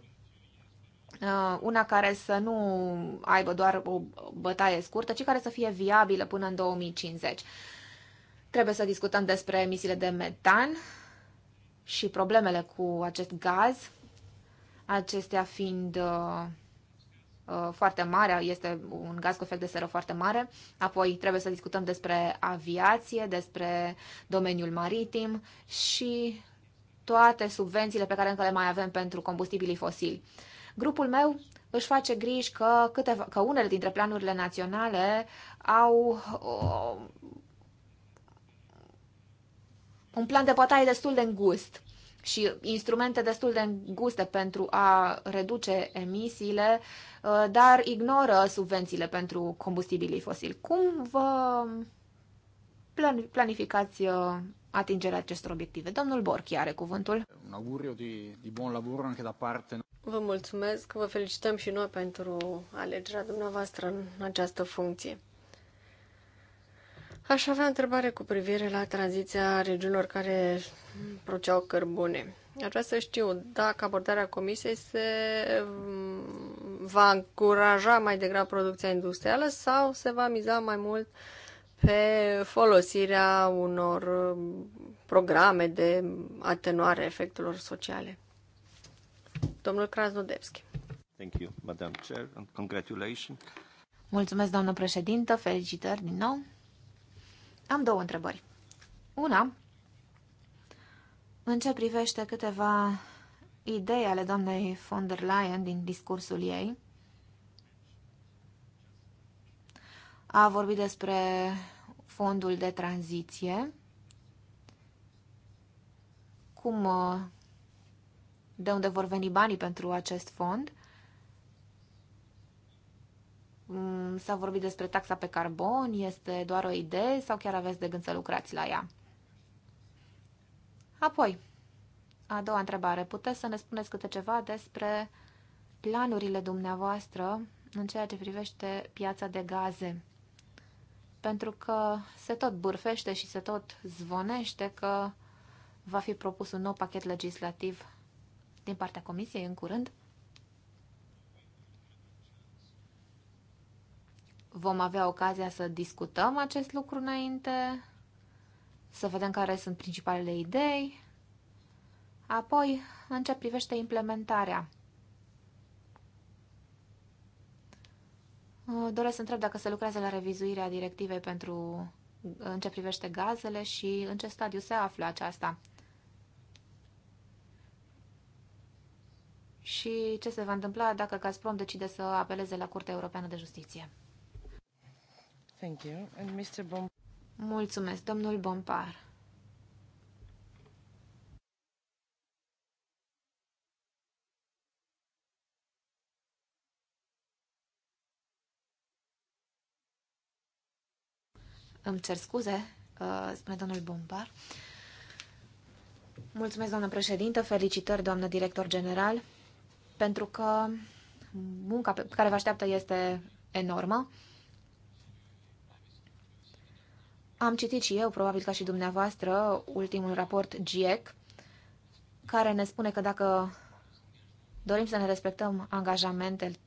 A: Uh, una care să nu aibă doar o bătaie scurtă, ci care să fie viabilă până în 2050. Trebuie să discutăm despre emisiile de metan și problemele cu acest gaz, acestea fiind uh, uh, foarte mare, este un gaz cu efect de seră foarte mare. Apoi trebuie să discutăm despre aviație, despre domeniul maritim și toate subvențiile pe care încă le mai avem pentru combustibilii fosili. Grupul meu își face griji că, câteva, că unele dintre planurile naționale au uh, un plan de bătaie destul de îngust și instrumente destul de înguste pentru a reduce emisiile, uh, dar ignoră subvențiile pentru combustibilii fosili. Cum vă planificați uh, atingerea acestor obiective. Domnul Borchi are cuvântul. Un augurio de, de bun lavoro anche da parte. Vă mulțumesc, vă felicităm și noi pentru
B: alegerea dumneavoastră în această funcție. Aș avea întrebare cu privire la tranziția regiunilor care produceau cărbune. Aș vrea să știu dacă abordarea comisiei se va încuraja mai degrabă producția industrială sau se va miza mai mult uh, pe folosirea unor um, programe de atenuare efectelor sociale.
A: Domnul Krasnodebski. Thank you, Madam Chair, and congratulations. Mulțumesc, doamnă președintă, felicitări din nou. Am două întrebări. Una, în ce privește câteva idei ale doamnei von der Leyen din discursul ei, a vorbit despre fondul de tranziție, cum, uh, de unde vor veni banii pentru acest fond. Mm, s-a vorbit despre taxa pe carbon, este doar o idee sau chiar aveți de gând să lucrați la ea? Apoi, a doua întrebare. Puteți să ne spuneți câte ceva despre planurile dumneavoastră în ceea ce privește piața de gaze? pentru că se tot bârfește și se tot zvonește că va fi propus un nou pachet legislativ din partea Comisiei în curând. Vom avea ocazia să discutăm acest lucru înainte, să vedem care sunt principalele idei. Apoi, în ce privește implementarea Uh, doresc să întreb dacă se lucrează la revizuirea directivei pentru uh, în ce privește gazele și în ce stadiu se află aceasta. Și ce se va întâmpla dacă Gazprom decide să apeleze la Curtea Europeană de Justiție? Thank you. And Mr. Bom- Mulțumesc, domnul Bompar. Îmi cer scuze, uh, spune domnul Bombar. Mulțumesc, doamnă președintă, felicitări, doamnă director general, pentru că munca pe care vă așteaptă este enormă. Am citit și eu, probabil ca și dumneavoastră, ultimul raport GIEC, care ne spune că dacă dorim să ne respectăm angajamentele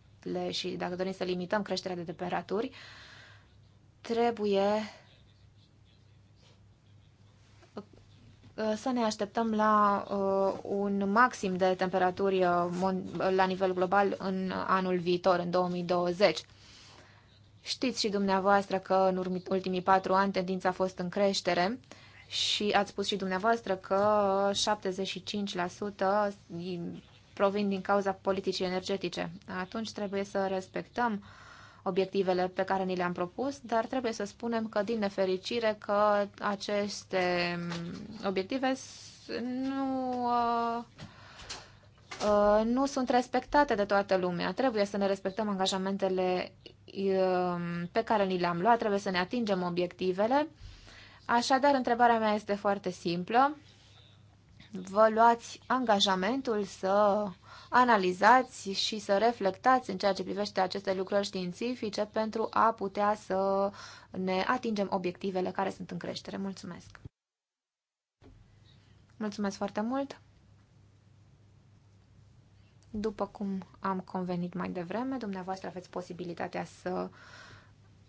A: și dacă dorim să limităm creșterea de temperaturi, trebuie Uh, să ne așteptăm la uh, un maxim de temperaturi uh, la nivel global în anul viitor, în 2020. Știți și dumneavoastră că în ultimii patru ani tendința a fost în creștere și ați spus și dumneavoastră că 75% provin din cauza politicii energetice. Atunci trebuie să respectăm uh, obiectivele pe care ni le-am propus, dar trebuie să spunem că, din nefericire, că aceste obiective nu, uh, uh, nu sunt respectate de toată lumea. Trebuie să ne respectăm angajamentele um, pe care ni le-am luat, trebuie să ne atingem obiectivele. Așadar, întrebarea mea este foarte simplă vă luați angajamentul să analizați și să reflectați în ceea ce privește aceste lucrări științifice pentru a putea să ne atingem obiectivele care sunt în creștere. Mulțumesc! Mulțumesc foarte mult! După cum am convenit mai devreme, dumneavoastră aveți posibilitatea să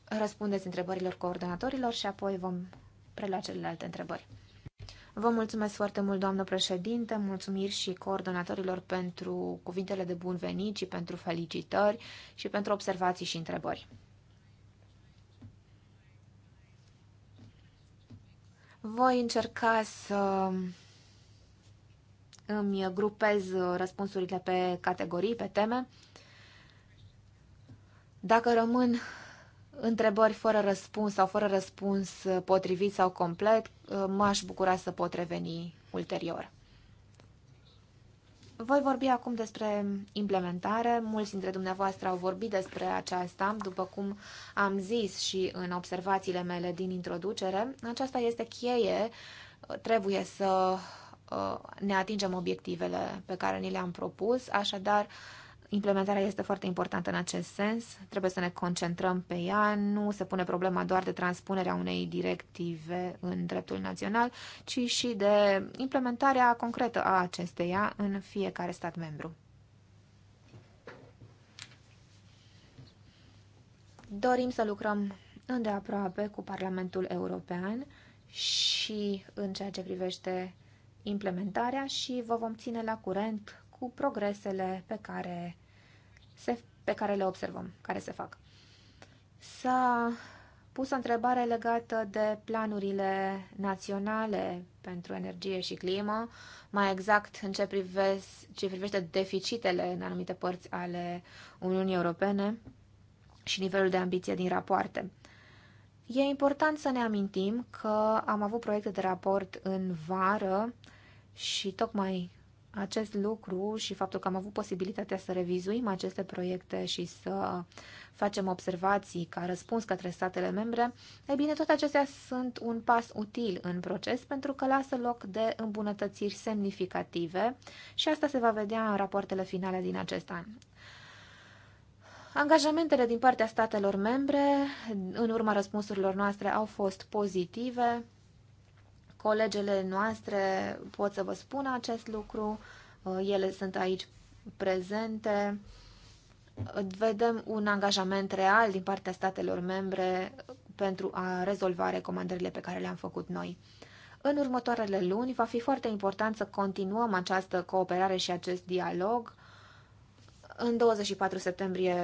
A: răspundeți întrebărilor coordonatorilor și apoi vom prelua celelalte întrebări. Vă mulțumesc foarte mult, doamnă președinte, mulțumiri și coordonatorilor pentru cuvintele de bun venit și pentru felicitări și pentru observații și întrebări. Voi încerca să îmi grupez răspunsurile pe categorii, pe teme. Dacă rămân întrebări fără răspuns sau fără răspuns uh, potrivit sau complet, uh, m-aș bucura să pot reveni ulterior. Voi vorbi acum despre implementare. Mulți dintre dumneavoastră au vorbit despre aceasta, după cum am zis și în observațiile mele din introducere. Aceasta este cheie. Trebuie să uh, ne atingem obiectivele pe care ni le-am propus, așadar Implementarea este foarte importantă în acest sens, trebuie să ne concentrăm pe ea, nu se pune problema doar de transpunerea unei directive în dreptul național, ci și de implementarea concretă a acesteia în fiecare stat membru. Dorim să lucrăm îndeaproape cu Parlamentul European și în ceea ce privește implementarea și vă vom ține la curent cu progresele pe care, se, pe care le observăm, care se fac. S-a pus o întrebare legată de planurile naționale pentru energie și climă, mai exact în ce, privesc, ce privește deficitele în anumite părți ale Uniunii Europene și nivelul de ambiție din rapoarte. E important să ne amintim că am avut proiecte de raport în vară și tocmai acest lucru și faptul că am avut posibilitatea să revizuim aceste proiecte și să facem observații ca răspuns către statele membre, e bine, toate acestea sunt un pas util în proces pentru că lasă loc de îmbunătățiri semnificative și asta se va vedea în rapoartele finale din acest an. Angajamentele din partea statelor membre în urma răspunsurilor noastre au fost pozitive, Colegele noastre pot să vă spună acest lucru, uh, ele sunt aici prezente. Vedem un angajament real din partea statelor membre pentru a rezolva recomandările pe care le-am făcut noi. În următoarele luni va fi foarte important să continuăm această cooperare și acest dialog. În 24 septembrie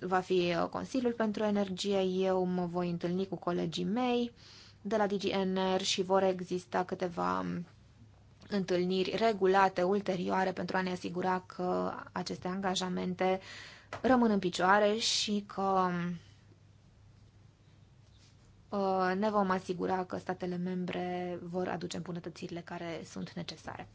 A: va fi Consiliul pentru Energie, eu mă voi întâlni cu colegii mei de la DGNR și vor exista câteva întâlniri regulate ulterioare pentru a ne asigura că aceste angajamente rămân în picioare și că uh, ne vom asigura că statele membre vor aduce îmbunătățirile care sunt necesare.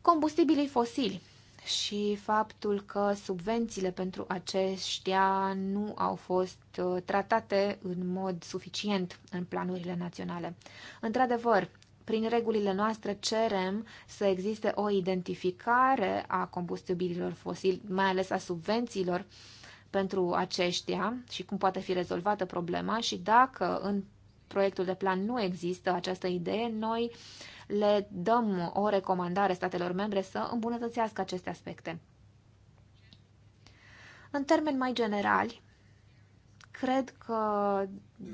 A: Combustibilii fosili și faptul că subvențiile pentru aceștia nu au fost uh, tratate în mod suficient în planurile naționale. Într-adevăr, prin regulile noastre cerem să existe o identificare a combustibililor fosili, mai ales a subvențiilor pentru aceștia și cum poate fi rezolvată problema și dacă în proiectul de plan nu există această idee, noi uh, le dăm o recomandare statelor membre să îmbunătățească aceste aspecte. În termeni mai generali, cred că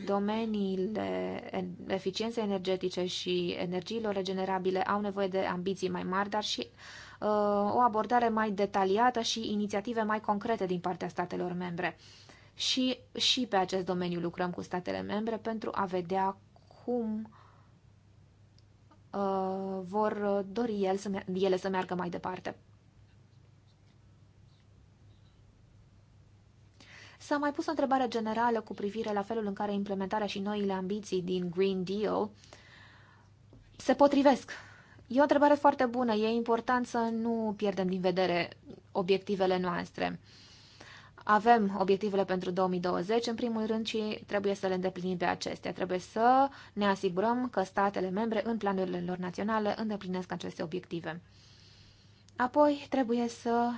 A: domeniile eficienței energetice și energiilor regenerabile au nevoie de ambiții mai mari, dar și uh, o abordare mai detaliată și inițiative mai concrete din partea statelor membre. Și, și pe acest domeniu lucrăm cu statele membre pentru a vedea cum uh, Uh, vor uh, dori el să ele să meargă mai departe. S-a mai pus o întrebare generală cu privire la felul în care implementarea și noile ambiții din Green Deal se potrivesc. E o întrebare foarte bună. E important să nu pierdem din vedere obiectivele noastre. Uh, avem obiectivele pentru 2020, în primul rând și trebuie să le îndeplinim pe acestea. Trebuie să ne asigurăm că statele membre în planurile lor naționale îndeplinesc aceste obiective. Apoi trebuie să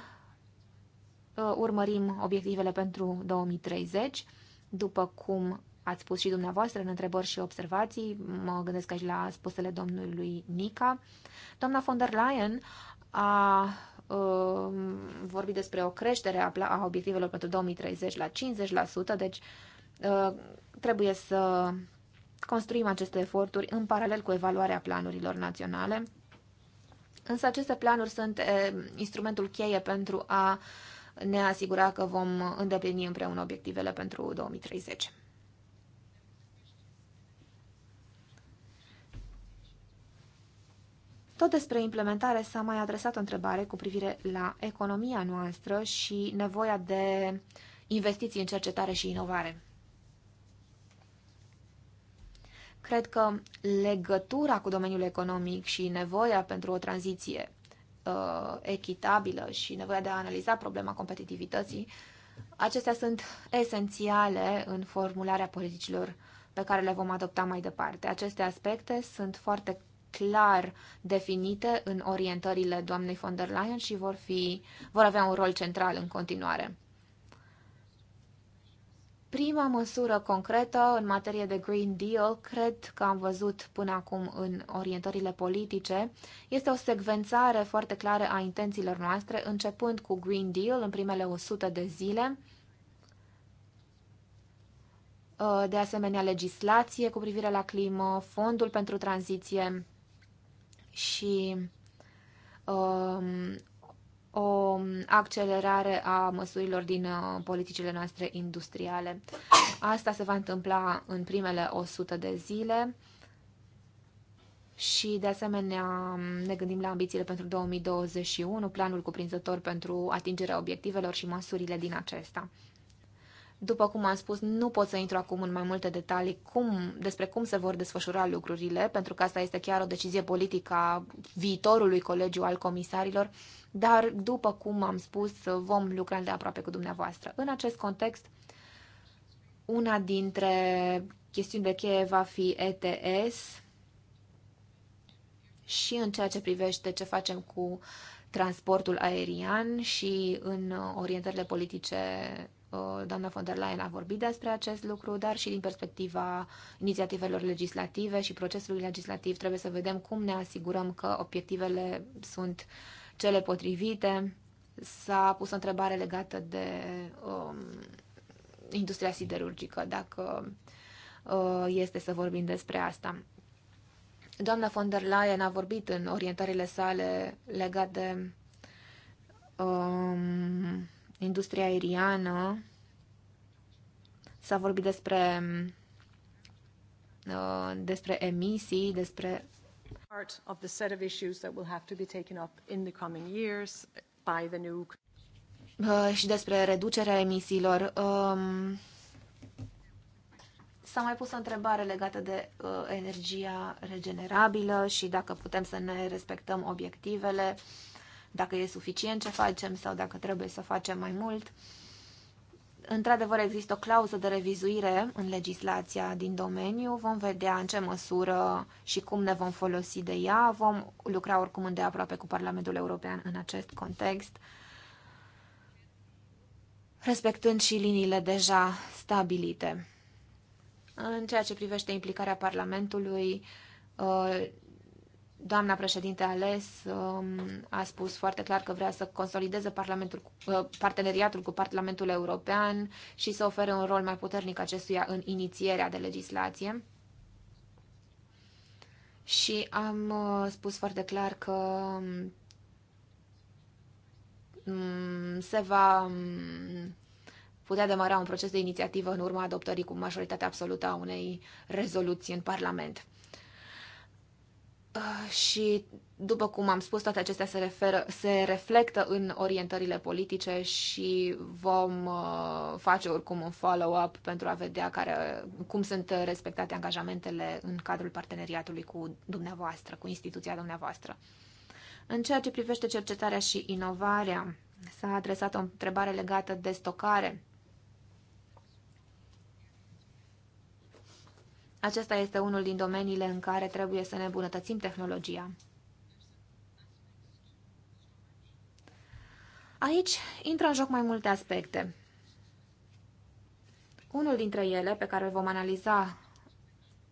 A: uh, urmărim obiectivele pentru 2030, după cum ați spus și dumneavoastră în întrebări și observații, mă gândesc aici la spusele domnului Nica. Doamna von der Leyen a Um, vorbi despre o creștere a, a obiectivelor pentru 2030 la 50%, deci uh, trebuie să construim aceste eforturi în paralel cu evaluarea planurilor naționale. Însă aceste planuri sunt uh, instrumentul cheie pentru a ne asigura că vom îndeplini împreună obiectivele pentru 2030. Tot despre implementare s-a mai adresat o întrebare cu privire la economia noastră și nevoia de investiții în cercetare și inovare. Cred că legătura cu domeniul economic și nevoia pentru o tranziție uh, echitabilă și nevoia de a analiza problema competitivității, acestea sunt esențiale în formularea politicilor pe care le vom adopta mai departe. Aceste aspecte sunt foarte clar definite în orientările doamnei von der Leyen și vor, fi, vor avea un rol central în continuare. Prima măsură concretă în materie de Green Deal, cred că am văzut până acum în orientările politice, este o secvențare foarte clară a intențiilor noastre, începând cu Green Deal în primele 100 de zile, uh, de asemenea legislație cu privire la climă, fondul pentru tranziție, și um, o accelerare a măsurilor din uh, politicile noastre industriale. Asta se va întâmpla în primele 100 de zile și, de asemenea, um, ne gândim la ambițiile pentru 2021, planul cuprinzător pentru atingerea obiectivelor și măsurile din acesta. După cum am spus, nu pot să intru acum în mai multe detalii cum, despre cum se vor desfășura lucrurile, pentru că asta este chiar o decizie politică a viitorului colegiu al comisarilor, dar, după cum am spus, vom lucra de aproape cu dumneavoastră. În acest context, una dintre chestiuni de cheie va fi ETS și în ceea ce privește ce facem cu transportul aerian și în orientările politice Uh, doamna von der Leyen a vorbit despre acest lucru, dar și din perspectiva inițiativelor legislative și procesului legislativ trebuie să vedem cum ne asigurăm că obiectivele sunt cele potrivite. S-a pus o întrebare legată de um, industria siderurgică, dacă uh, este să vorbim despre asta. Doamna von der Leyen a vorbit în orientările sale legate de um, industria aeriană. S-a vorbit despre, uh, despre emisii, despre
B: part of the set of issues that will have to be taken up
A: in the coming years by the new uh, și despre reducerea emisiilor. Um, S-a mai pus o întrebare legată de uh, energia regenerabilă și dacă putem să ne respectăm obiectivele. Uh, dacă e suficient ce facem sau dacă trebuie să facem mai mult. Într-adevăr, există o clauză de revizuire în legislația din domeniu. Vom vedea în ce măsură și cum ne vom folosi de ea. Vom lucra oricum îndeaproape cu Parlamentul European în acest context, respectând și liniile deja stabilite. În ceea ce privește implicarea Parlamentului, Doamna președinte ales um, a spus foarte clar că vrea să consolideze parlamentul, uh, parteneriatul cu Parlamentul European și să ofere un rol mai puternic acestuia în inițierea de legislație. Și am uh, spus foarte clar că um, mm, se va mm, putea demara un proces de inițiativă în urma adoptării cu majoritatea absolută a unei rezoluții în Parlament. Ah, și, după cum am spus, toate acestea se, referă, se reflectă în orientările politice și vom ah, face oricum un follow-up pentru a vedea care, cum sunt respectate angajamentele în cadrul parteneriatului cu dumneavoastră, cu instituția dumneavoastră. În ceea ce privește cercetarea și inovarea, s-a adresat o întrebare legată de stocare Acesta este unul din domeniile în care trebuie să ne îmbunătățim tehnologia. Aici intră în joc mai multe aspecte. Unul dintre ele, pe care îl vom analiza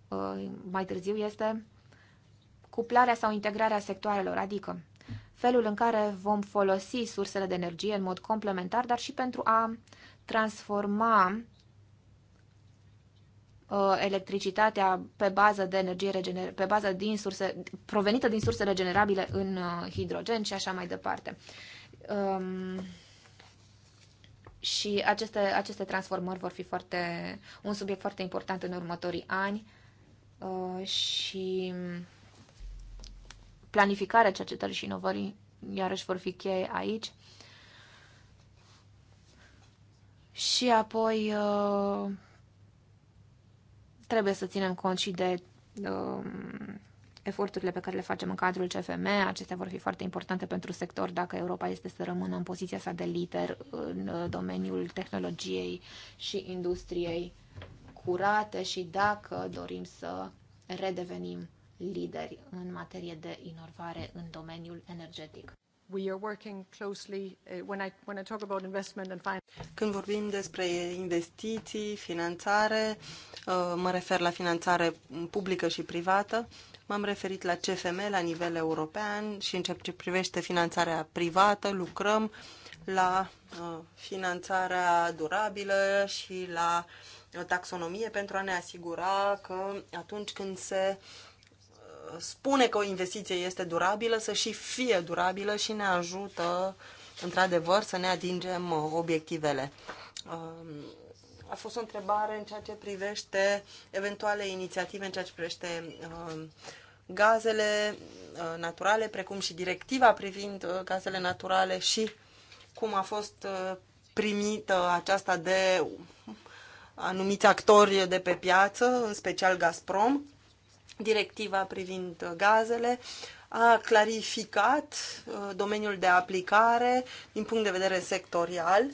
A: uh, mai târziu, este cuplarea sau integrarea sectoarelor, adică felul în care vom folosi sursele de energie în mod complementar, dar și pentru a transforma Uh, electricitatea pe bază de energie regener- pe bază din surse provenită din surse regenerabile în uh, hidrogen și așa mai departe. Um, și aceste, aceste transformări vor fi foarte, un subiect foarte important în următorii ani uh, și planificarea cercetării și inovării iarăși vor fi cheie aici. Și apoi uh, trebuie să ținem cont și de uh, eforturile pe care le facem în cadrul CFM. Acestea vor fi foarte importante pentru sector dacă Europa este să rămână în poziția sa de lider în uh, domeniul tehnologiei și industriei curate și dacă dorim să redevenim lideri în materie de inovare în domeniul energetic. Când vorbim despre
C: investiții, finanțare, Uh, mă refer la finanțare publică și privată, m-am referit la CFM la nivel european și în ceea ce privește finanțarea privată, lucrăm la uh, finanțarea durabilă și la taxonomie pentru a ne asigura că atunci când se uh, spune că o investiție este durabilă, să și fie durabilă și ne ajută într-adevăr să ne atingem obiectivele. A fost o întrebare în ceea ce privește eventuale inițiative, în ceea ce privește uh, gazele uh, naturale, precum și directiva privind uh, gazele naturale și cum a fost uh, primită aceasta de anumiți actori de pe piață, în special Gazprom. Directiva privind uh, gazele a clarificat uh, domeniul de aplicare din punct de vedere sectorial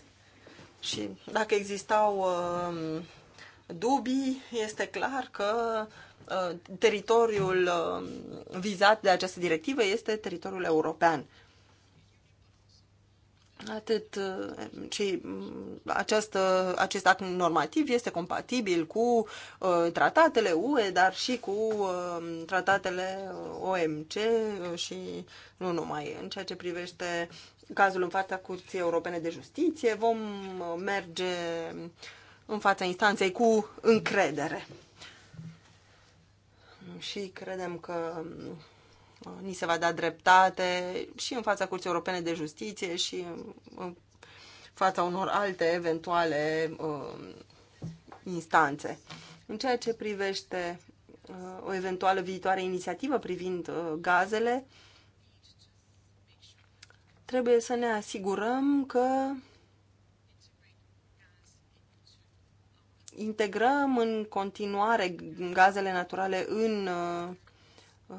C: și dacă existau um, dubii, este clar că uh, teritoriul um, vizat de această directivă este teritoriul european. Atât uh, și mm, această, acest act normativ este compatibil cu uh, tratatele UE, dar și cu um, tratatele OMC și nu numai în ceea ce privește cazul în fața Curții Europene de Justiție. Vom uh, merge în fața instanței cu încredere. Și credem că uh, ni se va da dreptate și în fața Curții Europene de Justiție și în fața unor alte eventuale uh, instanțe. În ceea ce privește uh, o eventuală viitoare inițiativă privind uh, gazele, trebuie să ne asigurăm că integrăm în continuare gazele naturale în uh, uh,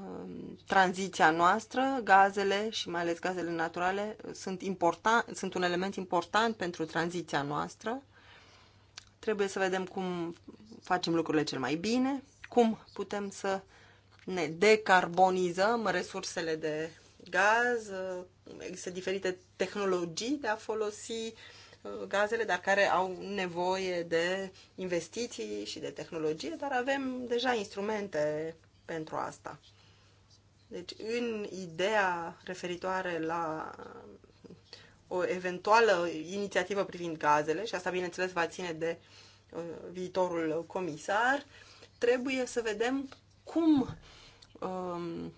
C: tranziția noastră, gazele și mai ales gazele naturale sunt, important, sunt un element important pentru tranziția noastră. Trebuie să vedem cum facem lucrurile cel mai bine, cum putem să ne decarbonizăm resursele de gaz, uh, există diferite tehnologii de a folosi uh, gazele, dar care au nevoie de investiții și de tehnologie, dar avem deja instrumente pentru asta. Deci, în ideea referitoare la uh, o eventuală inițiativă privind gazele, și asta, bineînțeles, va ține de viitorul comisar, trebuie să vedem cum um,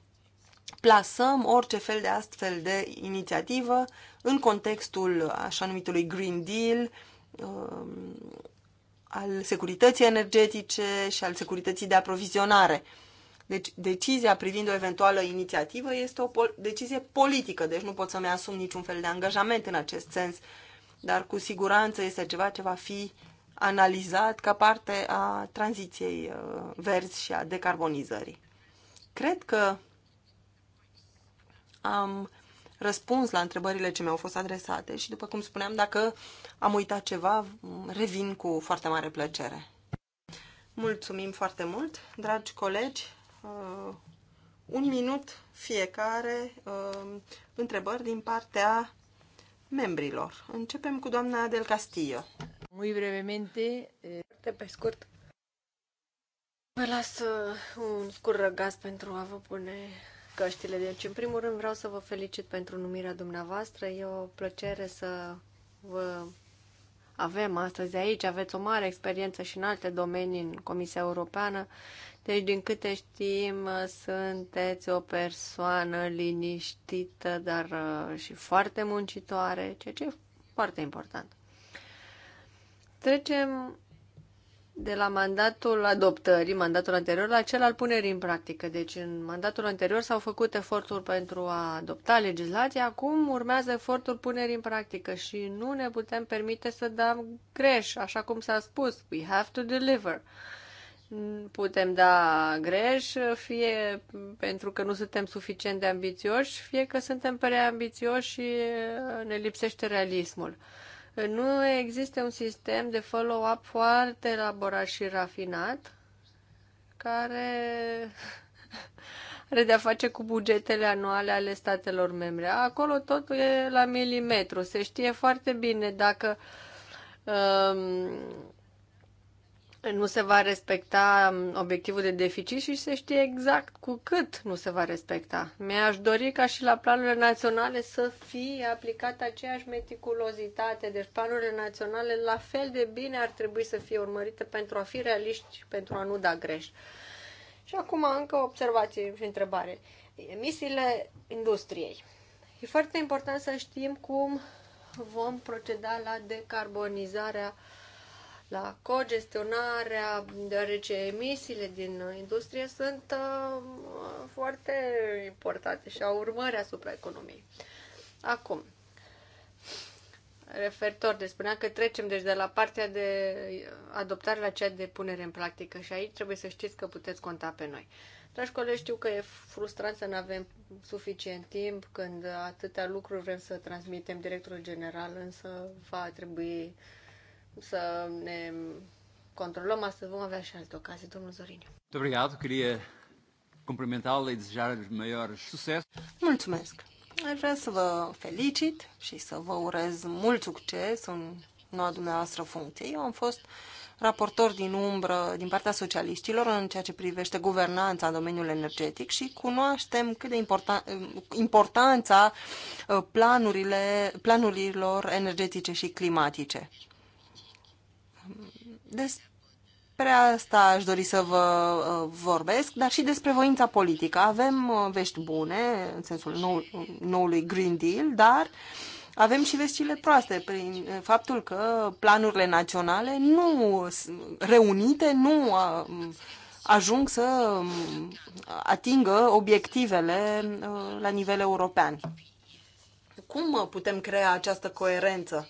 C: plasăm orice fel de astfel de inițiativă în contextul așa numitului Green Deal, um, al securității energetice și al securității de aprovizionare. Deci decizia privind o eventuală inițiativă este o pol- decizie politică, deci nu pot să-mi asum niciun fel de angajament în acest sens, dar cu siguranță este ceva ce va fi analizat ca parte a tranziției uh, verzi și a decarbonizării. Cred că am răspuns la întrebările ce mi-au fost adresate și, după cum spuneam, dacă am uitat ceva, revin cu foarte mare plăcere. Mulțumim foarte mult, dragi colegi. Uh, un minut fiecare uh, întrebări din partea membrilor. Începem cu doamna Del Castillo. Muy
B: brevemente, eh, foarte pe scurt, vă las uh, un scurt răgaz pentru a vă pune căștile. Deci, în primul rând, vreau să vă felicit pentru numirea dumneavoastră. E o plăcere să vă avem astăzi aici. Aveți o mare experiență și în alte domenii în Comisia Europeană. Deci, din câte știm, sunteți o persoană liniștită, dar uh, și foarte muncitoare, ceea ce e foarte important. Trecem de la mandatul adoptării, mandatul anterior, la cel al punerii în practică. Deci în mandatul anterior s-au făcut eforturi pentru a adopta legislația, acum urmează efortul punerii în practică și nu ne putem permite să dăm greș, așa cum s-a spus, we have to deliver. Putem da greș, fie pentru că nu suntem suficient de ambițioși, fie că suntem prea ambițioși și ne lipsește realismul nu există un sistem de follow-up foarte elaborat și rafinat care (laughs) are de-a face cu bugetele anuale ale statelor membre. Acolo totul e la milimetru. Se știe foarte bine dacă um, nu se va respecta um, obiectivul de deficit și se știe exact cu cât nu se va respecta. Mi-aș dori ca și la planurile naționale să fie aplicată aceeași meticulozitate. Deci planurile naționale la fel de bine ar trebui să fie urmărite pentru a fi realiști și pentru a nu da greș. Și acum încă observație și întrebare. Emisiile industriei. E foarte important să știm cum vom proceda la decarbonizarea uh, la cogestionarea, deoarece emisiile din industrie sunt uh, foarte importante și au urmări asupra economiei. Acum, referitor de spunea că trecem deci de la partea de adoptare la cea de punere în practică și aici trebuie să știți că puteți conta pe noi. Dragi colegi, știu că e frustrant să nu avem suficient timp când atâtea lucruri vrem să transmitem directorul general, însă va trebui uh, să ne controlăm, astăzi vom avea și alte ocazii. Domnul Zorin. Obrigado, queria cumprimentá lo e desejar lhe maior sucesso. Muito mais.
C: Aș vrea să vă felicit și să vă urez mult succes în noua dumneavoastră funcție. Eu am fost raportor din umbră din partea socialiștilor în ceea ce privește guvernanța în domeniul energetic și cunoaștem cât de important, importanța uh, planurile, planurilor energetice și climatice despre asta aș dori să vă uh, vorbesc, dar și despre voința politică. Avem uh, vești bune, în sensul nou, noului Green Deal, dar avem și veștile proaste prin uh, faptul că planurile naționale nu reunite nu ajung să um, atingă obiectivele la nivel european. Cum putem crea această coerență?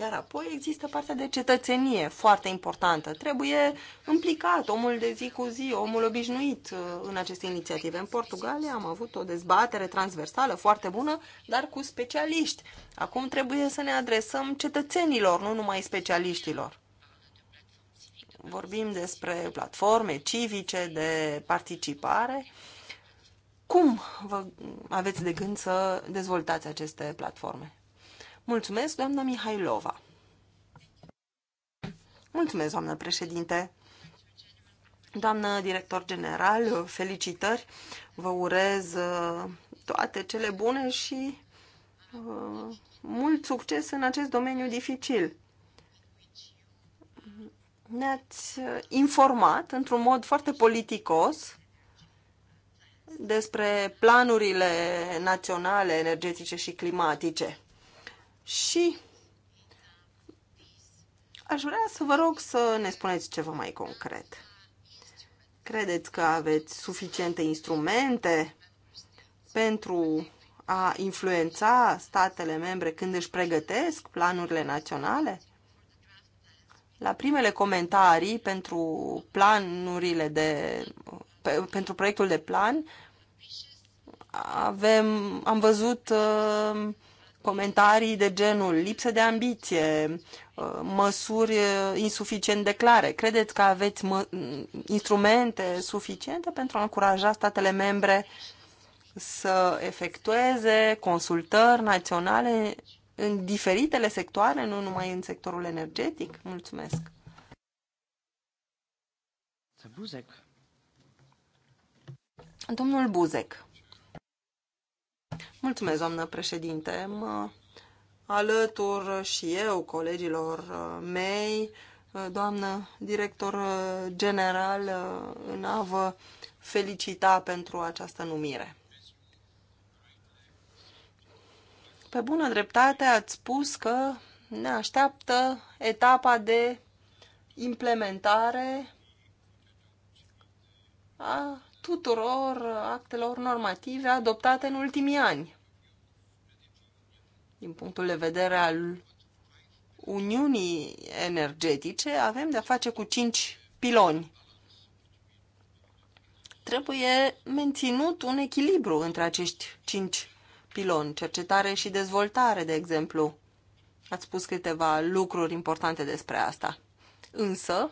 C: Iar apoi există partea de cetățenie, foarte importantă. Trebuie implicat omul de zi cu zi, omul obișnuit uh, în aceste inițiative. În Portugalia am avut o dezbatere transversală foarte bună, dar cu specialiști. Acum trebuie să ne adresăm cetățenilor, nu numai specialiștilor. Vorbim despre platforme civice de participare. Cum vă aveți de gând să dezvoltați aceste platforme? Mulțumesc, doamna Mihailova. Mulțumesc, doamnă președinte. Doamnă director general, felicitări. Vă urez uh, toate cele bune și uh, mult succes în acest domeniu dificil. Ne-ați uh, informat într-un mod foarte politicos despre planurile naționale energetice și climatice. Și aș vrea să vă rog să ne spuneți ceva mai concret. Credeți că aveți suficiente instrumente pentru a influența statele membre când își pregătesc planurile naționale? La primele comentarii pentru planurile de pe, pentru proiectul de plan avem am văzut uh, comentarii de genul lipsă de ambiție, uh, măsuri uh, insuficient de clare. Credeți că aveți instrumente suficiente pentru a încuraja statele membre să efectueze consultări naționale în diferitele sectoare, nu numai în sectorul energetic? Mulțumesc! Domnul Buzek. Mulțumesc, doamnă președinte. Mă alătur și eu colegilor uh, mei, uh, doamnă director uh, general, în a vă felicita pentru această numire. Pe bună dreptate ați spus că ne așteaptă etapa de implementare a tuturor actelor normative adoptate în ultimii ani. Din punctul de vedere al Uniunii Energetice, avem de-a face cu cinci piloni. Trebuie menținut un echilibru între acești cinci piloni, cercetare și dezvoltare, de exemplu. Ați spus câteva lucruri importante despre asta. Însă,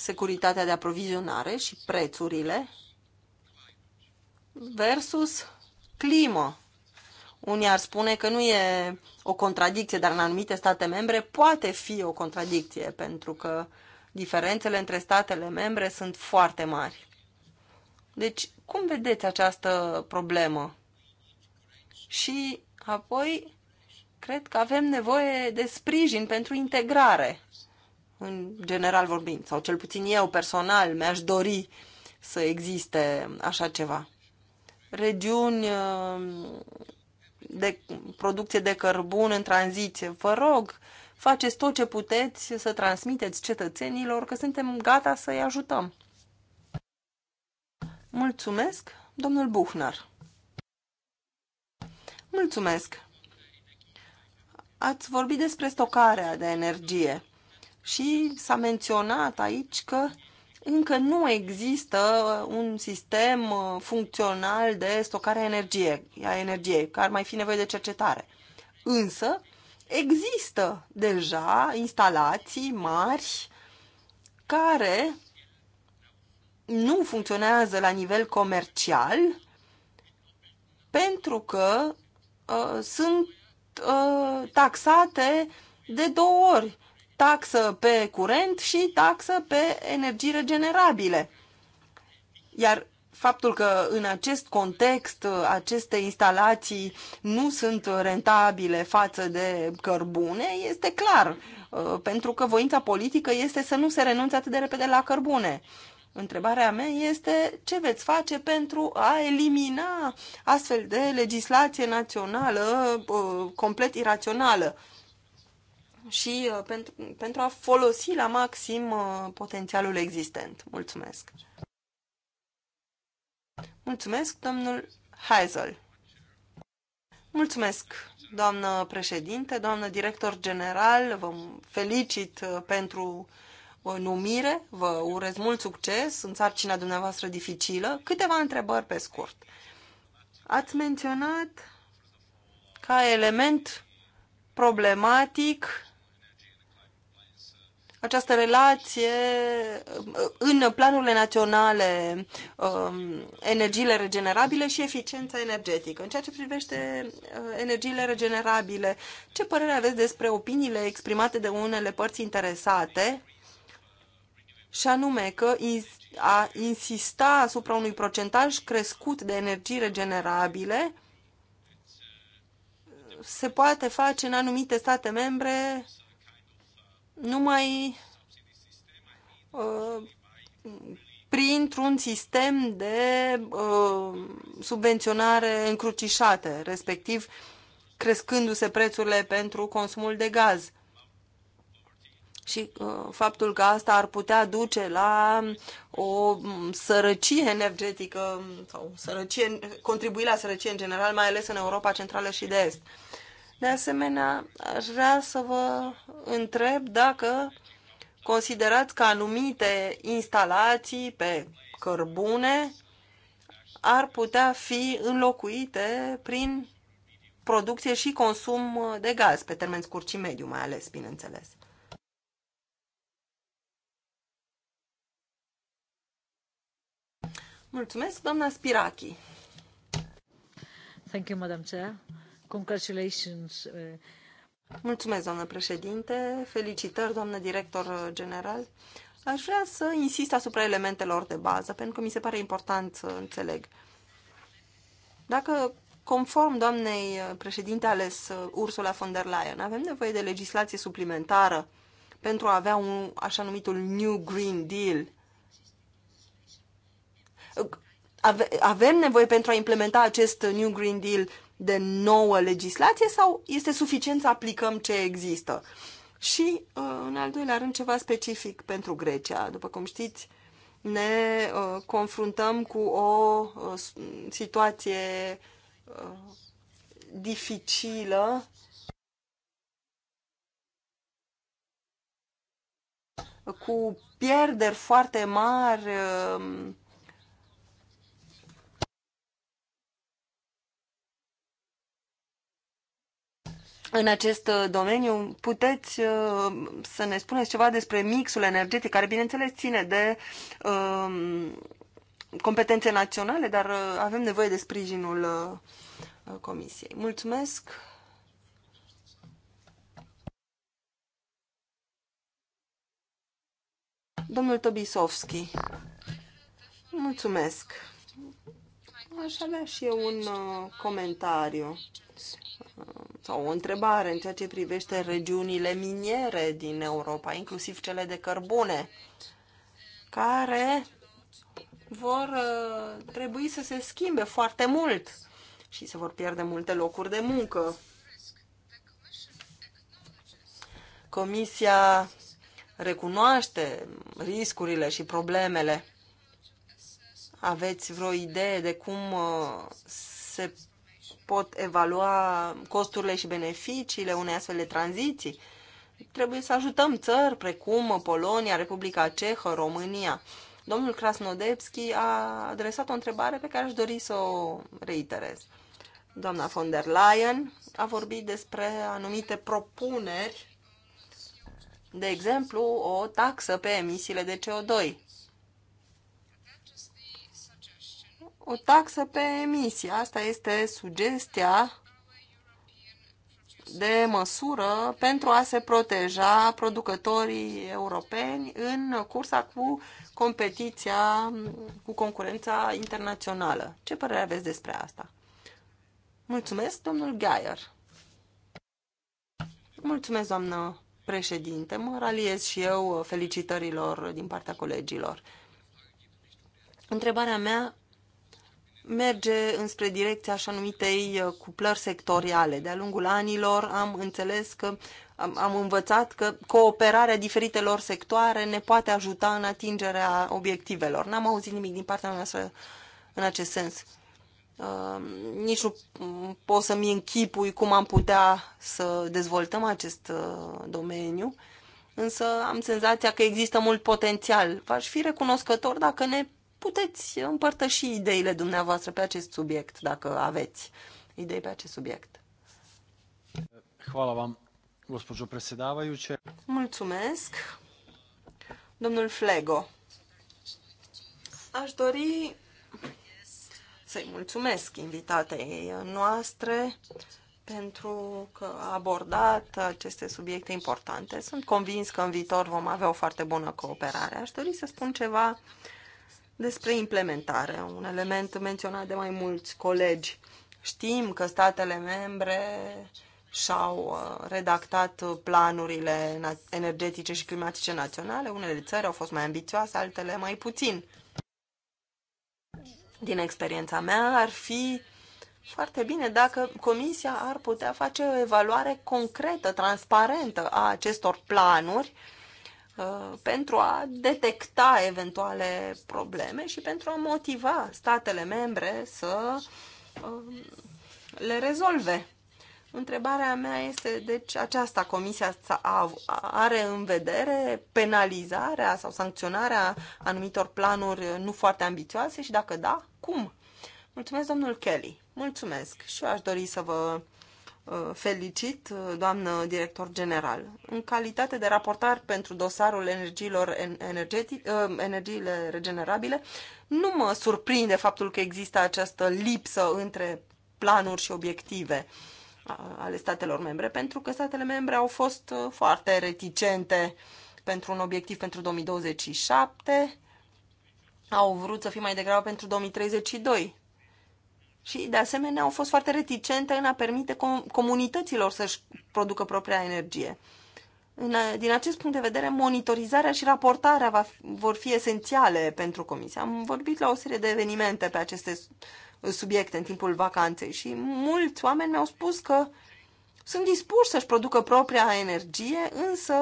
C: securitatea de aprovizionare și prețurile versus climă. Unii ar spune că nu e o contradicție, dar în anumite state membre poate fi o contradicție, pentru că diferențele între statele membre sunt foarte mari. Deci, cum vedeți această problemă? Și apoi, cred că avem nevoie de sprijin pentru integrare în general vorbind, sau cel puțin eu personal mi-aș dori să existe așa ceva. Regiuni uh, de producție de cărbun în tranziție, vă rog, faceți tot ce puteți să transmiteți cetățenilor că suntem gata să-i ajutăm. Mulțumesc, domnul Buchner. Mulțumesc. Ați vorbit despre stocarea de energie și s-a menționat aici că încă nu există un sistem uh, funcțional de stocare a, energie, a energiei, că ar mai fi nevoie de cercetare. Însă, există deja instalații mari care nu funcționează la nivel comercial pentru că uh, sunt uh, taxate de două ori taxă pe curent și taxă pe energii regenerabile. Iar faptul că în acest context uh, aceste instalații nu sunt rentabile față de cărbune este clar, uh, pentru că voința politică este să nu se renunțe atât de repede la cărbune. Întrebarea mea este ce veți face pentru a elimina astfel de legislație națională uh, complet irațională și uh, pentru, pentru a folosi la maxim uh, potențialul existent. Mulțumesc! Mulțumesc, domnul Heisel. Mulțumesc, doamnă președinte, doamnă director general, vă felicit uh, pentru numire, vă urez mult succes în sarcina dumneavoastră dificilă. Câteva întrebări pe scurt. Ați menționat ca element problematic această relație în planurile naționale, um, energiile regenerabile și eficiența energetică. În ceea ce privește uh, energiile regenerabile, ce părere aveți despre opiniile exprimate de unele părți interesate și anume că a insista asupra unui procentaj crescut de energii regenerabile se poate face în anumite state membre numai uh, printr-un sistem de uh, subvenționare încrucișate, respectiv crescându-se prețurile pentru consumul de gaz. Și uh, faptul că asta ar putea duce la o sărăcie energetică sau sărăcie, contribui la sărăcie în general, mai ales în Europa Centrală și de Est. Uh, de asemenea, aș vrea să vă întreb dacă considerați că anumite instalații pe cărbune ar putea fi înlocuite prin producție și consum de gaz, pe termen scurt și mediu mai ales, bineînțeles. Mulțumesc, doamna Spirachi. Thank you, Madam Chair. Uh, doamnă președinte. Felicitări, doamnă director general. Aș vrea să insist asupra elementelor de bază, pentru că mi se pare important să înțeleg. Dacă, conform doamnei președinte ales Ursula von der Leyen, avem nevoie de legislație suplimentară pentru a avea un așa numitul New Green Deal, avem nevoie pentru a implementa acest New Green Deal de nouă legislație sau este suficient să aplicăm ce există? Și, uh, în al doilea rând, ceva specific pentru Grecia. După cum știți, ne uh, confruntăm cu o uh, situație dificilă cu pierderi foarte mari în acest uh, domeniu. Puteți uh, să ne spuneți ceva despre mixul energetic, care bineînțeles ține de um, competențe naționale, dar uh, avem nevoie de sprijinul Comisiei. Mulțumesc! Domnul Tobisovski, mulțumesc! Aș avea și eu un comentariu sau o întrebare în ceea ce privește regiunile miniere din Europa, inclusiv cele de cărbune, care vor uh, trebui să se schimbe foarte mult și se vor pierde multe locuri de muncă. Comisia recunoaște riscurile și problemele. Aveți vreo idee de cum uh, se pot evalua costurile și beneficiile unei astfel de tranziții. Trebuie să ajutăm țări precum Polonia, Republica Cehă, România. Domnul Krasnodebski a adresat o întrebare pe care aș dori să o reiterez. Doamna von der Leyen a vorbit despre anumite propuneri, de exemplu, o taxă pe emisiile de CO2. o taxă pe emisie. Asta este sugestia de măsură pentru a se proteja producătorii europeni în cursa cu competiția, cu concurența internațională. Ce părere aveți despre asta? Mulțumesc, domnul Geier. Mulțumesc, doamnă președinte. Mă raliez și eu felicitărilor din partea colegilor. Întrebarea mea merge înspre direcția așa numitei uh, cuplări sectoriale. De-a lungul anilor am înțeles că am, am învățat că cooperarea diferitelor sectoare ne poate ajuta în atingerea obiectivelor. N-am auzit nimic din partea noastră în acest sens. Uh, nici nu pot să-mi închipui cum am putea să dezvoltăm acest uh, domeniu, însă am senzația că există mult potențial. V-aș fi recunoscător dacă ne Puteți împărtăși ideile dumneavoastră pe acest subiect, dacă aveți idei pe acest subiect. Mulțumesc. Domnul Flego, aș dori să-i mulțumesc invitatei noastre pentru că a abordat aceste subiecte importante. Sunt convins că în viitor vom avea o foarte bună cooperare. Aș dori să spun ceva uh, despre implementare, un element menționat de mai mulți colegi. Știm că statele membre și-au uh, redactat planurile energetice și climatice naționale. Unele țări au fost mai ambițioase, altele mai puțin. Din experiența mea, ar fi foarte bine dacă Comisia ar putea face o evaluare concretă, transparentă a acestor planuri uh, Uh, pentru a detecta eventuale probleme și pentru a motiva statele membre să uh, le rezolve. Întrebarea mea este, deci, aceasta comisia are în vedere penalizarea sau sancționarea anumitor planuri nu foarte ambițioase și dacă da, cum? Mulțumesc, domnul Kelly. Mulțumesc și eu aș dori să vă Uh, felicit, uh, doamnă director general. În calitate de raportar pentru dosarul energiilor energetic, uh, energiile regenerabile, nu mă surprinde faptul că există această lipsă între planuri și obiective ale statelor membre, pentru că statele membre au fost foarte reticente pentru un obiectiv pentru 2027, au vrut să fie mai degrabă pentru 2032 și, de asemenea, au fost foarte reticente în a permite com- comunităților să-și producă propria energie. În, din acest punct de vedere, monitorizarea și raportarea va, vor fi esențiale pentru Comisie. Am vorbit la o serie de evenimente pe aceste subiecte în timpul vacanței și mulți oameni mi-au spus că sunt dispuși să-și producă propria energie, însă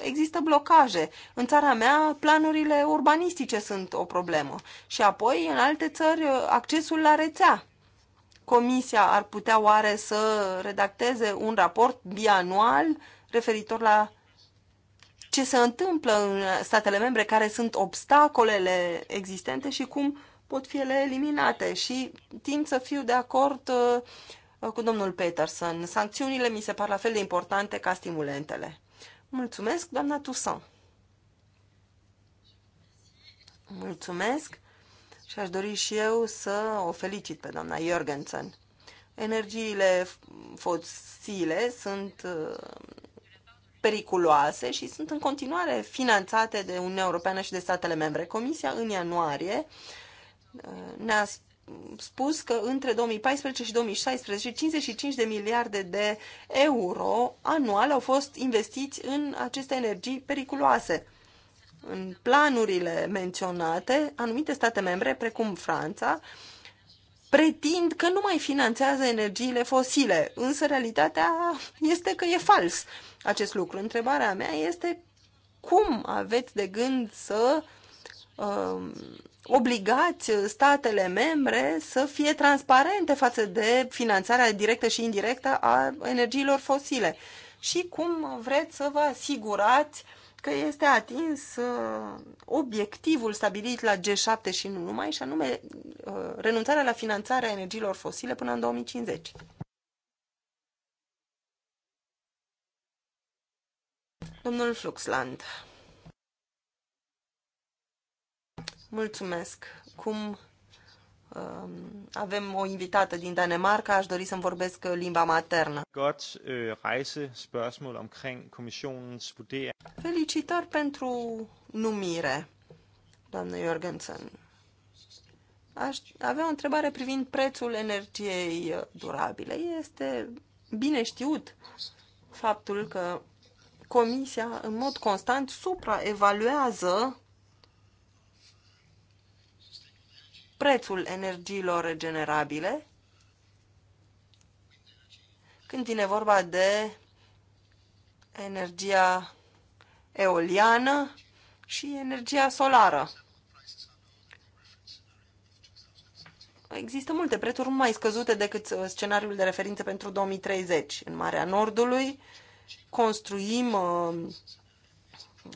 C: există blocaje. În țara mea, planurile urbanistice sunt o problemă. Și apoi, în alte țări, accesul la rețea. Comisia ar putea oare să redacteze un raport bianual referitor la ce se întâmplă în statele membre, care sunt obstacolele existente și cum pot fi ele eliminate. Și timp să fiu de acord uh, cu domnul Peterson. Sancțiunile mi se par la fel de importante ca stimulentele. Mulțumesc, doamna Toussaint. Mulțumesc și aș dori și eu să o felicit pe doamna Jorgensen. Energiile fosile sunt uh, periculoase și sunt în continuare finanțate de Uniunea Europeană și de statele membre. Comisia în ianuarie uh, ne-a spus că între 2014 și 2016 55 de miliarde de euro anual au fost investiți în aceste energii periculoase în planurile menționate, anumite state membre, precum Franța, pretind că nu mai finanțează energiile fosile, însă realitatea este că e fals acest lucru. Întrebarea mea este cum aveți de gând să uh, obligați statele membre să fie transparente față de finanțarea directă și indirectă a energiilor fosile și cum vreți să vă asigurați uh, că este atins uh, obiectivul stabilit la G7 și nu numai, și anume uh, renunțarea la finanțarea energiilor fosile până în 2050. Domnul Fluxland. Mulțumesc. Cum Um, avem o invitată din Danemarca, aș dori să-mi vorbesc limba maternă. Godt øh, rejse spørgsmål omkring kommissionens vurdering. Felicitări pentru numire, doamnă Jorgensen. Aș avea o întrebare privind prețul energiei uh, durabile. Este bine știut faptul că Comisia în mod constant supraevaluează prețul energiilor regenerabile când vine vorba de energia eoliană și energia solară. Există multe prețuri mai scăzute decât uh, scenariul de referință pentru 2030. În Marea Nordului construim uh,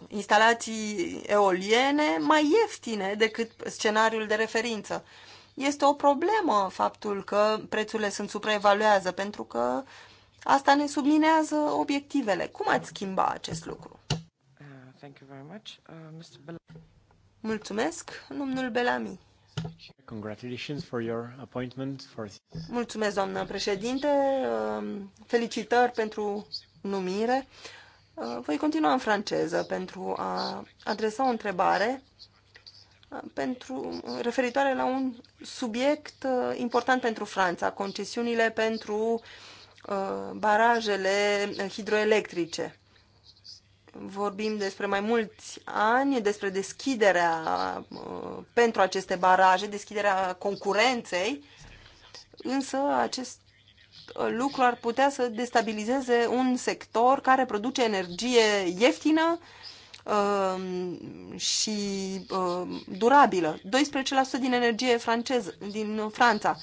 C: instalații eoliene mai ieftine decât scenariul de referință. Este o problemă faptul că prețurile sunt supraevaluează, pentru că asta ne subminează obiectivele. Cum ați schimba acest lucru? Uh, thank you very much. Uh, Mr. Mulțumesc, domnul Belami.
A: Congratulations for your appointment for...
C: Mulțumesc, doamnă președinte. Uh, felicitări pentru numire. Uh, voi continua în franceză pentru a adresa o întrebare uh, pentru, uh, referitoare la un subiect important pentru Franța, concesiunile pentru barajele hidroelectrice. Vorbim despre mai mulți ani, despre deschiderea pentru aceste baraje, deschiderea concurenței, însă acest lucru ar putea să destabilizeze un sector care produce energie ieftină um, și um, durabilă. 12% din energie franceză, din Franța.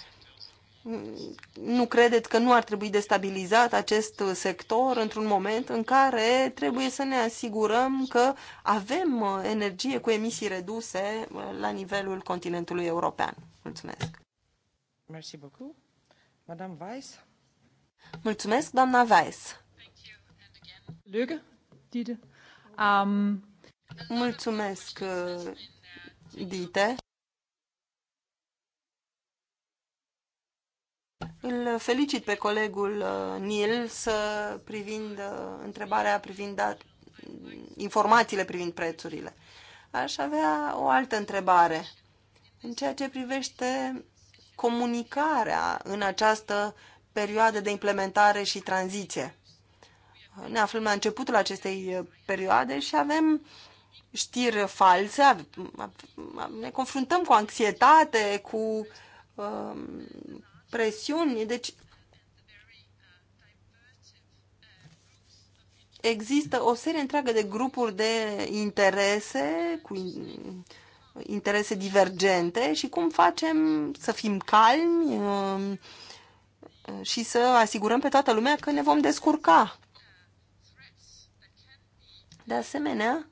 C: Nu credeți că nu ar trebui destabilizat acest sector într-un moment în care trebuie să ne asigurăm că avem energie cu emisii reduse la nivelul continentului european? Mulțumesc! Merci beaucoup. Madame Weiss? Mulțumesc, doamna Weiss. Dite. Mulțumesc, uh, Dite. Îl felicit pe colegul uh, să privind uh, întrebarea privind dat, informațiile privind prețurile. Aș avea o altă întrebare. În ceea ce privește comunicarea în această perioadă de implementare și tranziție. Ne aflăm la începutul acestei uh, perioade și avem știri false, ne confruntăm cu anxietate, cu um, presiuni, deci există o serie întreagă de grupuri de interese, cu interese divergente și cum facem să fim calmi, um, și să asigurăm pe toată lumea că ne vom descurca. De asemenea,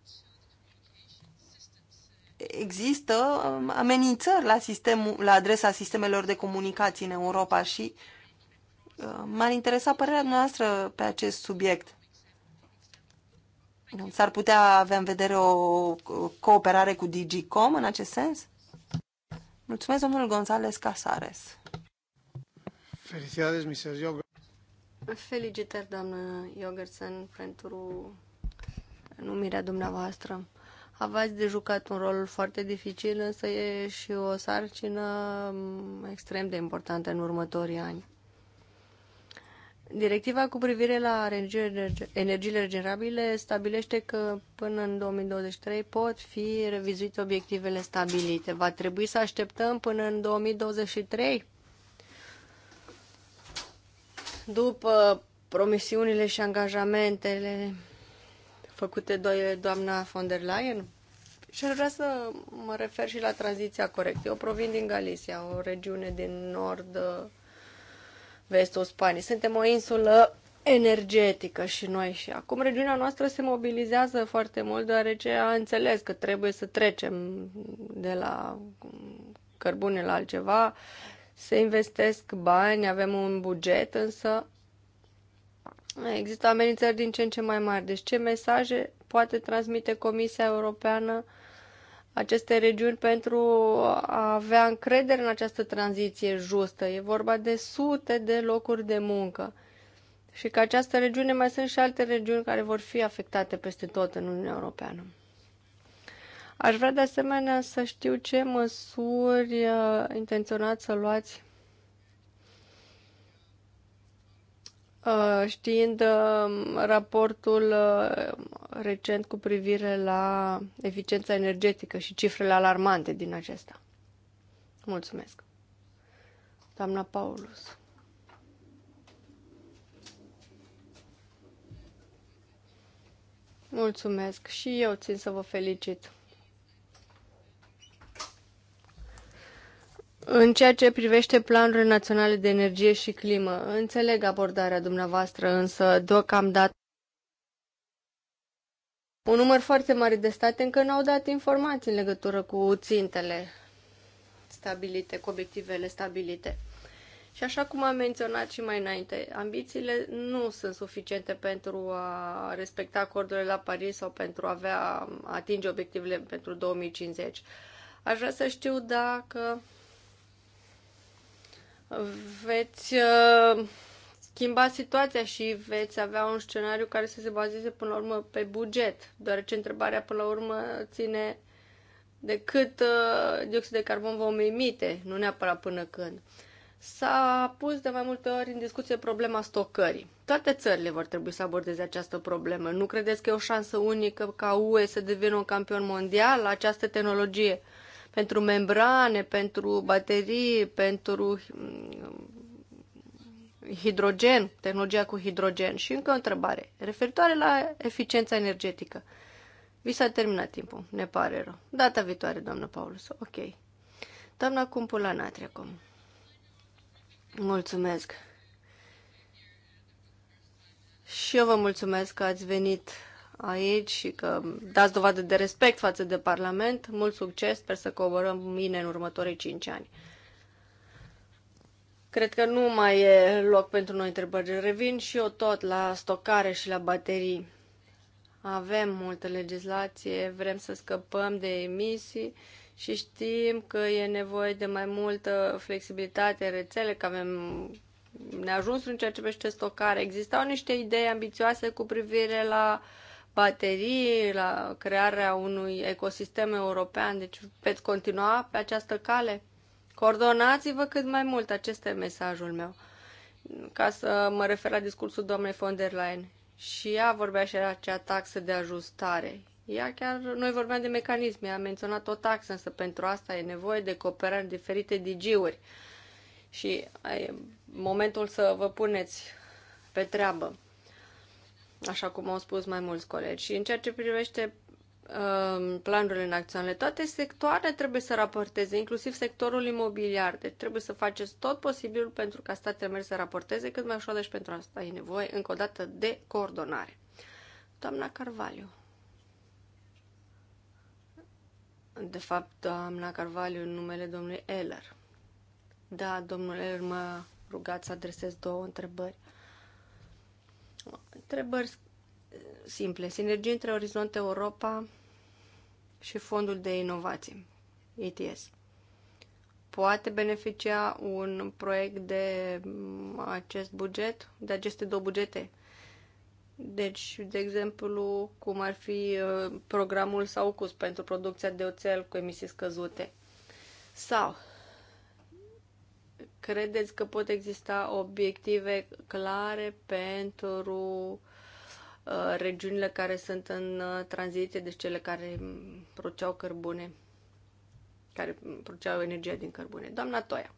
C: există um, amenințări la, sistemul, la adresa sistemelor de comunicații în Europa și uh, m-ar interesa părerea noastră pe acest subiect. S-ar putea avea în vedere o cooperare cu DGCOM în acest sens? Mulțumesc, domnul González Casares.
A: Felicitări, Mrs. Yogurt.
B: Felicitări, doamnă Yogersen, pentru numirea dumneavoastră. Aveți de jucat un rol foarte dificil, însă e și o sarcină extrem de importantă în următorii ani. Directiva cu privire la energiile regenerabile stabilește că până în 2023 pot fi revizuite obiectivele stabilite. Va trebui să așteptăm până în 2023 după promisiunile și angajamentele făcute de doamna von der Leyen? Și aș vrea să mă refer și la tranziția corectă. Eu provin din Galicia, o regiune din nord-vestul Spaniei. Suntem o insulă energetică și noi și acum regiunea noastră se mobilizează foarte mult deoarece a înțeles că trebuie să trecem de la cărbune la altceva se investesc bani, avem un buget, însă există amenințări din ce în ce mai mari. Deci ce mesaje poate transmite Comisia Europeană aceste regiuni pentru a avea încredere în această tranziție justă? E vorba de sute de locuri de muncă. Și că această regiune mai sunt și alte regiuni care vor fi afectate peste tot în Uniunea Europeană. Aș vrea de asemenea să știu ce măsuri uh, intenționați să luați uh, știind um, raportul uh, recent cu privire la eficiența energetică și cifrele alarmante din acesta. Mulțumesc. Doamna Paulus. Mulțumesc și eu țin să vă felicit În ceea ce privește planurile naționale de energie și climă, înțeleg abordarea dumneavoastră, însă deocamdată un număr foarte mare de state încă nu au dat informații în legătură cu țintele stabilite, cu obiectivele stabilite. Și așa cum am menționat și mai înainte, ambițiile nu sunt suficiente pentru a respecta acordurile la Paris sau pentru a avea atinge obiectivele pentru 2050. Aș vrea să știu dacă veți uh, schimba situația și veți avea un scenariu care să se bazeze până la urmă pe buget, deoarece întrebarea până la urmă ține de cât uh, dioxid de carbon vom emite, nu neapărat până când. S-a pus de mai multe ori în discuție problema stocării. Toate țările vor trebui să abordeze această problemă. Nu credeți că e o șansă unică ca UE să devină un campion mondial la această tehnologie? pentru membrane, pentru baterii, pentru mm, hidrogen, tehnologia cu hidrogen. Și încă o întrebare, referitoare la eficiența energetică. Vi s-a terminat timpul, ne pare rău. Data viitoare, doamnă Paulus. Ok. Doamna Cumpula Natri acum. Mulțumesc. Și eu vă mulțumesc că ați venit aici și că dați dovadă de respect față de Parlament. Mult succes, sper să coborăm mine în următorii 5 ani. Cred că nu mai e loc pentru noi întrebări. Revin și eu tot la stocare și la baterii. Avem multă legislație, vrem să scăpăm de emisii și știm că e nevoie de mai multă flexibilitate în rețele, că avem ajuns în ceea ce privește stocare. Existau niște idei ambițioase cu privire la uh, baterii, la crearea unui ecosistem european. Deci veți continua pe această cale? Coordonați-vă cât mai mult, acesta e mesajul meu. Ca să mă refer la discursul doamnei von der Leyen. Și ea vorbea și de acea taxă de ajustare. Ea chiar, noi vorbeam de mecanisme, a menționat o taxă, însă pentru asta e nevoie de cooperare în diferite DG-uri. Și e momentul să vă puneți pe treabă așa cum au spus mai mulți colegi. Și în ceea ce privește um, planurile naționale. Toate sectoare trebuie să raporteze, inclusiv sectorul imobiliar. Deci trebuie să faceți tot posibilul pentru ca statele mele să raporteze cât mai ușor, deci pentru asta e nevoie încă o dată de coordonare. Doamna Carvaliu. De fapt, doamna Carvaliu în numele domnului Eller. Da, domnul Eller m-a rugat să adresez două întrebări. Întrebări simple. Sinergie între Orizont Europa și Fondul de Inovație, ETS. Poate beneficia un proiect de acest buget, de aceste două bugete? Deci, de exemplu, cum ar fi uh, programul Saucus pentru producția de oțel cu emisii scăzute. Sau credeți că pot exista obiective clare pentru uh, regiunile care sunt în uh, tranziție, deci cele care produceau cărbune, care produceau energia din cărbune? Doamna Toia.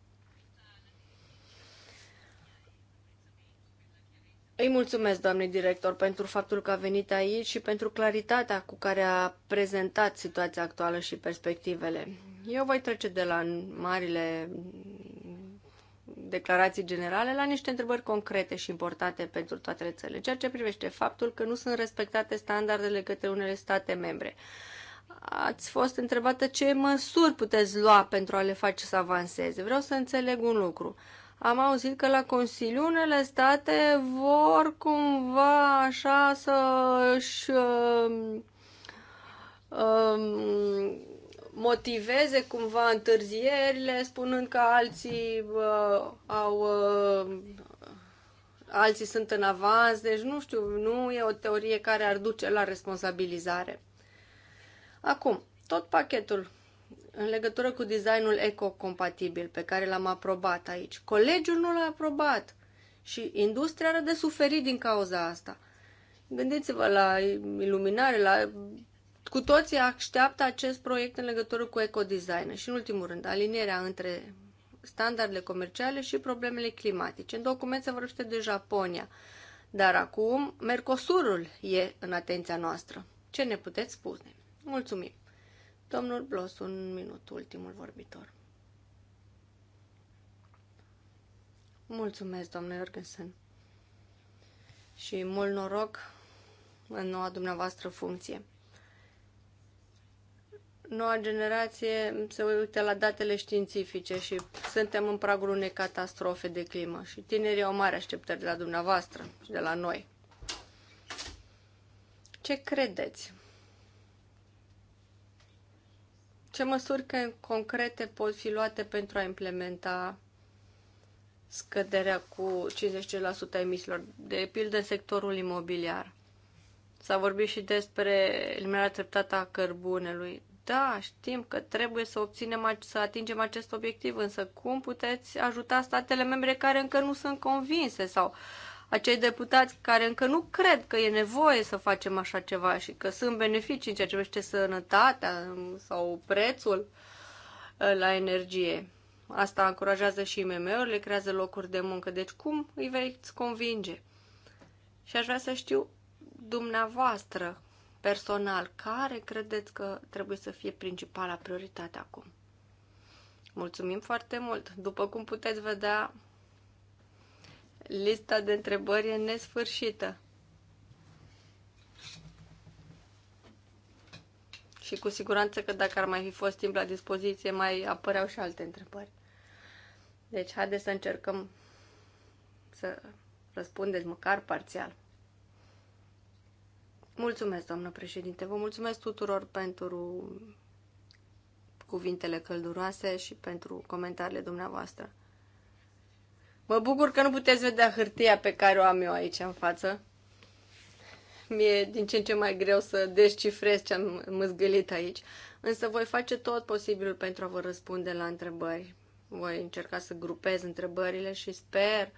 B: Îi mulțumesc, doamne director, pentru faptul că a venit aici și pentru claritatea cu care a prezentat situația actuală și perspectivele. Eu voi trece de la marile declarații generale la niște întrebări concrete și importante pentru toate țările, ceea ce privește faptul că nu sunt respectate standardele către unele state membre. Ați fost întrebată ce măsuri puteți lua pentru a le face să avanseze. Vreau să înțeleg un lucru. Am auzit că la Consiliu unele state vor cumva așa să-și Uh, uh, motiveze cumva întârzierile, spunând că alții uh, au uh, alții sunt în avans, deci nu știu, nu e o teorie care ar duce la responsabilizare. Acum, tot pachetul în legătură cu designul ecocompatibil pe care l-am aprobat aici. Colegiul nu l-a aprobat și industria are de suferit din cauza asta. Gândiți-vă la iluminare, la cu toții așteaptă acest proiect în legătură cu ecodesign și, în ultimul rând, alinierea între standardele comerciale și problemele climatice. În document se vorbește de Japonia, dar acum Mercosurul e în atenția noastră. Ce ne puteți spune? Mulțumim! Domnul Blos, un minut, ultimul vorbitor. Mulțumesc, domnule Jorgensen. Și mult noroc în noua dumneavoastră funcție noua generație se uită la datele științifice și suntem în pragul unei catastrofe de climă și tinerii au mari așteptări de la dumneavoastră și de la noi. Ce credeți? Ce măsuri concrete pot fi luate pentru a implementa scăderea cu 50% a emisiilor, de pildă sectorul imobiliar? S-a vorbit și despre eliminarea treptată a cărbunelui, da, știm că trebuie să obținem, să atingem acest obiectiv, însă cum puteți ajuta statele membre care încă nu sunt convinse sau acei deputați care încă nu cred că e nevoie să facem așa ceva și că sunt beneficii în ceea ce privește sănătatea um, sau prețul uh, la energie. Asta încurajează și IMM-urile, creează locuri de muncă. Deci cum îi veți convinge? Și aș vrea să știu dumneavoastră personal, care credeți că trebuie să fie principala prioritate acum? Mulțumim foarte mult! După cum puteți vedea, lista de întrebări e nesfârșită. Și cu siguranță că dacă ar mai fi fost timp la dispoziție, mai apăreau și alte întrebări. Deci, haideți să încercăm să răspundeți măcar parțial. Mulțumesc, doamnă președinte. Vă mulțumesc tuturor pentru cuvintele călduroase și pentru comentariile dumneavoastră. Mă bucur că nu puteți vedea hârtia pe care o am eu aici în față. Mi-e din ce în ce mai greu să descifrez ce am măzgălit aici, însă voi face tot posibilul pentru a vă răspunde la întrebări. Voi încerca să grupez întrebările și sper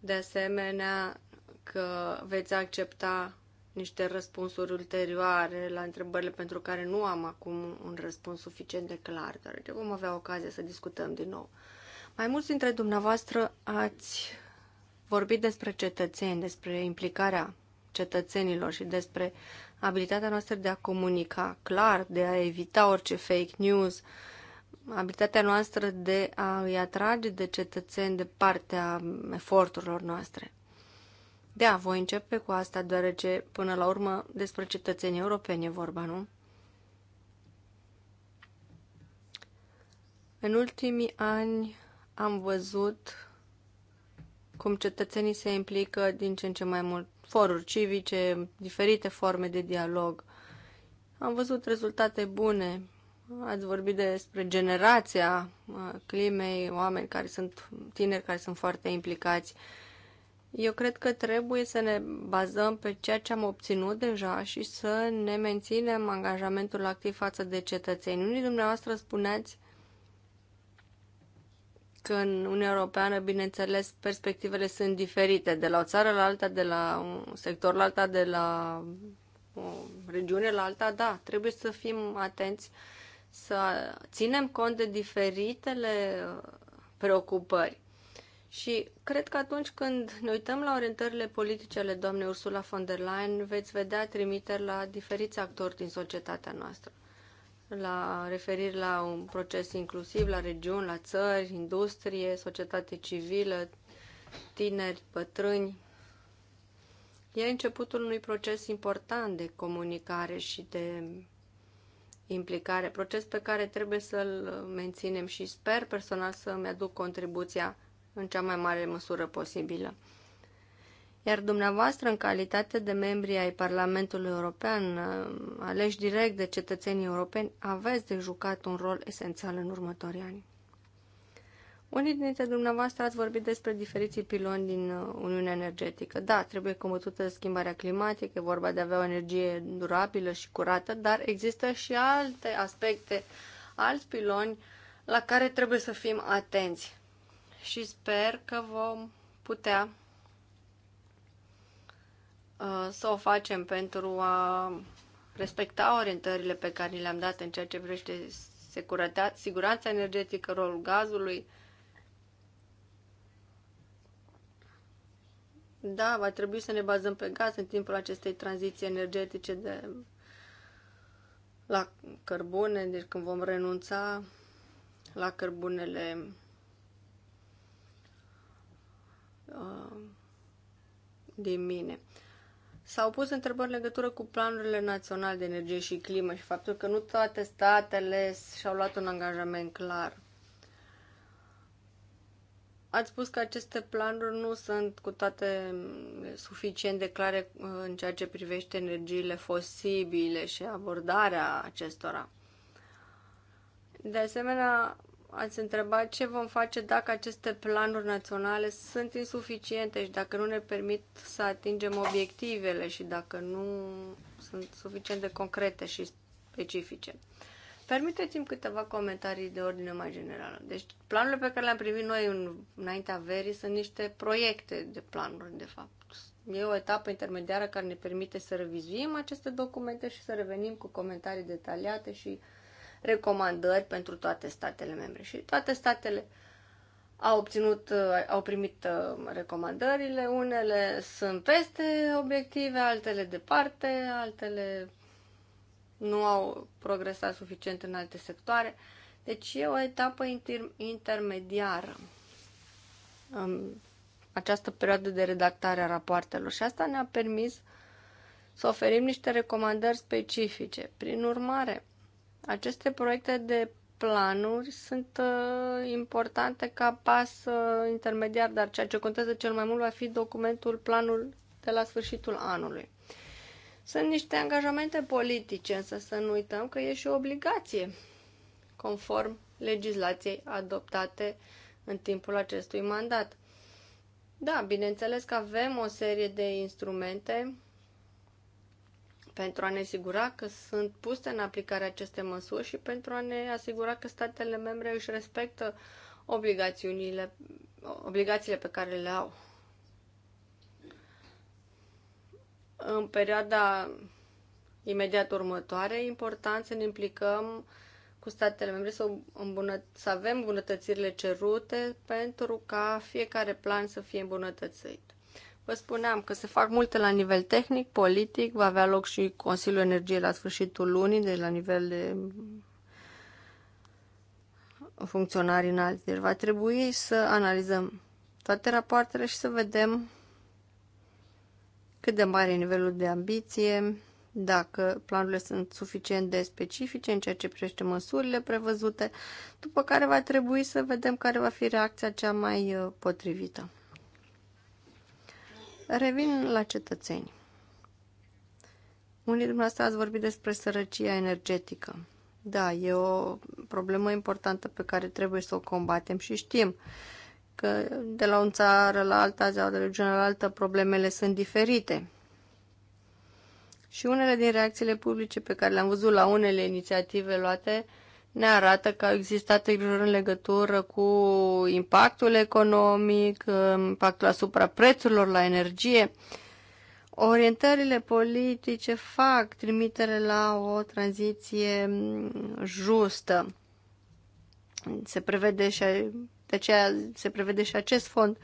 B: de asemenea că veți accepta niște răspunsuri ulterioare la întrebările pentru care nu am acum un răspuns suficient de clar, deoarece vom avea ocazia să discutăm din nou. Mai mulți dintre dumneavoastră ați vorbit despre cetățeni, despre implicarea cetățenilor și despre abilitatea noastră de a comunica clar, de a evita orice fake news, abilitatea noastră de a îi atrage de cetățeni de partea eforturilor noastre. Da, voi începe cu asta, deoarece, până la urmă, despre cetățenii europeni e vorba, nu? În ultimii ani am văzut cum cetățenii se implică din ce în ce mai mult foruri civice, diferite forme de dialog. Am văzut rezultate bune. Ați vorbit despre generația uh, climei, oameni care sunt tineri, care sunt foarte implicați. Uh, eu cred că trebuie să ne bazăm pe ceea ce am obținut deja și să ne menținem angajamentul activ față de cetățeni. Unii dumneavoastră spuneați că în Uniunea Europeană, bineînțeles, perspectivele sunt diferite de la o țară la alta, de la un sector la alta, de la o regiune la alta, da, trebuie să fim atenți, să ținem cont de diferitele preocupări. Și cred că atunci când ne uităm la orientările politice ale doamnei Ursula von der Leyen, veți vedea trimiteri la diferiți actori din societatea noastră. La referiri la un proces inclusiv, la regiuni, la țări, industrie, societate civilă, tineri, bătrâni. E începutul unui proces important de comunicare și de implicare, proces pe care trebuie să-l menținem și sper personal să-mi aduc contribuția în cea mai mare măsură posibilă. Iar dumneavoastră, în calitate de membri ai Parlamentului European, uh, aleși direct de cetățenii europeni, aveți de jucat un rol esențial în următorii ani. Unii dintre dumneavoastră ați vorbit despre diferiții piloni din uh, Uniunea Energetică. Da, trebuie combătută schimbarea climatică, e vorba de a avea o energie durabilă și curată, dar există și alte aspecte, alți piloni la care trebuie să fim atenți și sper că vom putea uh, să o facem pentru a respecta orientările pe care ni le-am dat în ceea ce vrește siguranța energetică, rolul gazului. Da, va trebui să ne bazăm pe gaz în timpul acestei tranziții energetice de la cărbune, deci când vom renunța la cărbunele Uh, din mine. S-au pus întrebări în legătură cu planurile naționale de energie și climă și faptul că nu toate statele și-au luat un angajament clar. Ați spus că aceste planuri nu sunt cu toate suficient de clare uh, în ceea ce privește energiile fosibile și abordarea acestora. De asemenea, ați întrebat ce vom face dacă aceste planuri naționale sunt insuficiente și dacă nu ne permit să atingem obiectivele și dacă nu sunt suficient de concrete și specifice. Permiteți-mi câteva comentarii de ordine mai generală. Deci, planurile pe care le-am primit noi în, înaintea verii sunt niște proiecte de planuri, de fapt. E o etapă intermediară care ne permite să revizuim aceste documente și să revenim cu comentarii detaliate și uh, recomandări pentru toate statele membre și toate statele au, obținut, uh, au primit uh, recomandările, unele sunt peste obiective, altele departe, altele nu au progresat suficient în alte sectoare. Deci e o etapă inter- intermediară în um, această perioadă de redactare a rapoartelor și asta ne-a permis să oferim niște recomandări specifice. Prin urmare, aceste proiecte de planuri sunt uh, importante ca pas uh, intermediar, dar ceea ce contează cel mai mult va fi documentul, planul de la sfârșitul anului. Sunt niște angajamente politice, însă să nu uităm că e și o obligație, conform legislației adoptate în timpul acestui mandat. Da, bineînțeles că avem o serie de instrumente pentru a ne asigura că sunt puse în aplicare aceste măsuri și pentru a ne asigura că statele membre își respectă obligațiunile, obligațiile pe care le au. În perioada imediat următoare, e important să ne implicăm cu statele membre să, îmbunăt- să avem îmbunătățirile cerute pentru ca fiecare plan să fie îmbunătățit. Vă spuneam că se fac multe la nivel tehnic, politic, va avea loc și Consiliul Energiei la sfârșitul lunii, deci la nivel de funcționari înalți. Deci va trebui să analizăm toate rapoartele și să vedem cât de mare e nivelul de ambiție, dacă planurile sunt suficient de specifice în ceea ce privește măsurile prevăzute, după care va trebui să vedem care va fi reacția cea mai uh, potrivită. Revin la cetățeni. Unii dumneavoastră ați vorbit despre sărăcia energetică. Da, e o problemă importantă pe care trebuie să o combatem și știm că de la un țară la alta de la o regiune la altă problemele sunt diferite. Și unele din reacțiile publice pe care le-am văzut la unele inițiative luate uh, ne arată că au existat îngrijorări în legătură cu impactul economic, impactul asupra prețurilor la energie. Orientările politice fac trimitere la o tranziție mm, justă. Se prevede și, de aceea se prevede și acest fond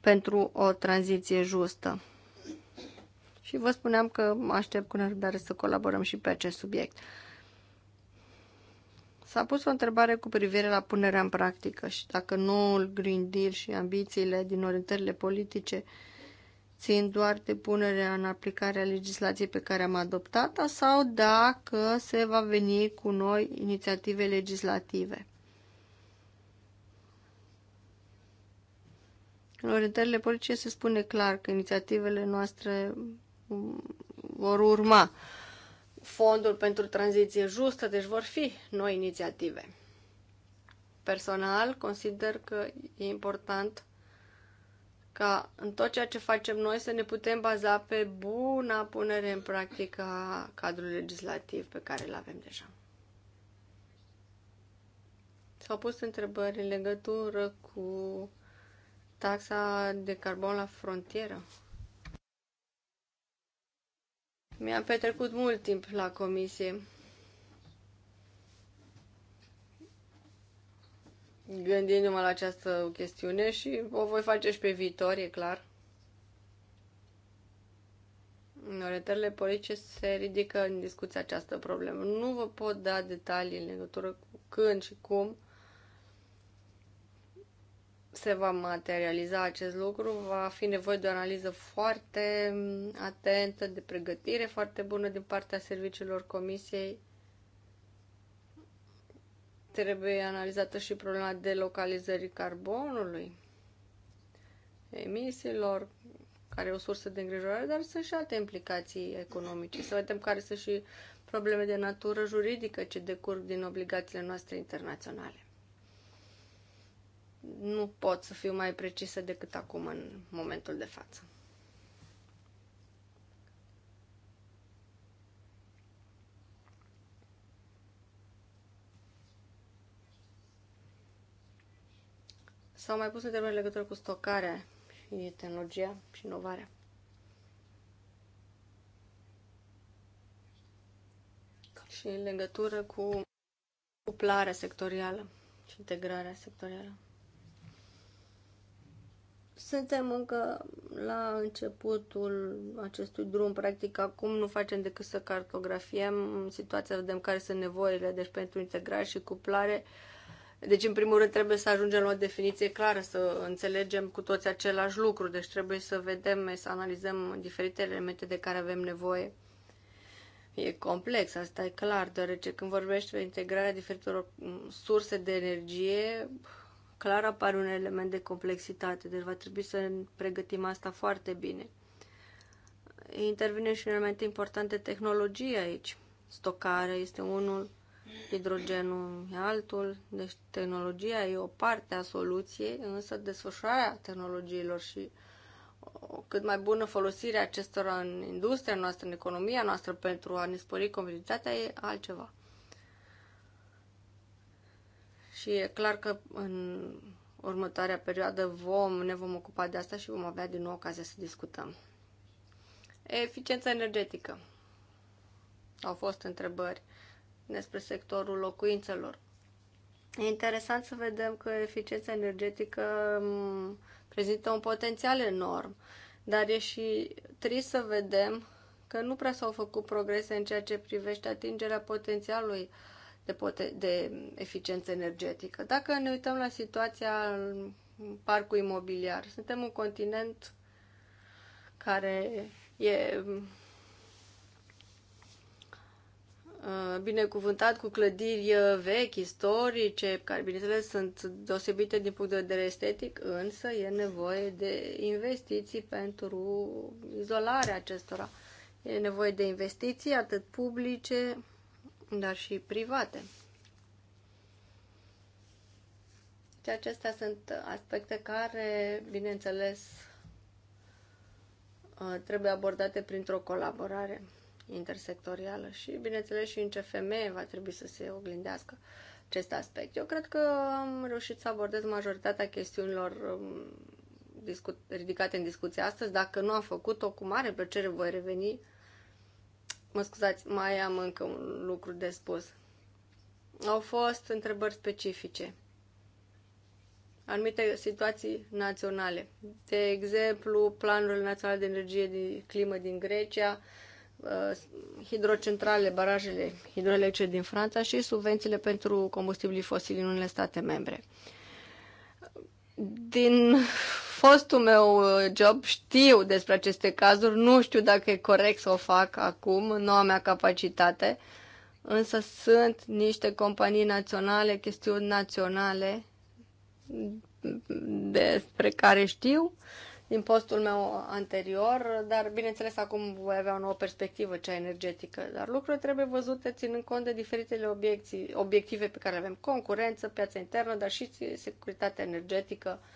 B: pentru o tranziție justă. Și vă spuneam că aștept cu nerăbdare să colaborăm și pe acest subiect. S-a pus o întrebare cu privire la punerea în practică și dacă noul Green Deal și ambițiile din orientările politice țin doar de punerea în aplicare a legislației pe care am adoptat-o sau dacă se va veni cu noi inițiative legislative. În orientările politice se spune clar că inițiativele noastre vor urma fondul pentru tranziție justă, deci vor fi noi inițiative. Personal, consider că e important ca în tot ceea ce facem noi să ne putem baza pe buna punere în practică a cadrului legislativ pe care îl avem deja. S-au pus întrebări în legătură cu taxa de carbon la frontieră. Mi-am petrecut mult timp la comisie. Gândindu-mă la această chestiune și o voi face și pe viitor, e clar. Orientările politice se ridică în discuția această problemă. Nu vă pot da detalii în legătură cu când și cum se va materializa acest lucru, va fi nevoie de o analiză foarte atentă, de pregătire foarte bună din partea serviciilor comisiei. Trebuie analizată și problema de localizării carbonului, emisiilor, care e o sursă de îngrijorare, dar sunt și alte implicații economice. Să vedem care sunt și probleme de natură juridică ce decurg din obligațiile noastre internaționale nu pot să fiu mai precisă decât acum în momentul de față. S-au mai pus întrebări legătură cu stocarea și tehnologia și inovarea. Și în legătură cu cuplarea sectorială și integrarea sectorială. Suntem încă la începutul acestui drum, practic acum nu facem decât să cartografiem situația, vedem care sunt nevoile, deci pentru integrare și cuplare. Deci, în primul rând, trebuie să ajungem la o definiție clară, să înțelegem cu toți același lucru, deci trebuie să vedem, să analizăm diferite elemente de care avem nevoie. E complex, asta e clar, deoarece când vorbești de integrarea diferitelor surse de energie, clar apare un element de complexitate, deci va trebui să pregătim asta foarte bine. Intervine și un element important de tehnologie aici. Stocarea este unul, hidrogenul e altul, deci tehnologia e o parte a soluției, însă desfășurarea tehnologiilor și o cât mai bună folosirea acestora în industria noastră, în economia noastră, pentru a ne spori competitivitatea e altceva. Și e clar că în următoarea perioadă vom, ne vom ocupa de asta și vom avea din nou ocazia să discutăm. Eficiența energetică. Au fost întrebări despre sectorul locuințelor. E interesant să vedem că eficiența energetică prezintă un potențial enorm, dar e și trist să vedem că nu prea s-au făcut progrese în ceea ce privește atingerea potențialului uh, de, pot- de eficiență energetică. Dacă ne uităm la situația în parcul imobiliar, suntem un continent care e uh, binecuvântat cu clădiri uh, vechi, istorice, care, bineînțeles, sunt deosebite din punct de vedere estetic, însă e nevoie de investiții pentru izolarea acestora. E nevoie de investiții atât publice, dar și private. Și acestea sunt aspecte care, bineînțeles, uh, trebuie abordate printr-o colaborare intersectorială și, bineînțeles, și în ce femeie va trebui să se oglindească acest aspect. Eu cred că am reușit să abordez majoritatea chestiunilor um, ridicate în discuție astăzi. Dacă nu am făcut-o, cu mare plăcere voi reveni Mă scuzați, mai am încă un lucru de spus. Au fost întrebări specifice. Anumite situații naționale. De exemplu, planurile naționale de energie de climă din Grecia, uh, hidrocentrale, barajele hidroelectrice din Franța și subvențiile pentru combustibilii fosili în unele state membre. Din fostul meu uh, job știu despre aceste cazuri, nu știu dacă e corect să o fac acum, nu am mea capacitate, însă sunt niște companii naționale, chestiuni naționale despre care știu din postul meu anterior, dar bineînțeles acum voi avea o nouă perspectivă, cea energetică, dar lucrurile trebuie văzute ținând cont de diferitele obiecții, obiective pe care le avem, concurență, piața internă, dar și securitatea energetică, uh,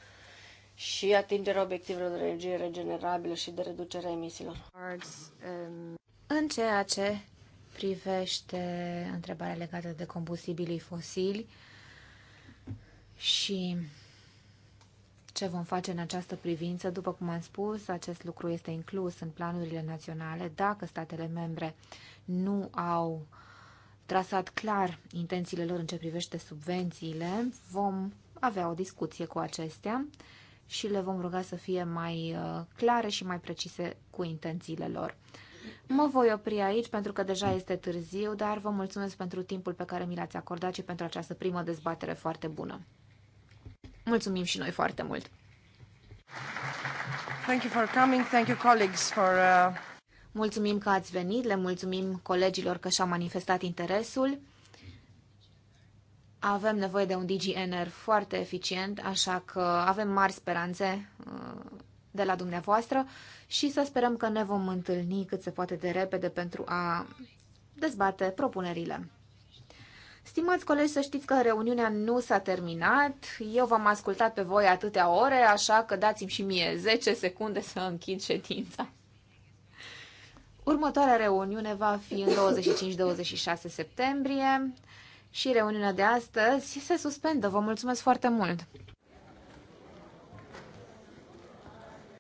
B: și atingerea obiectivelor de energie regenerabilă și de reducere a emisiilor. Um,
A: în ceea ce privește întrebarea legată de combustibilii fosili și ce vom face în această privință, după cum am spus, acest lucru este inclus în planurile naționale. Dacă statele membre nu au trasat clar intențiile lor în ce privește subvențiile, vom avea o discuție cu acestea și le vom ruga să fie mai uh, clare și mai precise cu intențiile lor. Mă voi opri aici pentru că deja este târziu, dar vă mulțumesc pentru timpul pe care mi l-ați acordat și pentru această primă dezbatere foarte bună. Mulțumim și noi foarte mult! Thank you for coming. Thank you colleagues for uh... Mulțumim că ați venit, le mulțumim colegilor că și-au manifestat interesul. Avem nevoie de un DGNR foarte eficient, așa că avem mari speranțe uh, de la dumneavoastră și să sperăm că ne vom întâlni cât se poate de repede pentru a dezbate propunerile. Stimați colegi, să știți că reuniunea nu s-a terminat. Eu v-am ascultat pe voi atâtea ore, așa că dați-mi și mie 10 secunde să închid ședința. Următoarea reuniune va fi în 25-26 septembrie și reuniunea de astăzi se suspendă. Vă mulțumesc foarte mult!